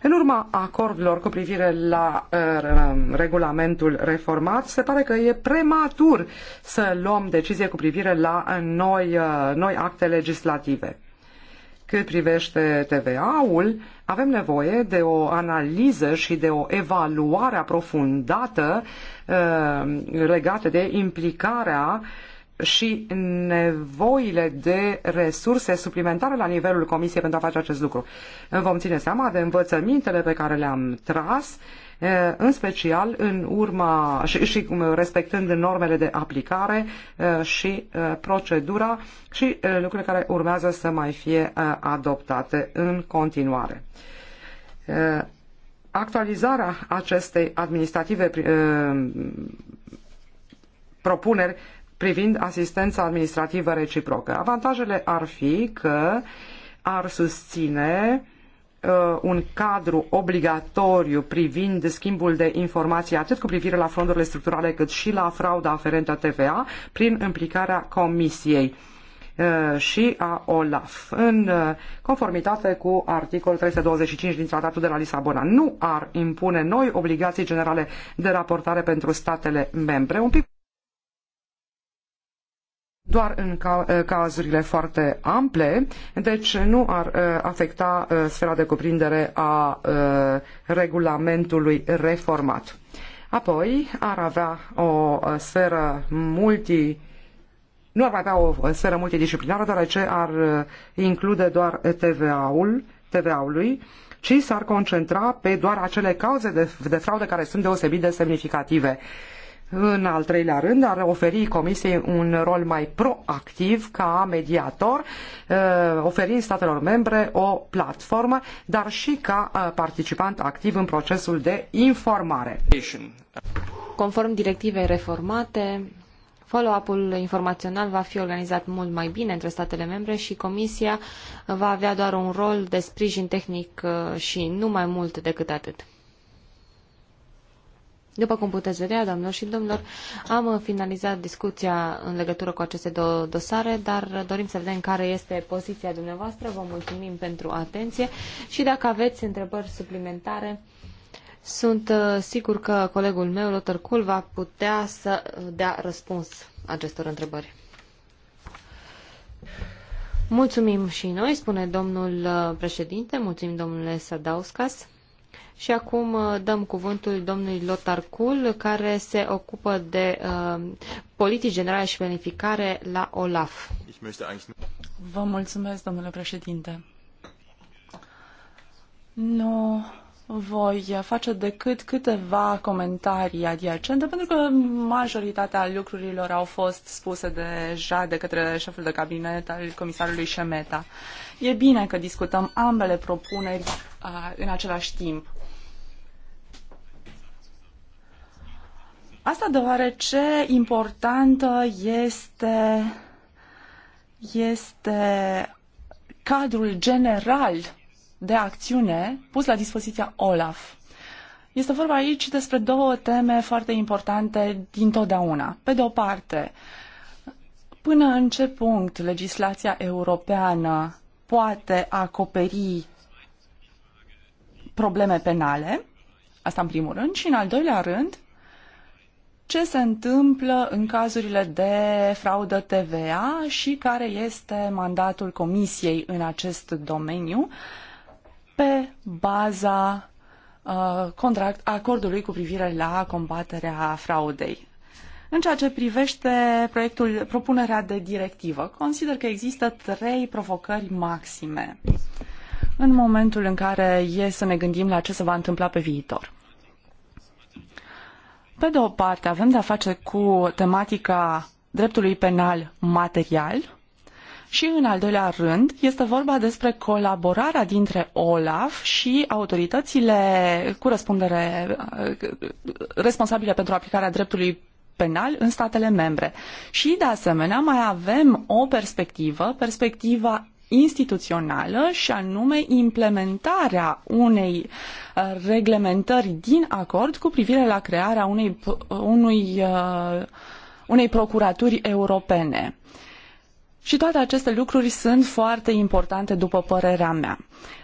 În urma acordurilor cu privire la uh, regulamentul reformat, se pare că e prematur să luăm decizie cu privire la uh, noi, uh, noi acte legislative. Cât privește TVA-ul, avem nevoie de o analiză și de o evaluare aprofundată uh, legată de implicarea uh, și nevoile de resurse suplimentare la nivelul Comisiei pentru a face acest lucru. Vom ține seama de învățămintele pe care le-am tras, eh, în special în urma și, și respectând normele de aplicare eh, și eh, procedura și lucrurile care urmează să mai fie adoptate în continuare. Actualizarea acestei administrative propuneri privind asistența administrativă reciprocă. Avantajele ar fi că ar susține uh, un cadru obligatoriu privind schimbul de informații atât cu privire la fondurile structurale cât și la frauda aferentă TVA prin implicarea Comisiei uh, și a OLAF în uh, conformitate cu articolul 325 din Tratatul de la Lisabona. Nu ar impune noi obligații generale de raportare pentru statele membre, un pic doar în eh, cazurile foarte ample, deci nu ar eh, afecta eh, sfera de cuprindere a regulamentului reformat. Apoi ar avea o sferă multi nu ar mai avea o sferă multidisciplinară, deoarece ar include doar TVA-ul, TVA-ului, ci s-ar concentra pe doar acele cauze de, de fraudă care sunt deosebit de semnificative. Uh, în al treilea rând, ar oferi Comisiei un rol mai proactiv ca mediator, eh, oferind statelor membre o platformă, dar și ca eh, participant activ în procesul de informare. Conform directivei reformate, Follow-up-ul informațional va fi organizat mult mai bine între statele membre și Comisia va avea doar un rol de sprijin tehnic eh, și nu mai mult decât atât. După cum puteți vedea, doamnelor și domnilor, am finalizat discuția în legătură cu aceste două dosare, dar dorim să vedem care este poziția dumneavoastră. Vă mulțumim pentru atenție și dacă aveți întrebări suplimentare, sunt uh, sigur că colegul meu, Lothar Kul, va putea să uh, dea răspuns acestor întrebări. Mulțumim și noi, spune domnul uh, președinte, mulțumim domnule Sadauskas. Și acum uh, dăm cuvântul domnului Lothar Kuhl, care se ocupă de uh, politici generale și planificare la OLAF. Vă mulțumesc, domnule președinte. Nu voi face decât câteva comentarii adiacente, pentru că majoritatea lucrurilor au fost spuse deja de către șeful de cabinet al comisarului Șemeta. E bine că discutăm ambele propuneri uh, în același timp. Asta deoarece importantă este, este cadrul general de acțiune pus la dispoziția OLAF. Este vorba aici despre două teme foarte importante din totdeauna. Pe de o parte, până în ce punct legislația europeană poate acoperi probleme penale, asta în primul rând, și în al doilea rând, ce se întâmplă în cazurile de fraudă TVA și care este mandatul Comisiei în acest domeniu pe baza uh, contract, acordului cu privire la combaterea fraudei. În ceea ce privește proiectul, propunerea de directivă, consider că există trei provocări maxime în momentul în care e să ne gândim la ce se va întâmpla pe viitor. Pe de o parte, avem de-a face cu tematica dreptului penal material și, în al doilea rând, este vorba despre colaborarea dintre OLAF și autoritățile cu răspundere responsabile pentru aplicarea dreptului penal în statele membre. Și, de asemenea, mai avem o perspectivă, perspectiva instituțională și anume implementarea unei uh, reglementări din acord cu privire la crearea unei, unui, uh, unei procuraturi europene. Și toate aceste lucruri sunt foarte importante, după părerea mea.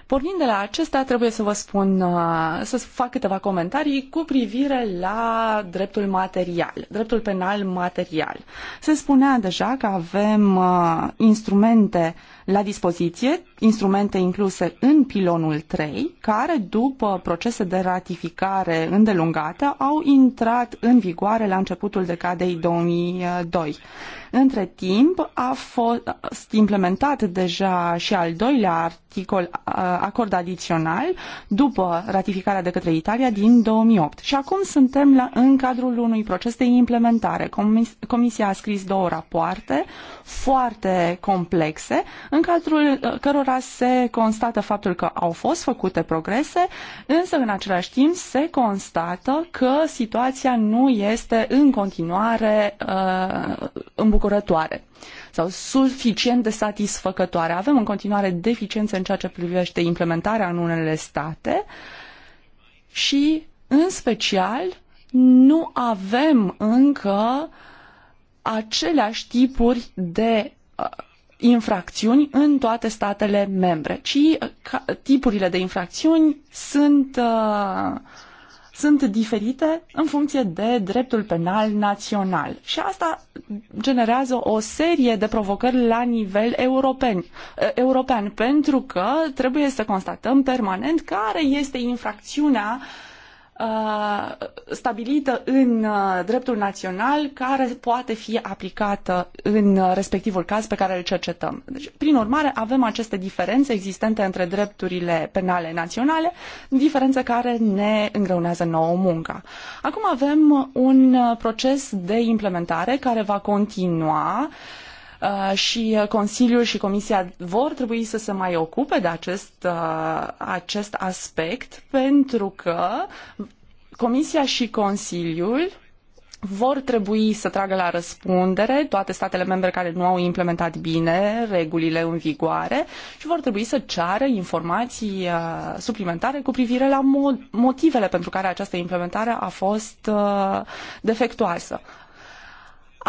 Pornind de la acesta, trebuie să vă spun, uh, să fac câteva comentarii cu privire la dreptul material, dreptul penal material. Se spunea deja că avem uh, instrumente la dispoziție, instrumente incluse în pilonul 3, care după procese de ratificare îndelungate au intrat în vigoare la începutul decadei 2002. Între timp a fost implementat deja și al doilea articol, acord adițional după ratificarea de către Italia din 2008. Și acum suntem la, în cadrul unui proces de implementare. comisia a scris două rapoarte foarte complexe, în cadrul uh, cărora se constată faptul că au fost făcute progrese, însă în același timp se constată că situația nu este în continuare uh, îmbucurătoare sau suficient de satisfăcătoare. Avem în continuare deficiențe în ceea ce privește implementarea în unele state și, în special, nu avem încă aceleași tipuri de uh, infracțiuni în toate statele membre, ci uh, tipurile de infracțiuni sunt uh, sunt diferite în funcție de dreptul penal național. Și asta generează o serie de provocări la nivel european, eh, european pentru că trebuie să constatăm permanent care este infracțiunea uh, Uh, stabilită în uh, dreptul național care poate fi aplicată în uh, respectivul caz pe care îl cercetăm. Deci, prin urmare, avem aceste diferențe existente între drepturile penale naționale, diferențe care ne îngreunează nouă munca. Acum avem un proces de implementare care va continua uh, Uh, și uh, Consiliul și Comisia vor trebui să se mai ocupe de acest, uh, acest aspect pentru că Comisia și Consiliul vor trebui să tragă la răspundere toate statele membre care nu au implementat bine regulile în vigoare și vor trebui să ceară informații uh, suplimentare cu privire la mo motivele pentru care această implementare a fost uh, defectuoasă.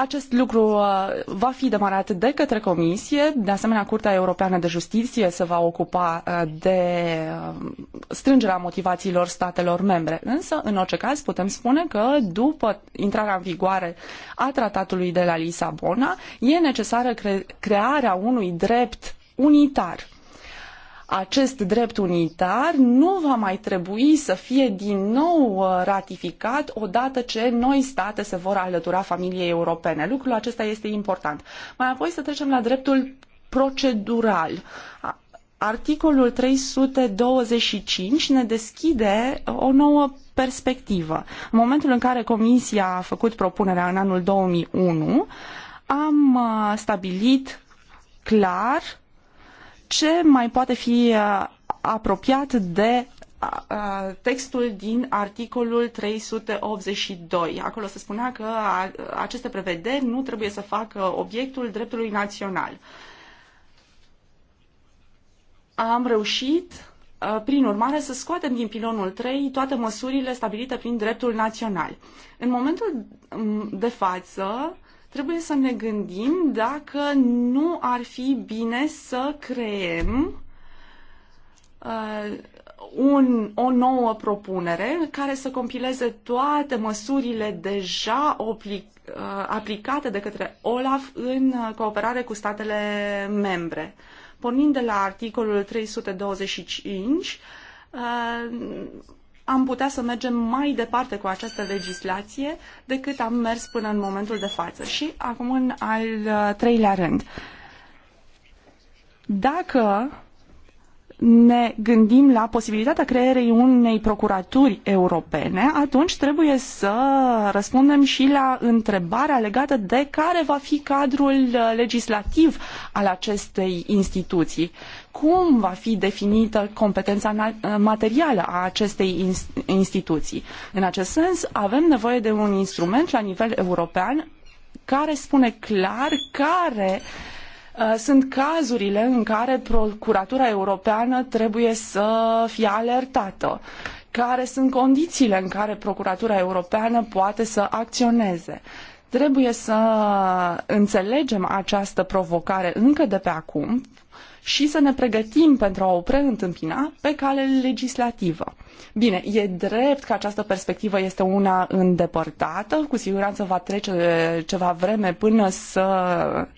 Acest lucru uh, va fi demarat de către Comisie, de asemenea Curtea Europeană de Justiție se va ocupa uh, de uh, strângerea motivațiilor statelor membre. Însă, în orice caz, putem spune că după intrarea în vigoare a tratatului de la Lisabona, e necesară crearea unui drept unitar acest drept unitar nu va mai trebui să fie din nou uh, ratificat odată ce noi state se vor alătura familiei europene. Lucrul acesta este important. Mai apoi să trecem la dreptul procedural. Articolul 325 ne deschide uh, o nouă perspectivă. În momentul în care Comisia a făcut propunerea în anul 2001, am uh, stabilit clar ce mai poate fi uh, apropiat de uh, uh, textul din articolul 382. Acolo se spunea că aceste prevederi nu trebuie să facă obiectul dreptului național. Am reușit, prin urmare, să scoatem din pilonul 3 toate măsurile stabilite prin dreptul național. În momentul mm, de față, trebuie să ne gândim dacă nu ar fi bine să creem uh, un, o nouă propunere care să compileze toate măsurile deja uh, aplicate de către OLAF în cooperare cu statele membre. Pornind de la articolul 325, am putea să mergem mai departe cu această legislație decât am mers până în momentul de față. Și acum în al uh, treilea rând. Dacă ne gândim la posibilitatea creierii unei procuraturi europene, atunci trebuie să răspundem și la întrebarea legată de care va fi cadrul uh, legislativ al acestei instituții. Cum va fi definită competența uh, materială a acestei instituții? În acest sens, avem nevoie de un instrument la nivel european care spune clar care uh, Uh, sunt cazurile în care Procuratura Europeană trebuie să fie alertată. Care sunt condițiile în care Procuratura Europeană poate să acționeze? Trebuie să înțelegem această provocare încă de pe acum, și să ne pregătim pentru a o preîntâmpina pe cale legislativă. Bine, e drept că această perspectivă este una îndepărtată, cu siguranță va trece ceva vreme până să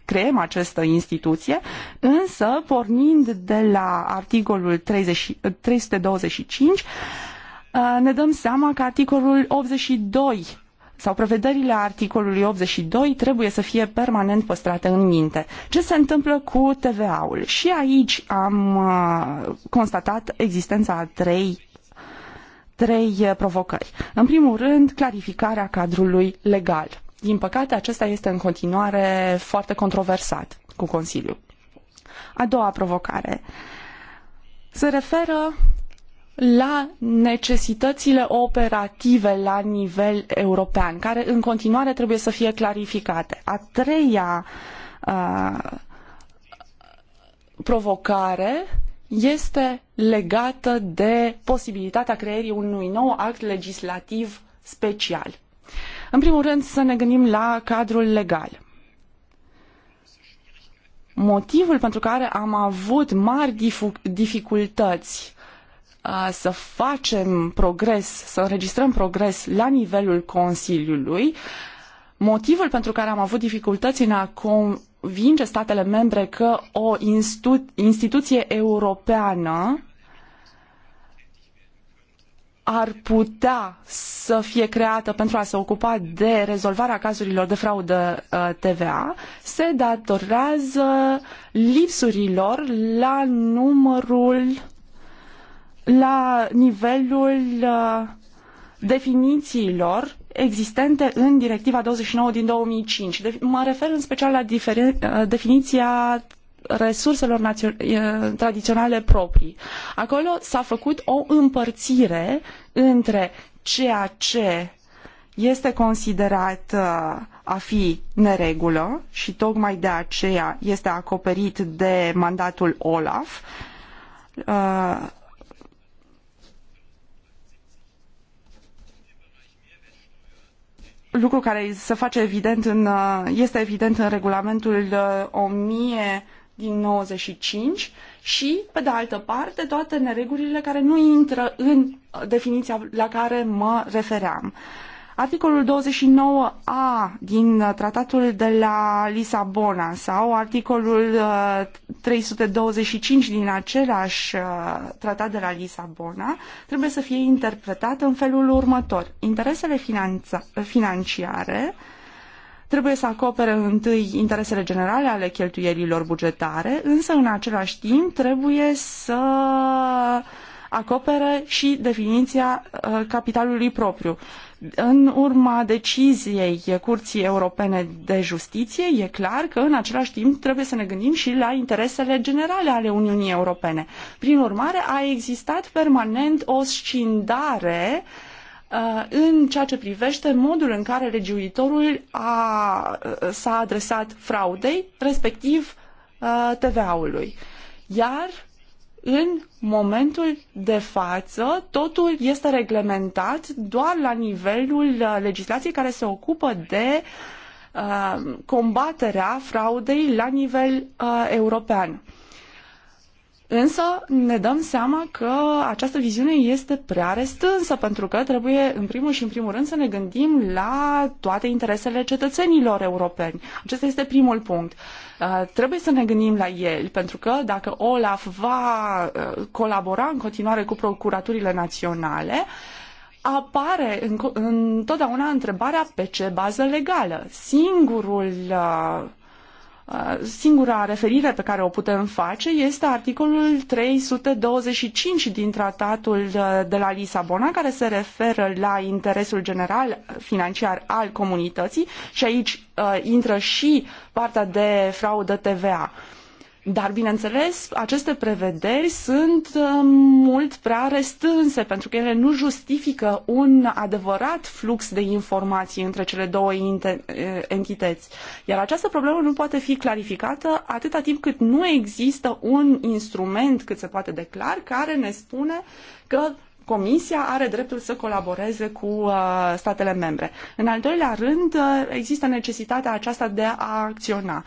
creăm această instituție, însă pornind de la articolul 30, 325, ne dăm seama că articolul 82 sau prevederile articolului 82 trebuie să fie permanent păstrate în minte. Ce se întâmplă cu TVA-ul? Și aici am uh, constatat existența a trei trei uh, provocări. În primul rând, clarificarea cadrului legal. Din păcate, acesta este în continuare foarte controversat cu Consiliul. A doua provocare se referă la necesitățile operative la nivel european, care în continuare trebuie să fie clarificate. A treia a, provocare este legată de posibilitatea creării unui nou act legislativ special. În primul rând să ne gândim la cadrul legal. Motivul pentru care am avut mari dificultăți să facem progres, să înregistrăm progres la nivelul Consiliului, motivul pentru care am avut dificultăți în a convinge statele membre că o institu- instituție europeană ar putea să fie creată pentru a se ocupa de rezolvarea cazurilor de fraudă TVA se datorează lipsurilor la numărul la nivelul uh, definițiilor existente în Directiva 29 din 2005. De- mă refer în special la uh, definiția resurselor uh, tradiționale proprii. Acolo s-a făcut o împărțire între ceea ce este considerat a fi neregulă și tocmai de aceea este acoperit de mandatul OLAF, lucru care se face evident în, uh, este evident în regulamentul 1000 uh, din 95 și, pe de altă parte, toate neregulile care nu intră în definiția la care mă refeream. Uh, Articolul 29a din tratatul de la Lisabona sau articolul 325 uh, din același uh, tratat de la Lisabona trebuie să fie interpretat în felul următor. Interesele financiare trebuie să acopere întâi interesele generale ale cheltuielilor bugetare, însă în același timp trebuie să uh, acopere și definiția uh, capitalului propriu. În urma deciziei Curții Europene de Justiție, e clar că în același timp trebuie să ne gândim și la interesele generale ale Uniunii Europene. Prin urmare, a existat permanent o scindare uh, în ceea ce privește modul în care legiuitorul a, uh, s-a adresat fraudei, respectiv TVA-ului. Iar în momentul de față, totul este reglementat doar la nivelul uh, legislației care se ocupă de uh, combaterea fraudei la nivel uh, european. Însă ne dăm seama că această viziune este prea restânsă, pentru că trebuie, în primul și în primul rând, să ne gândim la toate interesele cetățenilor europeni. Acesta este primul punct. Uh, trebuie să ne gândim la el, pentru că dacă Olaf va uh, colabora în continuare cu procuraturile naționale, apare în, întotdeauna întrebarea pe ce bază legală. Singurul uh, Uh, singura referire pe care o putem face este articolul 325 din tratatul uh, de la Lisabona, care se referă la interesul general financiar al comunității și aici uh, intră și partea de fraudă TVA. Dar, bineînțeles, aceste prevederi sunt uh, mult prea restrânse, pentru că ele nu justifică un adevărat flux de informații între cele două uh, entități. Iar această problemă nu poate fi clarificată atâta timp cât nu există un instrument cât se poate de clar care ne spune că Comisia are dreptul să colaboreze cu uh, statele membre. În al doilea rând, există necesitatea aceasta de a acționa.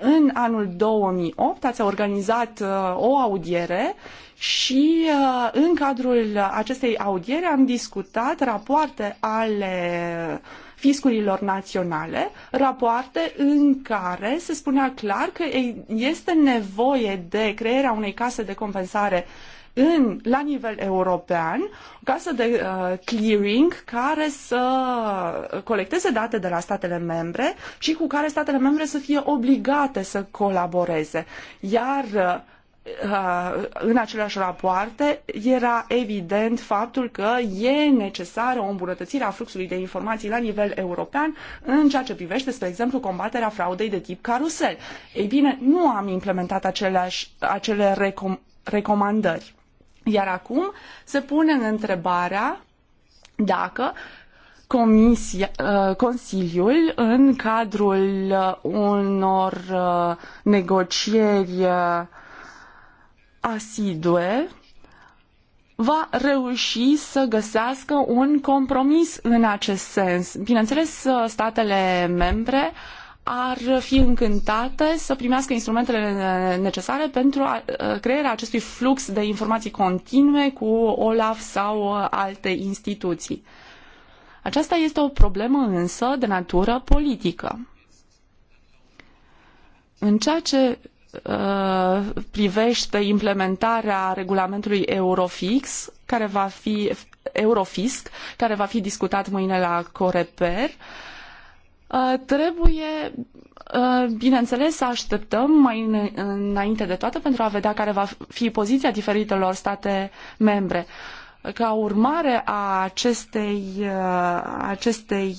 În anul 2008 ați organizat uh, o audiere și uh, în cadrul acestei audiere am discutat rapoarte ale fiscurilor naționale, rapoarte în care se spunea clar că este nevoie de crearea unei case de compensare uh, în, la nivel european o casă de uh, clearing care să colecteze date de la statele membre și cu care statele membre să fie obligate să colaboreze. Iar uh, uh, în aceleași rapoarte, era evident faptul că e necesară o îmbunătățire a fluxului de informații la nivel european în ceea ce privește, spre exemplu, combaterea fraudei de tip carusel. Ei bine, nu am implementat aceleași, acele recom- recomandări. Iar acum se pune întrebarea dacă Comisia, uh, Consiliul, în cadrul uh, unor uh, negocieri asidue, va reuși să găsească un compromis în acest sens. Bineînțeles, statele membre ar fi încântate să primească instrumentele necesare pentru crearea acestui flux de informații continue cu OLAF sau alte instituții. Aceasta este o problemă însă de natură politică. În ceea ce uh, privește implementarea regulamentului Eurofix, care va fi Eurofisc, care va fi discutat mâine la Coreper, uh, Uh, trebuie, uh, bineînțeles, să așteptăm mai înainte de toate pentru a vedea care va fi poziția diferitelor state membre. Ca urmare a acestei, uh, acestei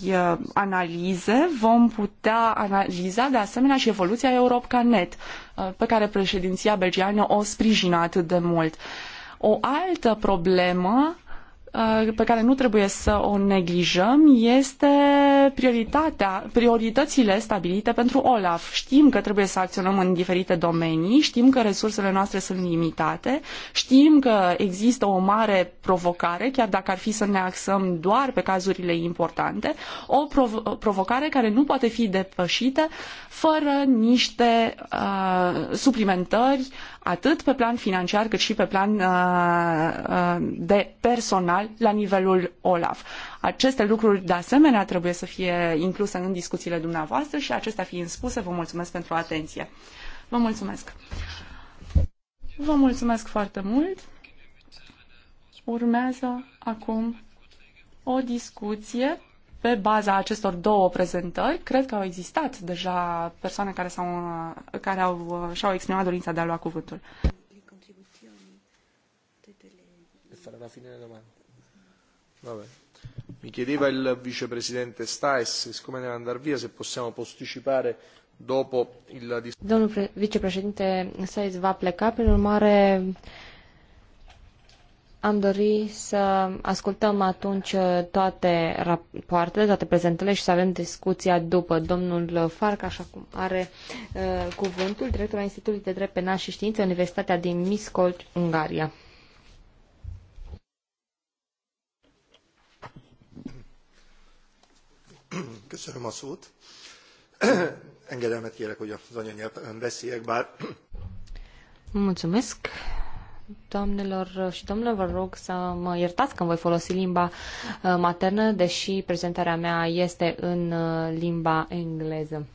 analize vom putea analiza de asemenea și evoluția Europcanet, pe care președinția belgiană o sprijină atât de mult. O altă problemă Uh, pe care nu trebuie să o neglijăm este prioritatea, prioritățile stabilite pentru OLAF. Știm că trebuie să acționăm în diferite domenii, știm că resursele noastre sunt limitate, știm că există o mare provocare, chiar dacă ar fi să ne axăm doar pe cazurile importante, o prov provocare care nu poate fi depășită fără niște uh, suplimentări uh, atât pe plan financiar cât și pe plan uh, uh, de personal la nivelul OLAF. Aceste lucruri de asemenea trebuie să fie incluse în discuțiile dumneavoastră și acestea fiind spuse, vă mulțumesc pentru atenție. Vă mulțumesc! Vă mulțumesc foarte mult! Urmează acum o discuție pe baza acestor două prezentări, cred că au existat deja persoane care, s-au, care au, și-au exprimat dorința de a lua cuvântul. la Mi chiedeva il vicepresidente Stais, siccome deve andare via, se possiamo posticipare dopo il... Domnul vicepreședinte Stais va pleca, prin urmare am dori să ascultăm atunci uh, toate rapoartele, toate prezentele și să avem discuția după. Domnul Farc, așa cum are uh, cuvântul, directorul Institutului de Drept Penal și Științe, Universitatea din Miskolc, Ungaria. Köszönöm a szót. Engedelmet kérek, hogy az anyanyelven beszéljek, bár... Mulțumesc. Doamnelor și domnilor, vă rog să mă iertați că voi folosi limba uh, maternă, deși prezentarea mea este în uh, limba engleză.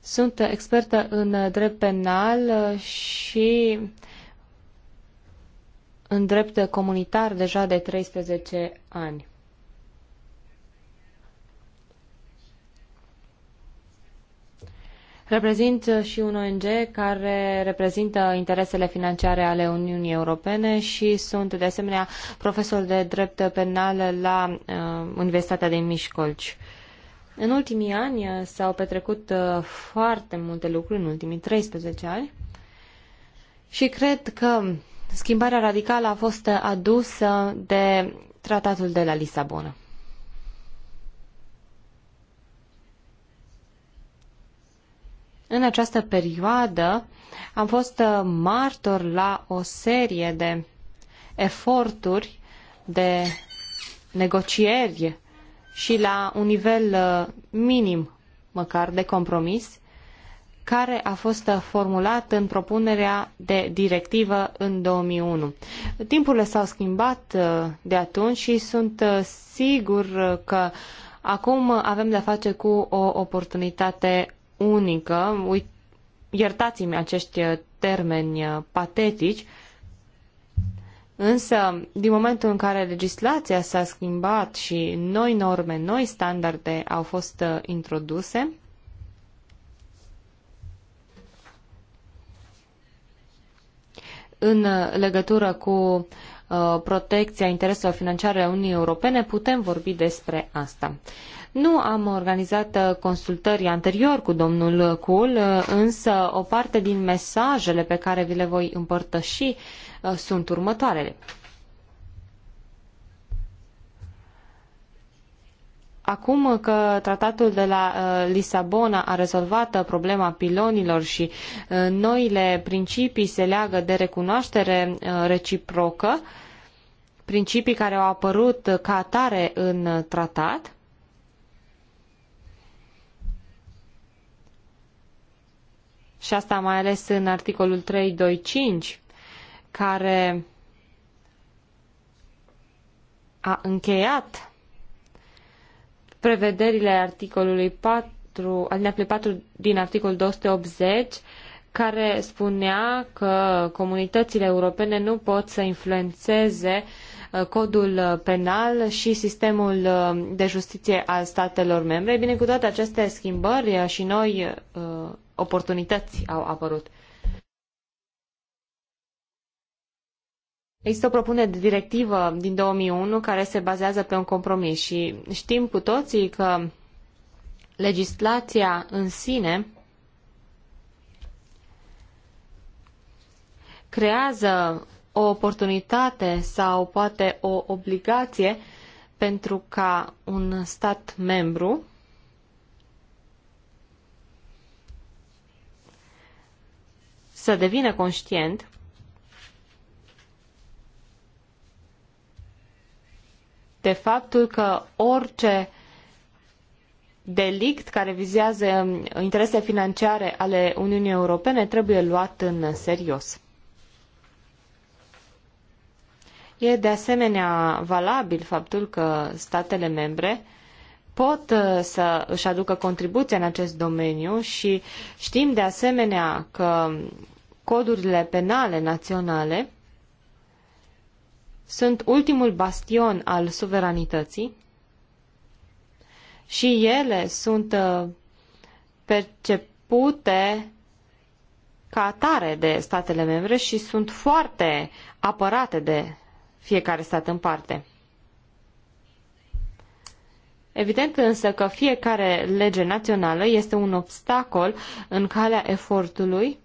Sunt expertă în drept penal uh, și în drept comunitar deja de 13 ani. Reprezint uh, și un ONG care reprezintă interesele financiare ale Uniunii Europene și sunt de asemenea profesor de drept penal la uh, Universitatea din Mișcolci. În ultimii ani uh, s-au petrecut foarte multe lucruri, în ultimii 13 ani, și cred că schimbarea radicală a fost adusă de tratatul de la Lisabona. În această perioadă am fost uh, martor la o serie de eforturi de negocieri și la un nivel uh, minim, măcar, de compromis, care a fost uh, formulat în propunerea de directivă în 2001. Timpurile s-au schimbat de atunci și sunt sigur că acum avem de-a face cu o oportunitate unică, uit, iertați-mi acești uh, termeni uh, patetici, însă din momentul în care legislația s-a schimbat și noi norme, noi standarde au fost uh, introduse, în legătură cu uh, Uh, protecția intereselor financiare ale Uniunii Europene, putem vorbi despre asta. Nu am organizat uh, consultări anterior cu domnul Kuhl, uh, însă o parte din mesajele pe care vi le voi împărtăși sunt următoarele. Acum că tratatul de la Lisabona a rezolvat problema pilonilor și noile principii se leagă de recunoaștere reciprocă, principii care au apărut ca atare în tratat, și asta mai ales în articolul 325, care a încheiat prevederile articolului 4, alineatului 4 din articolul 280, care spunea că comunitățile europene nu pot să influențeze uh, codul penal și sistemul uh, de justiție al statelor membre. Ei bine, cu toate aceste schimbări uh, și noi oportunități au apărut. Există o propunere de directivă din 2001 care se bazează pe un compromis și știm cu toții că legislația în sine creează o oportunitate sau poate o obligație pentru ca un stat membru să devină conștient de faptul că orice delict care vizează interesele financiare ale Uniunii Europene trebuie luat în serios. E de asemenea valabil faptul că statele membre pot uh, să își aducă contribuția în acest domeniu și știm de asemenea că codurile penale naționale sunt ultimul bastion al suveranității și ele sunt uh, percepute ca atare de statele membre și sunt foarte apărate de fiecare stat în parte. Evident însă că fiecare lege națională este un obstacol în calea efortului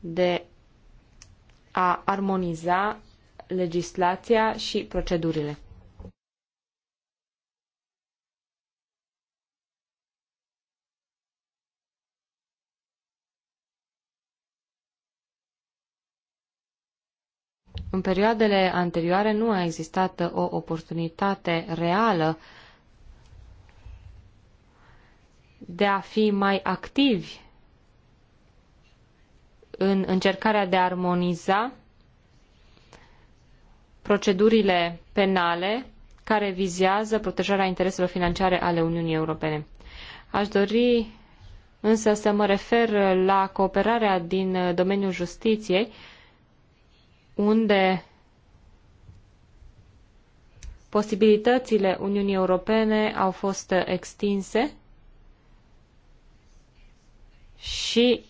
de a armoniza legislația și procedurile. În perioadele anterioare nu a existat o oportunitate reală de a fi mai activi în încercarea de a armoniza procedurile penale care vizează protejarea intereselor financiare ale Uniunii Europene. Aș dori însă să mă refer la cooperarea din domeniul justiției, unde posibilitățile Uniunii Europene au fost extinse și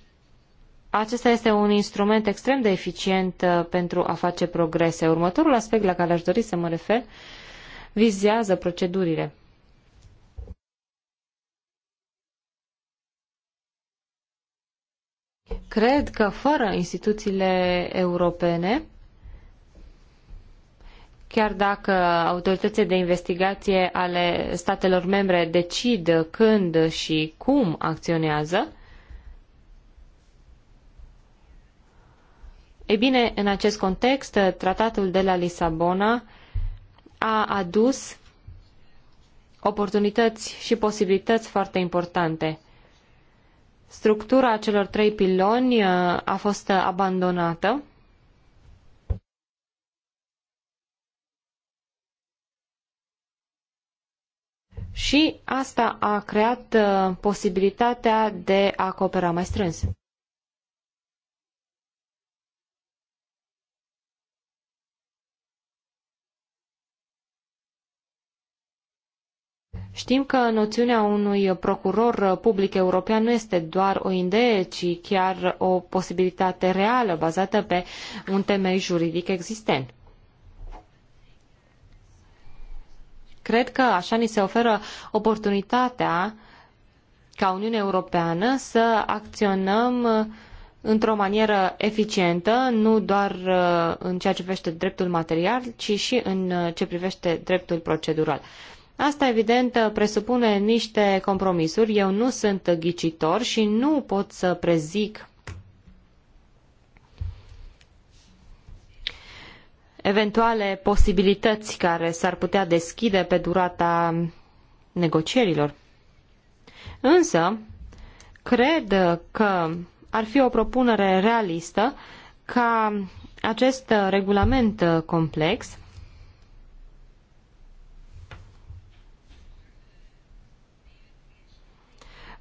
acesta este un instrument extrem de eficient uh, pentru a face progrese. Următorul aspect la care aș dori să mă refer vizează procedurile. Cred că fără instituțiile europene chiar dacă autoritățile de investigație ale statelor membre decid când și cum acționează, e bine, în acest context, tratatul de la Lisabona a adus oportunități și posibilități foarte importante. Structura celor trei piloni uh, a fost abandonată și asta a creat uh, posibilitatea de a coopera mai strâns. Știm că noțiunea unui procuror uh, public european nu este doar o idee, ci chiar o posibilitate reală bazată pe un temei juridic existent. Cred că așa ni se oferă oportunitatea ca Uniunea Europeană să acționăm uh, într-o manieră eficientă, nu doar uh, în ceea ce privește dreptul material, ci și în uh, ce privește dreptul procedural. Asta, evident, presupune niște compromisuri. Eu nu sunt ghicitor și nu pot să prezic eventuale posibilități care s-ar putea deschide pe durata negocierilor. Însă, cred că ar fi o propunere realistă ca acest regulament complex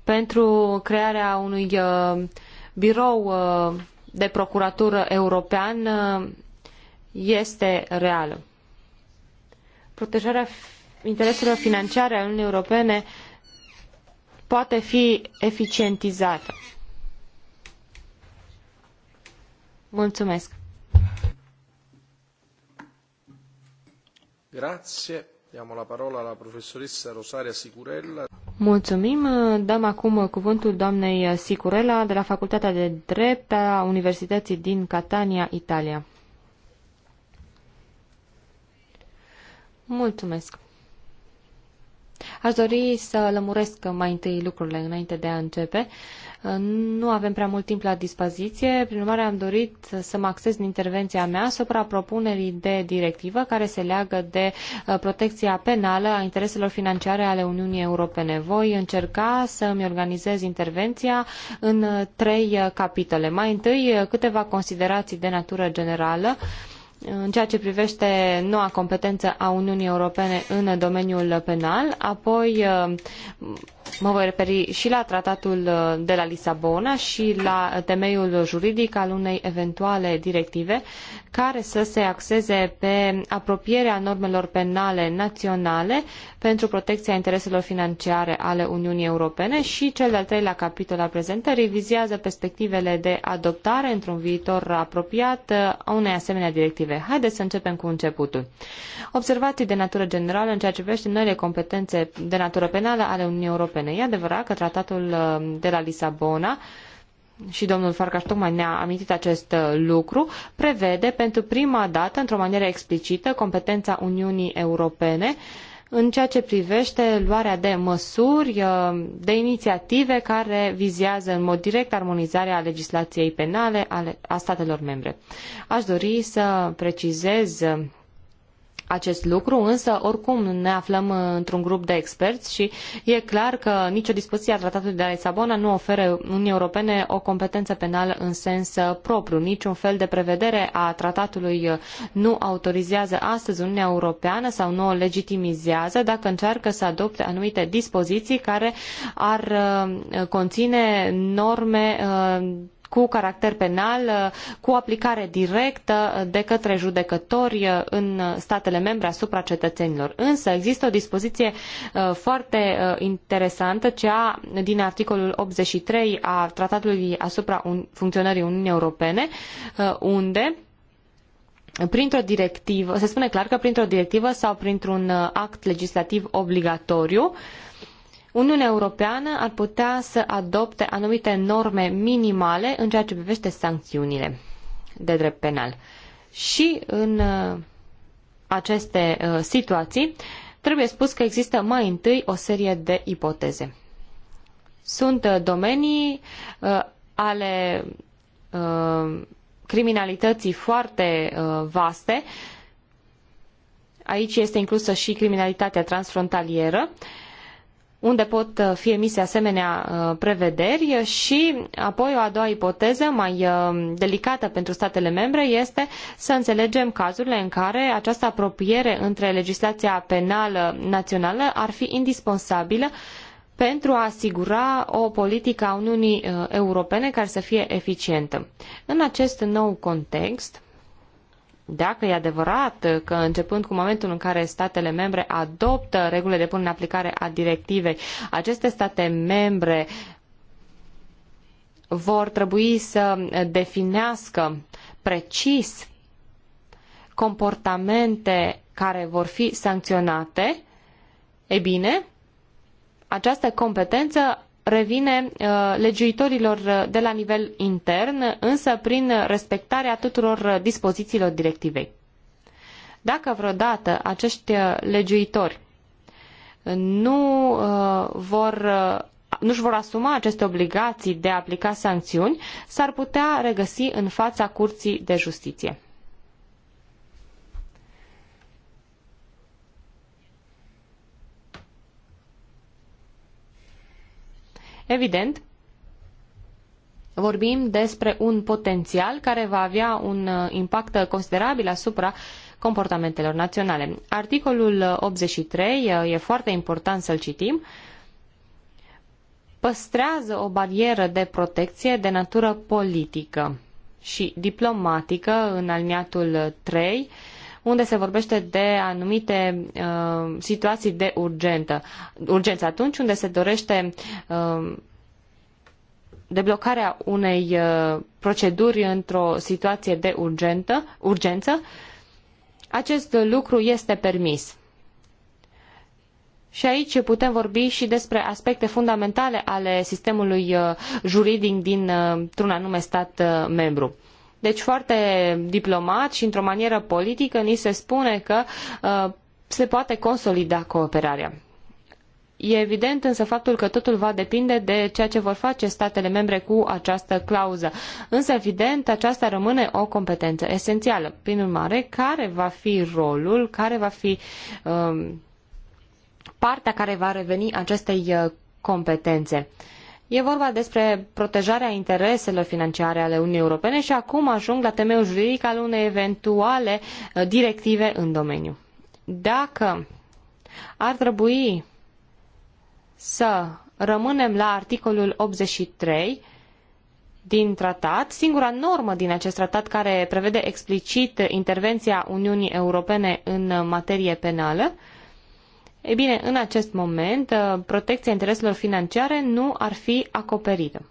pentru crearea unui uh, birou uh, de procuratură european uh, este reală. Protejarea intereselor financiare ale Uniunii Europene poate fi eficientizată. Mulțumesc. Grazie. Diamo la parola alla professoressa Rosaria Sicurella. Mulțumim. Dăm acum cuvântul doamnei Sicurella de la Facultatea de Drept a Universității din Catania, Italia. Mulțumesc. Aș dori să lămuresc mai întâi lucrurile înainte de a începe. Nu avem prea mult timp la dispoziție, prin urmare am dorit să mă axez în intervenția mea asupra propunerii de directivă care se leagă de uh, protecția penală a intereselor financiare ale Uniunii Europene. Voi încerca să-mi organizez intervenția în uh, trei uh, capitole. Mai întâi, câteva considerații de natură generală în ceea ce privește noua competență a Uniunii Europene în domeniul penal, apoi Mă voi referi și la tratatul uh, de la Lisabona și la temeiul juridic al unei eventuale directive care să se axeze pe apropierea normelor penale naționale pentru protecția intereselor financiare ale Uniunii Europene și cel de-al treilea capitol al prezentării vizează perspectivele de adoptare într-un viitor apropiat a uh, unei asemenea directive. Haideți să începem cu începutul. Observații de natură generală în ceea ce privește noile competențe de natură penală ale Uniunii Europene europene. E adevărat că tratatul uh, de la Lisabona și domnul Farcaș tocmai ne-a amintit acest uh, lucru, prevede pentru prima dată, într-o manieră explicită, competența Uniunii Europene în ceea ce privește luarea de măsuri, uh, de inițiative care vizează în mod direct armonizarea legislației penale a statelor membre. Aș dori să precizez acest lucru, însă oricum ne aflăm într-un grup de experți și e clar că nicio dispoziție a Tratatului de la Lisabona nu oferă Uniunii Europene o competență penală în sens uh, propriu. Niciun fel de prevedere a tratatului uh, nu autorizează astăzi Uniunea Europeană sau nu o legitimizează dacă încearcă să adopte anumite dispoziții care ar uh, conține norme cu caracter penal, cu aplicare directă de către judecători în statele membre asupra cetățenilor. Însă există o dispoziție uh, foarte uh, interesantă, cea din articolul 83 a Tratatului asupra funcționării Uniunii Europene, uh, unde printr-o directivă, se spune clar că printr-o directivă sau printr-un act legislativ obligatoriu, uh, Uniunea Europeană ar putea să adopte anumite norme minimale în ceea ce privește sancțiunile de drept penal. Și în uh, aceste uh, situații trebuie spus că există mai întâi o serie de ipoteze. Sunt uh, domenii ale criminalității foarte vaste. Aici este inclusă și criminalitatea transfrontalieră unde pot uh, fi emise asemenea uh, prevederi și apoi o a doua ipoteză mai uh, delicată pentru statele membre este să înțelegem cazurile în care această apropiere între legislația penală națională ar fi indispensabilă pentru a asigura o politică a Uniunii Europene care să fie eficientă. În acest nou context, dacă e adevărat că începând cu momentul în care statele membre adoptă regulile de punere în aplicare a directivei, aceste state membre vor trebui să definească precis comportamente care vor fi sancționate, e bine, această competență revine uh, legiuitorilor uh, de la nivel intern, însă prin respectarea tuturor uh, dispozițiilor directivei. Dacă vreodată acești legiuitori nu vor nu-și vor asuma aceste obligații de a aplica sancțiuni, s-ar putea regăsi în fața Curții de Justiție. Evident, vorbim despre un potențial care va avea un uh, impact considerabil asupra comportamentelor naționale. Articolul 83 uh, e foarte important să-l citim păstrează o barieră de protecție de natură politică și diplomatică în aliniatul 3 unde se vorbește de anumite uh, situații de urgentă. urgență. Atunci unde se dorește uh, deblocarea unei uh, proceduri într-o situație de urgentă, urgență, acest lucru este permis. Și aici putem vorbi și despre aspecte fundamentale ale sistemului uh, juridic dintr-un uh, anume stat uh, membru. Deci foarte diplomat și într-o manieră politică ni se spune că uh, se poate consolida cooperarea. E evident însă faptul că totul va depinde de ceea ce vor face statele membre cu această clauză. Însă, evident, aceasta rămâne o competență esențială. Prin urmare, care va fi rolul, care va fi um, partea care va reveni acestei uh, competențe? Uh, E vorba despre protejarea intereselor financiare ale Uniunii Europene și acum ajung la temeiul juridic al unei eventuale uh, directive în domeniu. Dacă ar trebui să rămânem la articolul 83 din tratat, singura normă din acest tratat care prevede explicit intervenția Uniunii Europene în materie penală, ei bine, în acest moment, uh, protecția intereselor financiare nu ar fi acoperită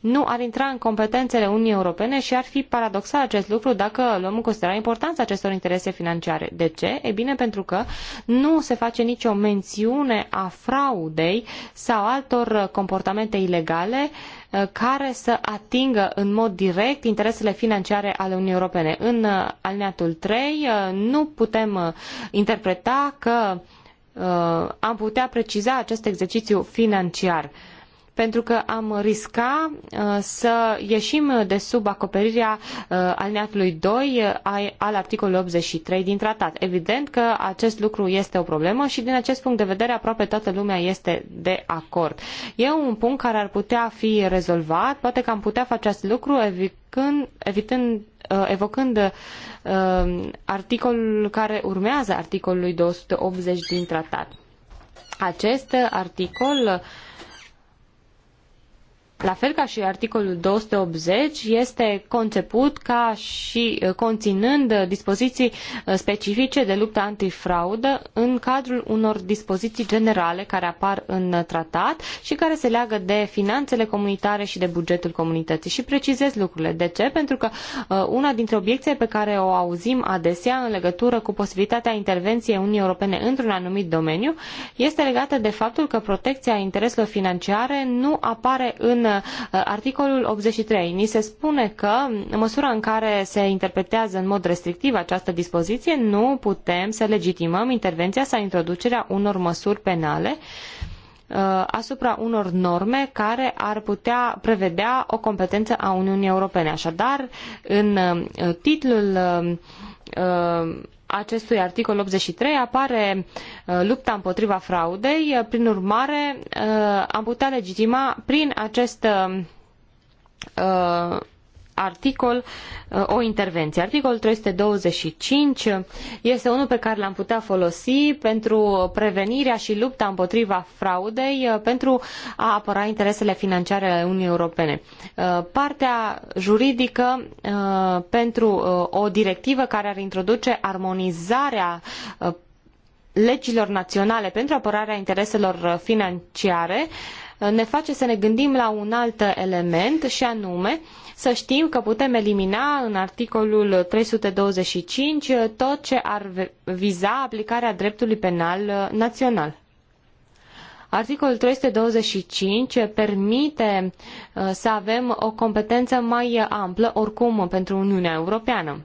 nu ar intra în competențele Uniunii Europene și ar fi paradoxal acest lucru dacă luăm în considerare importanța acestor interese financiare. De ce? E bine pentru că nu se face nicio mențiune a fraudei sau altor comportamente ilegale uh, care să atingă în mod direct interesele financiare ale Uniunii Europene. În uh, alineatul 3 uh, nu putem interpreta că am putea preciza acest exercițiu financiar pentru că am risca uh, să ieșim de sub acoperirea uh, alineatului 2 al articolului 83 din tratat. Evident că acest lucru este o problemă și din acest punct de vedere aproape toată lumea este de acord. E un punct care ar putea fi rezolvat, poate că am putea face acest lucru evitând, evitând uh, evocând articolul care urmează articolului 280 din tratat. Acest articol uh, la fel ca și articolul 280, este conceput ca și uh, conținând uh, dispoziții uh, specifice de luptă antifraudă în cadrul unor dispoziții generale care apar în tratat și care se leagă de finanțele comunitare și de bugetul comunității. Și precizez lucrurile. De ce? Pentru că una dintre obiecțiile pe care o auzim adesea în legătură cu posibilitatea intervenției Uniunii Europene într-un anumit domeniu este legată de faptul că protecția intereselor financiare nu apare în Uh, articolul 83 ni se spune că în măsura în care se interpretează în mod restrictiv această dispoziție, nu putem să legitimăm intervenția sau introducerea unor măsuri penale uh, asupra unor norme care ar putea prevedea o competență a Uniunii Europene. Așadar, în uh, titlul Uh, acestui articol 83 apare uh, lupta împotriva fraudei, uh, prin urmare am putea legitima prin acest articol uh, o intervenție. Articolul 325 este unul pe care l-am putea folosi pentru prevenirea și lupta împotriva fraudei uh, pentru a apăra interesele financiare ale Uniunii Europene. Uh, partea juridică pentru o directivă care ar introduce armonizarea legilor naționale pentru apărarea intereselor financiare Eh, ne face să ne gândim la un alt element și anume să știm că putem elimina în articolul 325 eh, tot ce ar viza aplicarea dreptului penal eh, național. Articolul 325 permite să avem o competență mai amplă oricum pentru Uniunea Europeană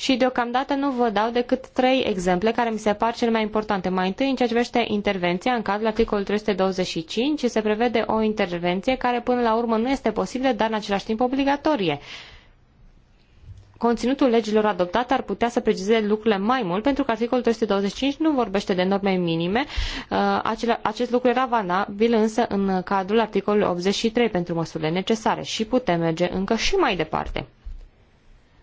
și deocamdată nu vă dau decât trei exemple care mi se par cele mai importante. Mai întâi, în ceea ce privește intervenția, în cadrul articolului 325 se prevede o intervenție care până la urmă nu este posibilă, dar în același timp obligatorie. Conținutul legilor adoptate ar putea să precizeze lucrurile mai mult, pentru că articolul 325 nu vorbește de norme minime. Uh, acest lucru era vanabil însă în cadrul articolului 83 pentru măsurile necesare și putem merge încă și mai departe.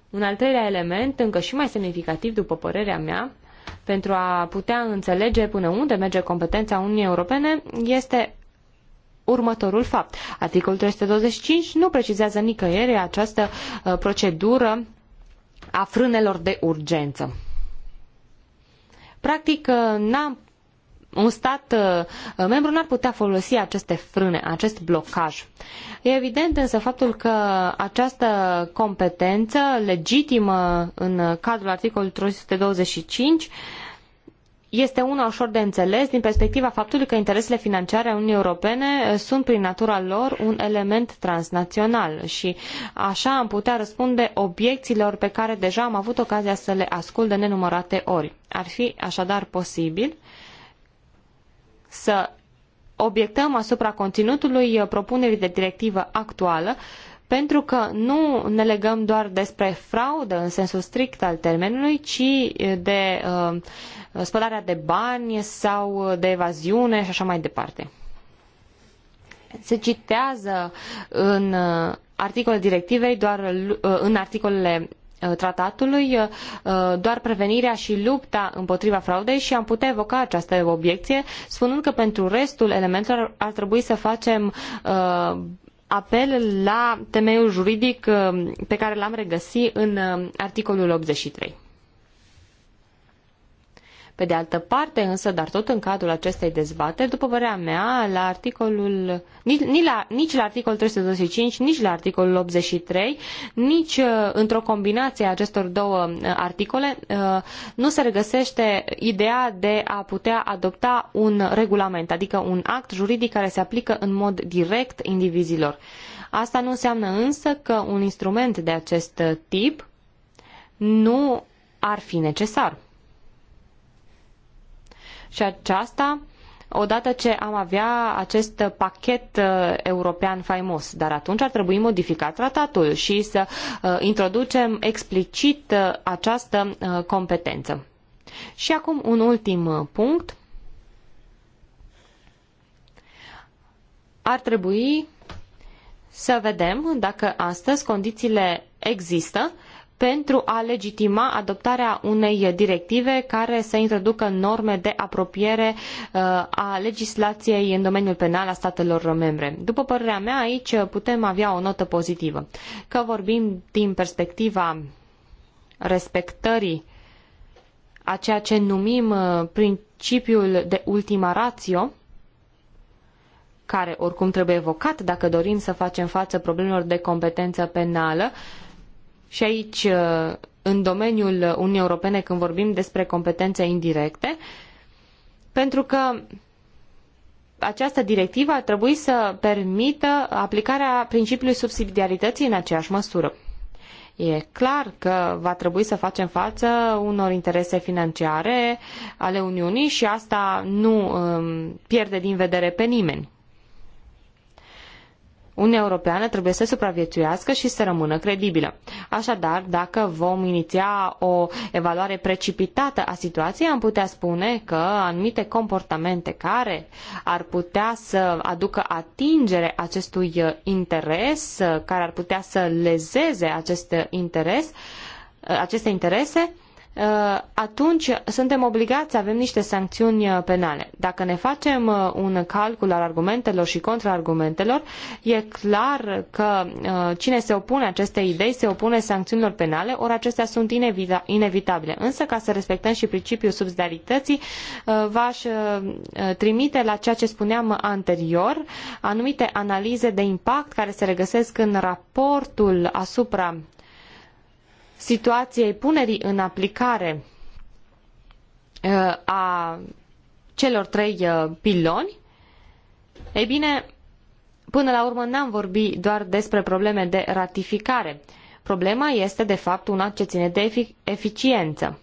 Un al treilea element, încă și mai semnificativ, după părerea mea, pentru a putea înțelege până unde merge competența Uniunii Europene, este următorul fapt. Articolul 325 nu precizează nicăieri această uh, procedură a frânelor de urgență. Practic, uh, n-am un stat uh, membru n-ar putea folosi aceste frâne, acest blocaj. E evident însă faptul că această competență legitimă în cadrul articolului 325 este una ușor de înțeles din perspectiva faptului că interesele financiare ale Uniunii Europene uh, sunt prin natura lor un element transnațional și așa am putea răspunde obiecțiilor pe care deja am avut ocazia să le ascult de nenumărate ori. Ar fi așadar posibil să obiectăm asupra conținutului propunerii de directivă actuală, pentru că nu ne legăm doar despre fraudă în sensul strict al termenului, ci de uh, spălarea de bani sau de evaziune și așa mai departe. Se citează în uh, articole directivei doar uh, în articolele Uh, tratatului uh, uh, doar prevenirea și lupta împotriva fraudei și am putea evoca această obiecție spunând că pentru restul elementelor ar trebui să facem apel la temeiul juridic pe care l-am regăsit în articolul 83. Pe de altă parte, însă, dar tot în cadrul acestei dezbateri, după părerea mea, la articolul, nici, la, nici la articolul 325, nici la articolul 83, nici uh, într-o combinație a acestor două uh, articole, uh, nu se regăsește ideea de a putea adopta un regulament, adică un act juridic care se aplică în mod direct indivizilor. Asta nu înseamnă însă că un instrument de acest tip nu ar fi necesar. Și aceasta odată ce am avea acest pachet uh, european faimos. Dar atunci ar trebui modificat tratatul și să uh, introducem explicit uh, această uh, competență. Și acum un ultim uh, punct. Ar trebui să vedem dacă astăzi condițiile există uh, pentru a legitima adoptarea unei directive care să introducă norme de apropiere uh, a legislației în domeniul penal a statelor membre. După părerea mea, aici putem avea o notă pozitivă. Că vorbim din perspectiva respectării a ceea ce numim uh, principiul de ultima ratio, care oricum trebuie evocat dacă dorim să facem față problemelor de competență penală, și aici uh, în domeniul Uniunii Europene când vorbim despre competențe indirecte, pentru că această directivă ar trebui să permită aplicarea principiului subsidiarității în aceeași măsură. E clar că va trebui să facem față unor interese financiare ale Uniunii și asta nu um, pierde din vedere pe nimeni. Uniunea Europeană trebuie să supraviețuiască și să rămână credibilă. Așadar, dacă vom iniția o evaluare precipitată a situației, am putea spune că anumite comportamente care ar putea să aducă atingere acestui interes, care ar putea să lezeze acest interes, aceste interese, Uh, atunci suntem obligați să avem niște sancțiuni uh, penale. Dacă ne facem uh, un calcul al argumentelor și contraargumentelor, e clar că cine se opune acestei idei se opune sancțiunilor penale, ori acestea sunt inevitabile. Însă, ca să respectăm și principiul subsidiarității, v-aș trimite la ceea ce spuneam anterior, anumite analize de impact care se regăsesc în raportul asupra situației punerii în aplicare uh, a celor trei uh, piloni, ei bine, până la urmă n-am vorbit doar despre probleme de ratificare. Problema este, de fapt, una ce ține de eficiență.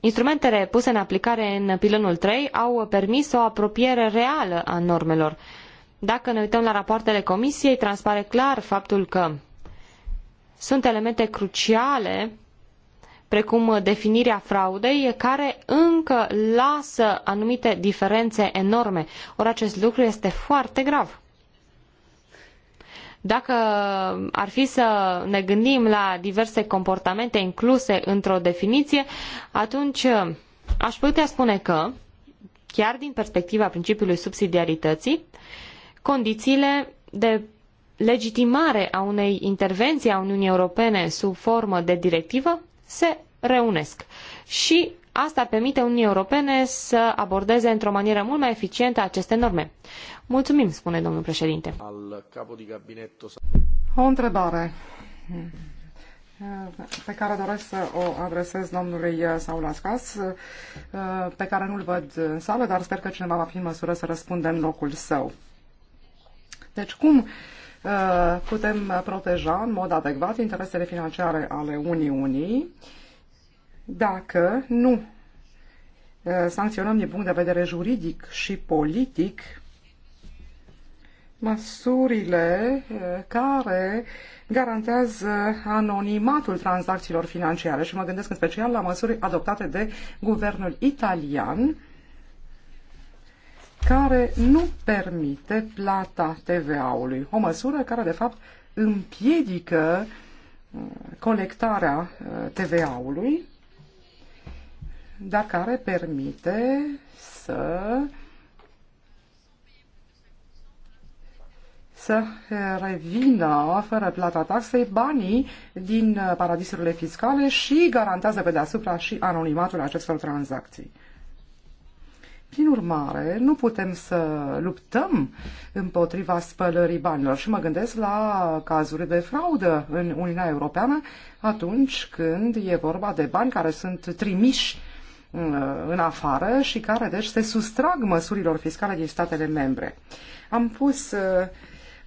Instrumentele puse în aplicare în pilonul 3 au permis o apropiere reală a normelor. Dacă ne uităm la rapoartele comisiei, transpare clar faptul că sunt elemente cruciale precum definirea fraudei, care încă lasă anumite diferențe enorme. Ori acest lucru este foarte grav. Dacă ar fi să ne gândim la diverse comportamente incluse într-o definiție, atunci aș putea spune că, chiar din perspectiva principiului subsidiarității, condițiile de legitimare a unei intervenții a Uniunii Europene sub formă de directivă se reunesc. Și asta permite Uniunii Europene să abordeze într-o manieră mult mai eficientă aceste norme. Mulțumim, spune domnul președinte. O întrebare eh, pe care doresc să o adresez domnului eh, Saulaskas, eh, pe care nu-l văd în sală, dar sper că cineva va fi în măsură să răspundă în locul său. Deci cum Uh, putem proteja în mod adecvat interesele financiare ale Uniunii dacă nu uh, sancționăm din punct de vedere juridic și politic măsurile uh, care garantează anonimatul tranzacțiilor financiare și mă gândesc în special la măsuri adoptate de guvernul italian care nu permite plata TVA-ului. O măsură care, de fapt, împiedică uh, colectarea uh, TVA-ului, dar care permite să să revină fără plata taxei banii din uh, paradisurile fiscale și garantează pe deasupra și anonimatul acestor tranzacții. Prin urmare, nu putem să luptăm împotriva spălării banilor și mă gândesc la cazuri de fraudă în Uniunea Europeană atunci când e vorba de bani care sunt trimiși uh, în afară și care deci se sustrag măsurilor fiscale din statele membre. Am pus uh,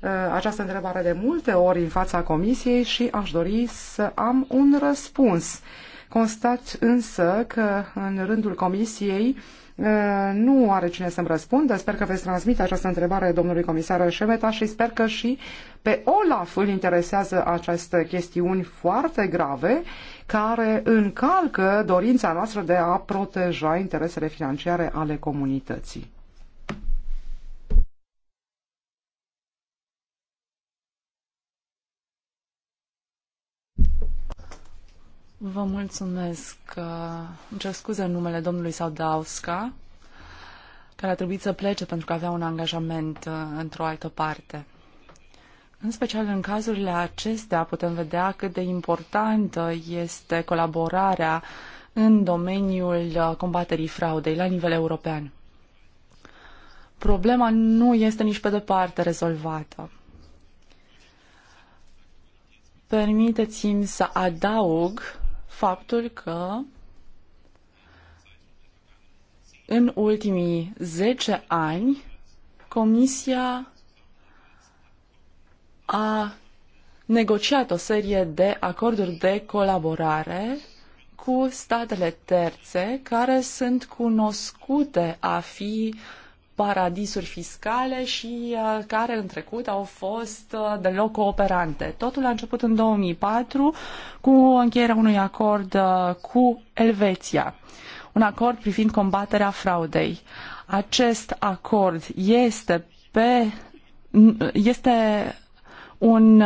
uh, această întrebare de multe ori în fața Comisiei și aș dori să am un răspuns. Constat însă că în rândul Comisiei Eh, nu are cine să-mi răspundă. Sper că veți transmite această întrebare domnului comisar Șemeta și sper că și pe Olaf îl interesează aceste chestiuni foarte grave care încalcă dorința noastră de a proteja interesele financiare ale comunității. Vă mulțumesc. Uh, îmi cer scuze în numele domnului Saudauska, care a trebuit să plece pentru că avea un angajament uh, într-o altă parte. În special în cazurile acestea putem vedea cât de importantă este colaborarea în domeniul uh, combaterii fraudei la nivel european. Problema nu este nici pe departe rezolvată. Permiteți-mi să adaug faptul că în ultimii 10 ani Comisia a negociat o serie de acorduri de colaborare cu statele terțe care sunt cunoscute a fi uh, paradisuri fiscale și uh, care în trecut au fost uh, deloc cooperante. Totul a început în 2004 cu încheierea unui acord uh, cu Elveția, un acord privind combaterea fraudei. Acest acord este pe este un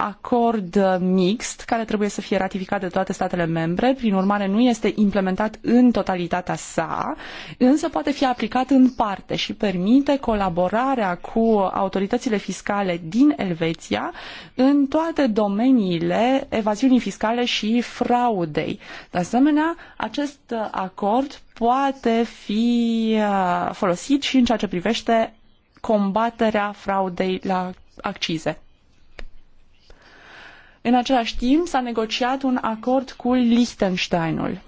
acord uh, mixt care trebuie să fie ratificat de toate statele membre, prin urmare nu este implementat în totalitatea sa, însă poate fi aplicat în parte și permite colaborarea cu autoritățile fiscale din Elveția în toate domeniile evaziunii fiscale și fraudei. De asemenea, acest uh, acord poate fi uh, folosit și în ceea ce privește combaterea fraudei la accize. În același timp, s-a negociat un acord cu Liechtensteinul.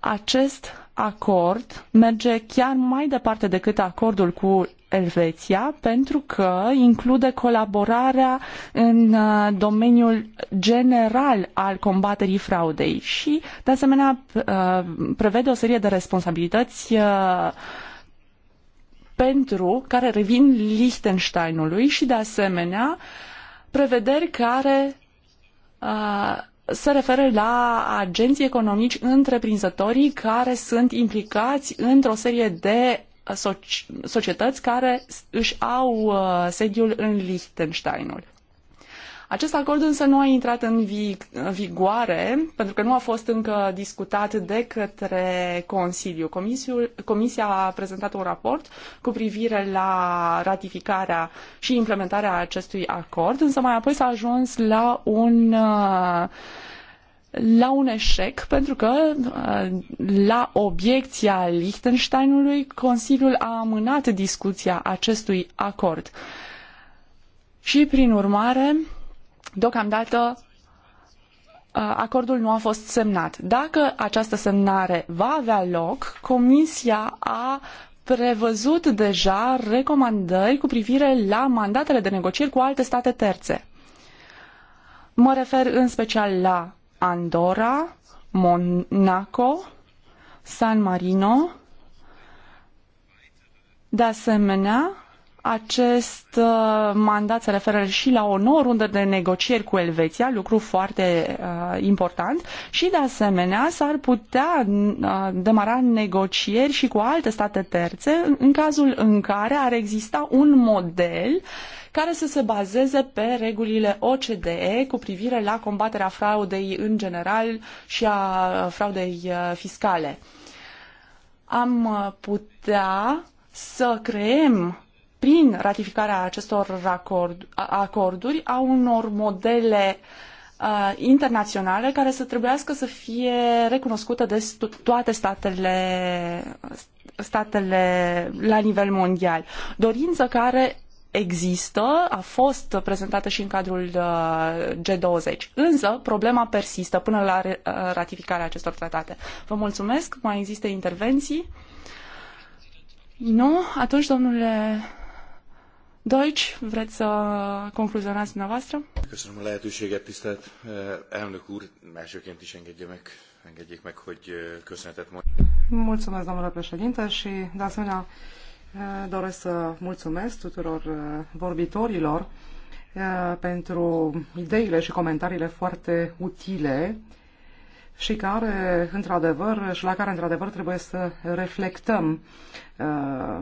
Acest acord merge chiar mai departe decât acordul cu Elveția, pentru că include colaborarea în uh, domeniul general al combaterii fraudei și, de asemenea, uh, prevede o serie de responsabilități uh, pentru care revin Liechtensteinului și, de asemenea, uh, prevederi care uh, se referă la agenții economici întreprinzătorii care sunt implicați într-o serie de societăți care își au sediul în Liechtensteinul. Acest acord însă nu a intrat în vigoare pentru că nu a fost încă discutat de către Consiliu. Comisiul, Comisia a prezentat un raport cu privire la ratificarea și implementarea acestui acord, însă mai apoi s-a ajuns la un uh, la un eșec, pentru că uh, la obiecția Liechtensteinului, Consiliul a amânat discuția acestui acord. Și, prin urmare, Deocamdată uh, acordul nu a fost semnat. Dacă această semnare va avea loc, Comisia a prevăzut deja recomandări cu privire la mandatele de negocieri cu alte state terțe. Mă refer în special la Andorra, Monaco, San Marino, de asemenea, acest uh, mandat se referă și la o nouă rundă de negocieri cu Elveția, lucru foarte uh, important, și de asemenea s-ar putea uh, demara negocieri și cu alte state terțe în cazul în care ar exista un model care să se bazeze pe regulile OCDE cu privire la combaterea fraudei în general și a fraudei uh, fiscale. Am uh, putea să creăm prin ratificarea acestor acord, acorduri a unor modele uh, internaționale care să trebuiască să fie recunoscute de toate statele, statele la nivel mondial. Dorință care există, a fost prezentată și în cadrul G20. Însă, problema persistă până la ratificarea acestor tratate. Vă mulțumesc. Mai există intervenții? Nu? Atunci, domnule Deutsch, vreți să concluzionați dumneavoastră? Köszönöm a lehetőséget, tisztelt eh, elnök úr. Elsőként is engedje meg, engedjék meg, hogy eh, köszönetet mondjam. Mulțumesc, domnule președinte, și de asemenea eh, doresc să mulțumesc tuturor vorbitorilor pentru ideile și comentariile foarte utile și care, într-adevăr, și la care, într-adevăr, trebuie să reflectăm Uh,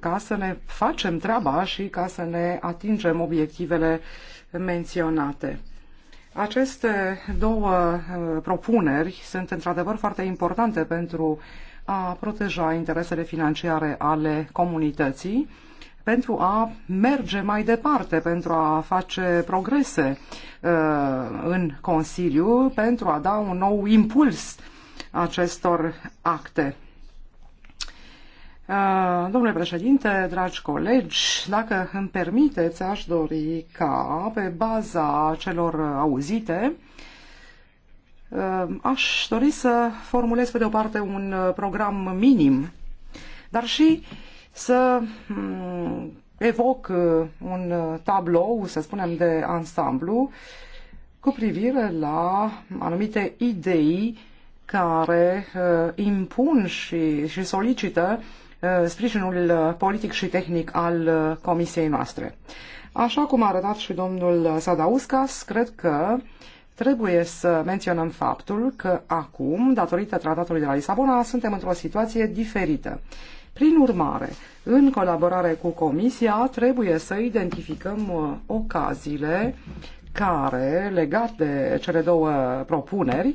ca să ne facem treaba și ca să ne atingem obiectivele menționate. Aceste două uh, propuneri sunt într-adevăr foarte importante pentru a proteja interesele financiare ale comunității, pentru a merge mai departe, pentru a face progrese uh, în Consiliu, pentru a da un nou impuls acestor acte. Uh, domnule președinte, dragi colegi, dacă îmi permiteți, aș dori ca, pe baza celor auzite, uh, aș dori să formulez, pe de o parte, un program minim, dar și să mm, evoc un tablou, să spunem, de ansamblu cu privire la anumite idei care uh, impun și, și solicită Uh, sprijinul uh, politic și tehnic al uh, comisiei noastre. Așa cum a arătat și domnul Sadauskas, cred că trebuie să menționăm faptul că acum, datorită tratatului de la Lisabona, suntem într-o situație diferită. Prin urmare, în colaborare cu Comisia, trebuie să identificăm ocaziile care, legate de cele două propuneri, uh,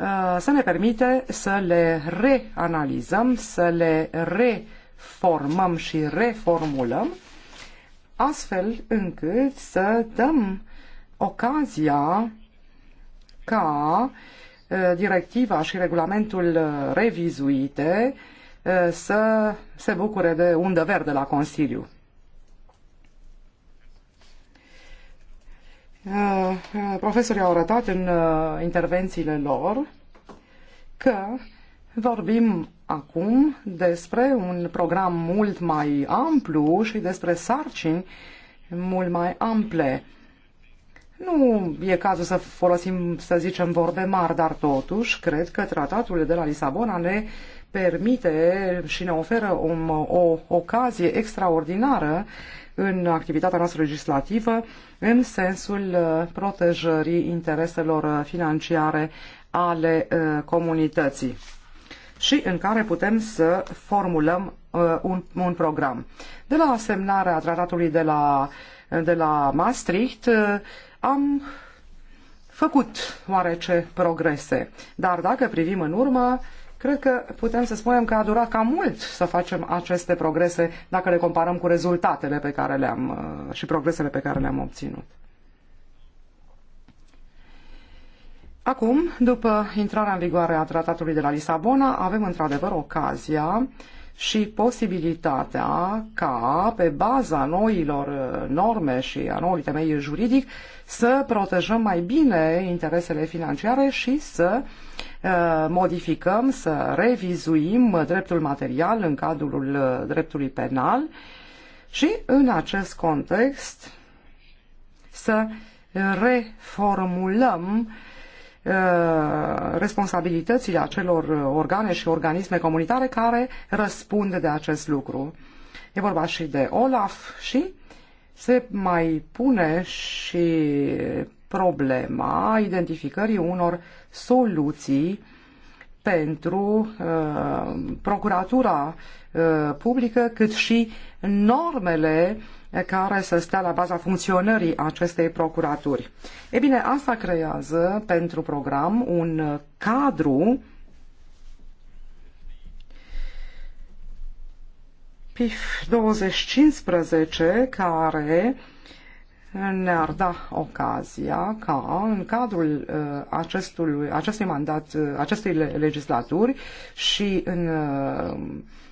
Uh, să ne permite să le reanalizăm, să le reformăm și reformulăm, astfel încât să dăm ocazia ca uh, directiva și regulamentul uh, revizuite să se bucure de undă verde la Consiliu. Uh, profesorii au arătat în uh, intervențiile lor că vorbim acum despre un program mult mai amplu și despre sarcini mult mai ample. Nu e cazul să folosim, să zicem, vorbe mari, dar totuși cred că tratatul de la Lisabona ne permite și ne oferă o, o ocazie extraordinară uh, în activitatea noastră legislativă în sensul uh, protejării intereselor financiare ale uh, comunității și în care putem să formulăm uh, un, un program. De la semnarea tratatului de la, de la Maastricht am făcut oarece progrese, dar dacă privim în urmă, Cred că putem să spunem că a durat cam mult să facem aceste progrese dacă le comparăm cu rezultatele pe care le-am uh, și progresele pe care le-am obținut. Acum, după intrarea în vigoare a tratatului de la Lisabona, avem într-adevăr ocazia și posibilitatea ca, pe baza noilor uh, norme și a noului temei juridic, să protejăm mai bine interesele financiare și să uh, Eh, modificăm, să revizuim dreptul material în cadrul eh, dreptului penal și în acest context să reformulăm eh, responsabilitățile acelor organe și organisme comunitare care răspund de acest lucru. E vorba și de OLAF și se mai pune și problema identificării unor soluții pentru uh, procuratura uh, publică, cât și normele care să stea la baza funcționării acestei procuraturi. E bine, asta creează pentru program un cadru PIF 2015 care uh, ne-ar da ocazia ca în cadrul uh, acestui, acestui mandat, uh, acestei legislaturi și în uh,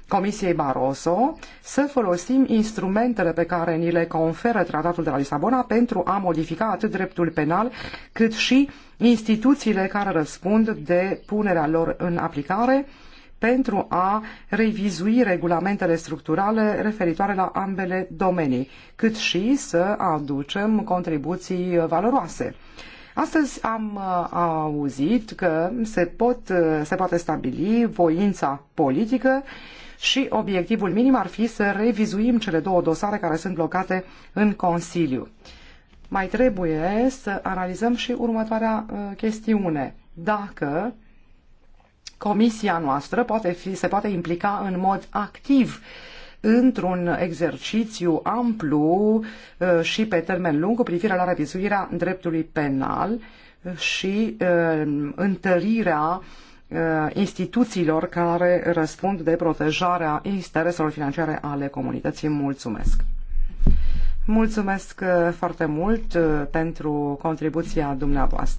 Comisiei Barroso să folosim instrumentele pe care ni le conferă Tratatul de la Lisabona pentru a modifica atât dreptul penal cât și instituțiile care răspund de punerea lor în aplicare uh, pentru a revizui regulamentele structurale referitoare la ambele domenii, cât și să aducem contribuții valoroase. Astăzi am uh, auzit că se, pot, uh, se poate stabili voința politică și obiectivul minim ar fi să revizuim cele două dosare care sunt blocate în Consiliu. Mai trebuie să analizăm și următoarea uh, chestiune. Dacă comisia noastră poate fi, se poate implica în mod activ într-un exercițiu amplu uh, și pe termen lung cu privire la revizuirea dreptului penal și uh, întărirea uh, instituțiilor care răspund de protejarea intereselor financiare ale comunității. Mulțumesc! Mulțumesc foarte mult pentru contribuția dumneavoastră.